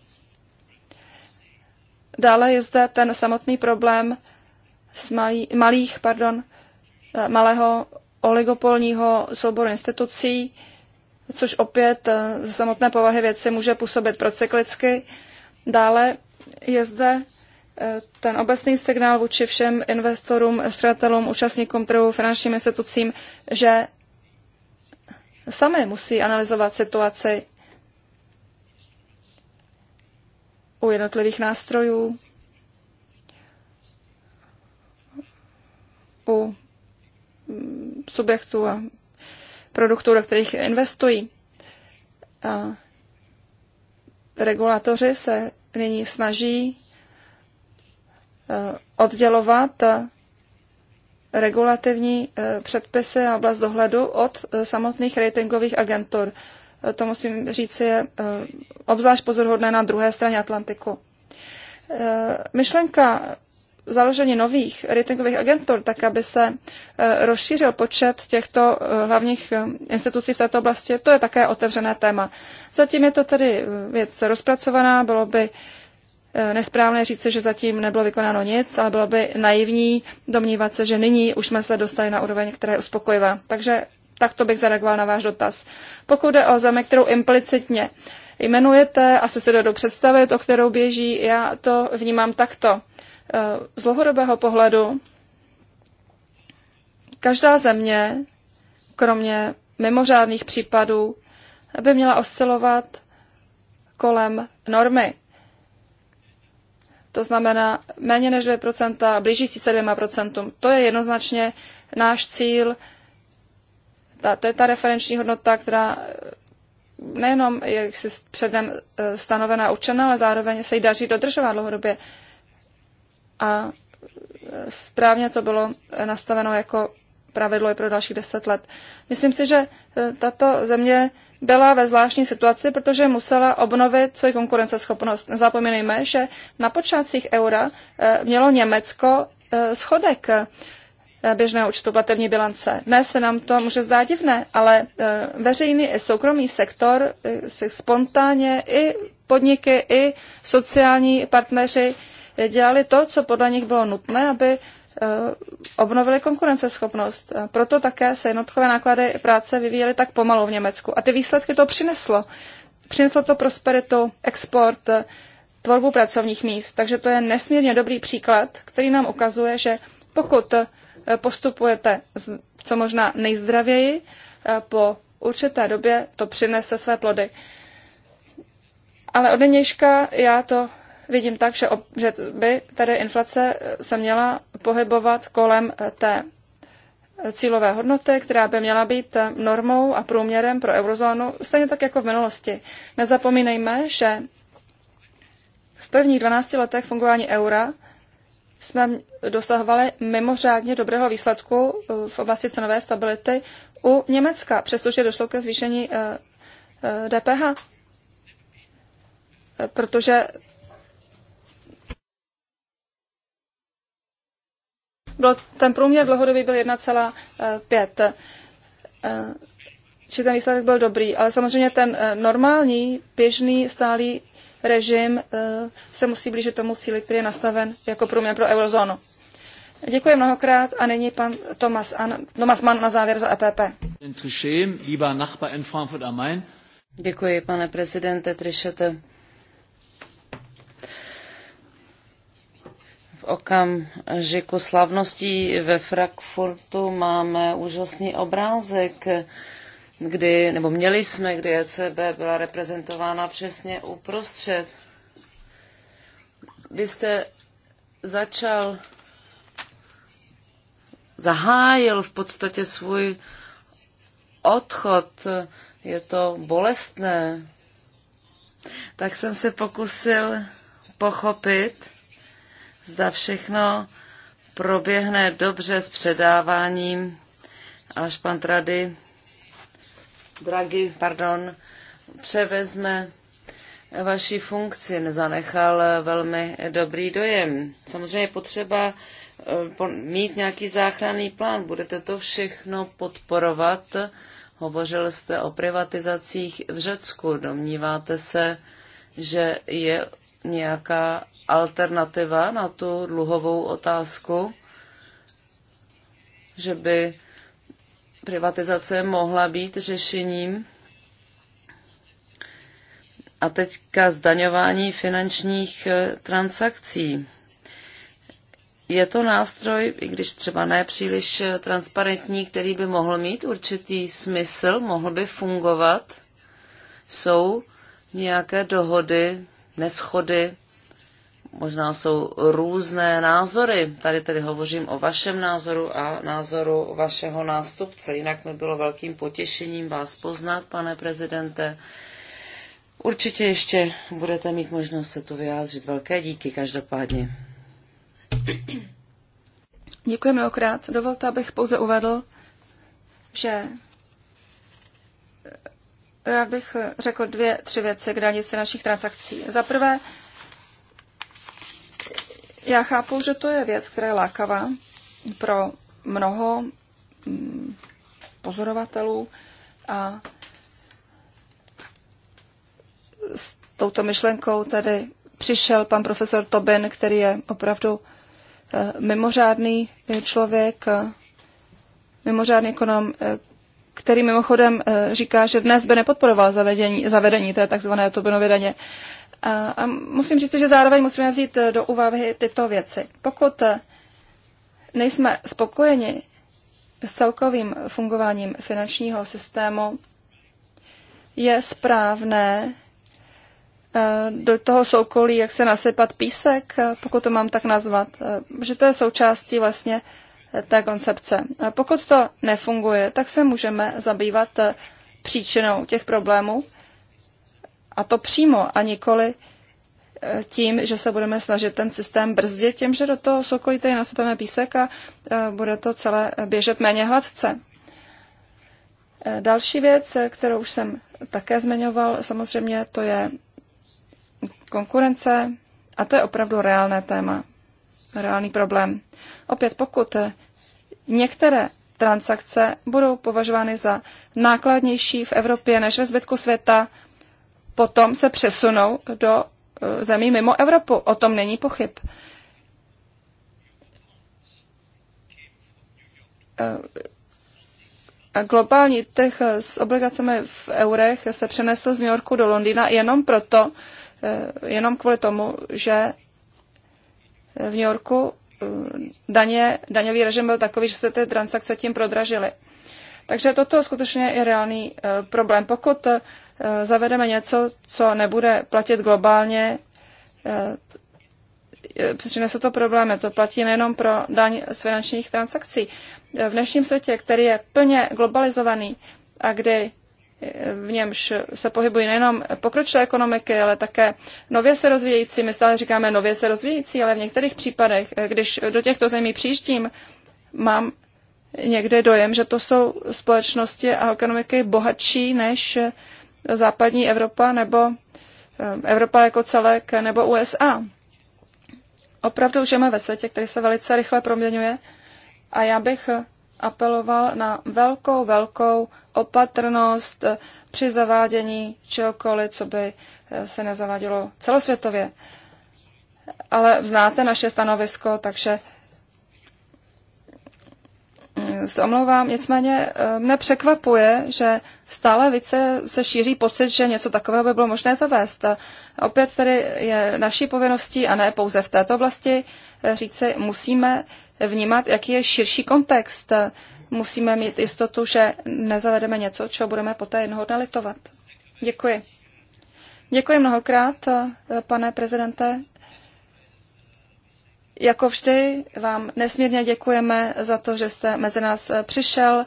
Dále je zde ten samotný problém s malý, malých, pardon, malého oligopolního souboru institucí, což opět eh, ze samotné povahy věci může působit procyklicky. Dále je zde eh, ten obecný signál vůči všem investorům, střetelům, účastníkům trhu, finančním institucím, že sami musí analyzovat situaci u jednotlivých nástrojů, u subjektů a produktů, do kterých investují. A regulatoři se nyní snaží e, oddělovat e, regulativní e, předpisy a oblast dohledu od samotných ratingových agentur. To musím říct je obzvlášť pozoruhodné na druhé straně Atlantiku. Myšlenka založení nových ratingových agentur, tak aby se eh, rozšířil počet těchto eh, hlavních eh, institucí v této oblasti, to je také otevřené téma. Zatím je to tedy věc rozpracovaná, bylo by nesprávné říct, že zatím nebylo vykonáno nic, ale bylo by naivní domnívat se, že nyní už jsme se dostali na úroveň, která je uspokojivá. Takže takto bych zareagoval na váš dotaz. Pokud jde o zemi, kterou implicitně jmenujete, asi se dodu představit, o kterou běží, já to vnímám takto. Z dlouhodobého pohledu každá země, kromě mimořádných případů, by měla oscilovat kolem normy. To znamená méně než 2%, blížící se 2%. To je jednoznačně náš cíl. Ta, to je ta referenční hodnota, která nejenom je předem eh, stanovená učena, ale zároveň se ji daří dodržovat dlouhodobě a e, správně to bylo nastaveno jako pravidlo i pro dalších deset let. Myslím si, že e, tato země byla ve zvláštní situaci, protože musela obnovit svoji konkurenceschopnost. Nezapomínejme, že na počátcích eura e, mělo Německo schodek běžného účtu platební bilance. Dnes se nám to může zdát divné, ale veřejný i soukromý sektor se spontánně i podniky, i sociální partneři dělali to, co podle nich bylo nutné, aby eh, obnovili konkurenceschopnost. Proto také se jednotkové náklady práce vyvíjely tak pomalu v Německu. A ty výsledky to přineslo. Přineslo to prosperitu, export, eh, tvorbu pracovních míst. Takže to je nesmírně dobrý příklad, který nám ukazuje, že pokud eh, postupujete co možná nejzdravěji, po určité době to přinese své plody. Ale od nynějška já to vidím tak, že, ob, že by tady inflace eh, se měla pohybovat kolem eh, té eh, cílové hodnoty, která by měla být normou a průměrem pro eurozónu, stejně tak jako v minulosti. Nezapomínejme, že v prvních 12 letech fungování eura jsme dosahovali mimořádně dobrého výsledku v oblasti cenové stability u Německa, přestože došlo ke zvýšení DPH, protože Bylo, ten průměr dlouhodobý byl 1,5. Eh, či ten výsledek byl dobrý, ale samozřejmě ten eh, normální, běžný, stálý režim eh, se musí blížit tomu cíli, který je nastaven jako průměr pro eurozónu. Děkuji mnohokrát a nyní pan Thomas, An, Thomas Mann na závěr za EPP. Děkuji, pane prezidente Trichete. okamžiku slavností ve Frankfurtu máme úžasný obrázek, kdy, nebo měli jsme, kdy ECB byla reprezentována přesně uprostřed. Vy jste začal, zahájil v podstatě svůj odchod. Je to bolestné. Tak jsem se pokusil pochopit, zda všechno proběhne dobře s předáváním, až pan Trady, Dragi, pardon, převezme vaši funkci, zanechal velmi dobrý dojem. Samozřejmě potřeba eh, mít nějaký záchranný plán. Budete to všechno podporovat. Hovořil jste o privatizacích v Řecku. Domníváte se, že je nějaká alternativa na tu dluhovou otázku, že by privatizace mohla být řešením. A teďka zdaňování finančních eh, transakcí. Je to nástroj, i když třeba ne příliš eh, transparentní, který by mohl mít určitý smysl, mohl by fungovat. Jsou nějaké dohody neschody, možná jsou různé názory. Tady tedy hovořím o vašem názoru a názoru vašeho nástupce. Jinak mi bylo velkým potěšením vás poznat, pane prezidente. Určitě ještě budete mít možnost se tu vyjádřit. Velké díky každopádně. Děkuji mnohokrát. Dovolte, abych pouze uvedl, že já bych řekl dvě, tři věci k daní z finančních transakcí. Za prvé, já chápu, že to je věc, která je lákavá pro mnoho mm, pozorovatelů a s touto myšlenkou tady přišel pan profesor Tobin, který je opravdu eh, mimořádný eh, člověk, eh, mimořádný ekonom, který mimochodem eh, říká, že dnes by nepodporoval zavedení, zavedení té takzvané Tobinovy daně. A, a musím říct, že zároveň musíme vzít eh, do úvahy tyto věci. Pokud eh, nejsme spokojeni s celkovým fungováním finančního systému, je správné do toho soukolí, jak se nasypat písek, pokud to mám tak nazvat, že to je součástí vlastně té koncepce. Pokud to nefunguje, tak se můžeme zabývat eh, příčinou těch problémů a to přímo a nikoli eh, tím, že se budeme snažit ten systém brzdit tím, že do toho sokolitej nasypeme písek a eh, bude to celé běžet méně hladce. Další věc, kterou už jsem také zmiňoval, samozřejmě to je konkurence a to je opravdu reálné téma reálný problém. Opět, pokud některé transakce budou považovány za nákladnější v Evropě než ve zbytku světa, potom se přesunou do eh, zemí mimo Evropu. O tom není pochyb. A eh, globální trh s obligacemi v eurech se přenesl z New Yorku do Londýna jenom proto, eh, jenom kvůli tomu, že v New Yorku eh, daně, daňový režim byl takový, že se ty transakce tím prodražily. Takže toto skutečně je reálný eh, problém. Pokud eh, zavedeme něco, co nebude platit globálně, přinese to problémy. To platí nejenom pro daň z finančních transakcí. V dnešním světě, který je plně globalizovaný a kdy v němž se pohybují nejenom pokročilé ekonomiky, ale také nově se rozvíjející. My stále říkáme nově se rozvíjející, ale v některých případech, eh, když do těchto zemí příštím, mám někde dojem, že to jsou společnosti a ekonomiky bohatší než západní Evropa nebo eh, Evropa jako celek nebo USA. Opravdu žijeme ve světě, který se velice rychle proměňuje a já bych eh, apeloval na velkou, velkou opatrnost při zavádění čehokoliv, co by eh, se nezavádělo celosvětově. Ale znáte naše stanovisko, takže eh, se omlouvám, nicméně eh, mne překvapuje, že stále více se šíří pocit, že něco takového by bylo možné zavést. Opět tedy je naší povinností, a ne pouze v této oblasti, říci, musíme vnímat, jaký je širší kontext. Musíme mít jistotu, že nezavedeme něco, čeho budeme poté jednoho dne litovat. Děkuji. Děkuji mnohokrát, pane prezidente. Jako vždy vám nesmírně děkujeme za to, že jste mezi nás přišel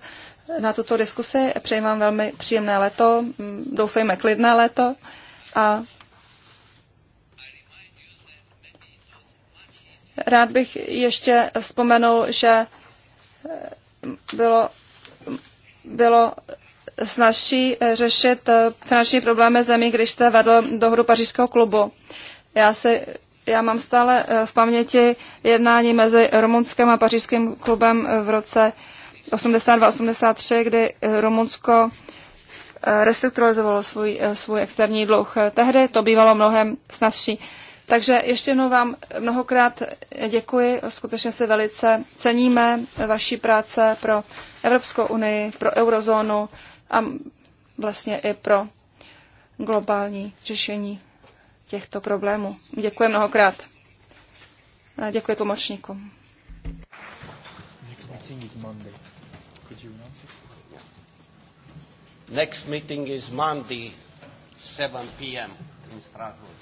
na tuto diskusi. Přeji vám velmi příjemné léto, doufejme klidné léto a Rád bych ještě vzpomenul, že bylo, bylo snažší řešit finanční problémy zemí, když jste vedl hru pařížského klubu. Já, si, já mám stále v paměti jednání mezi rumunským a pařížským klubem v roce 82-83, kdy Rumunsko eh, restrukturalizovalo svůj, eh, svůj externí dluh. Tehdy to bývalo mnohem snažší. Takže ještě jednou vám mnohokrát děkuji. Skutečně se velice ceníme vaší práce pro Evropskou unii, pro eurozónu a vlastně i pro globální řešení těchto problémů. Děkuji mnohokrát. děkuji tlumočníku. Next meeting is Monday, 7 p.m. in Strasbourg.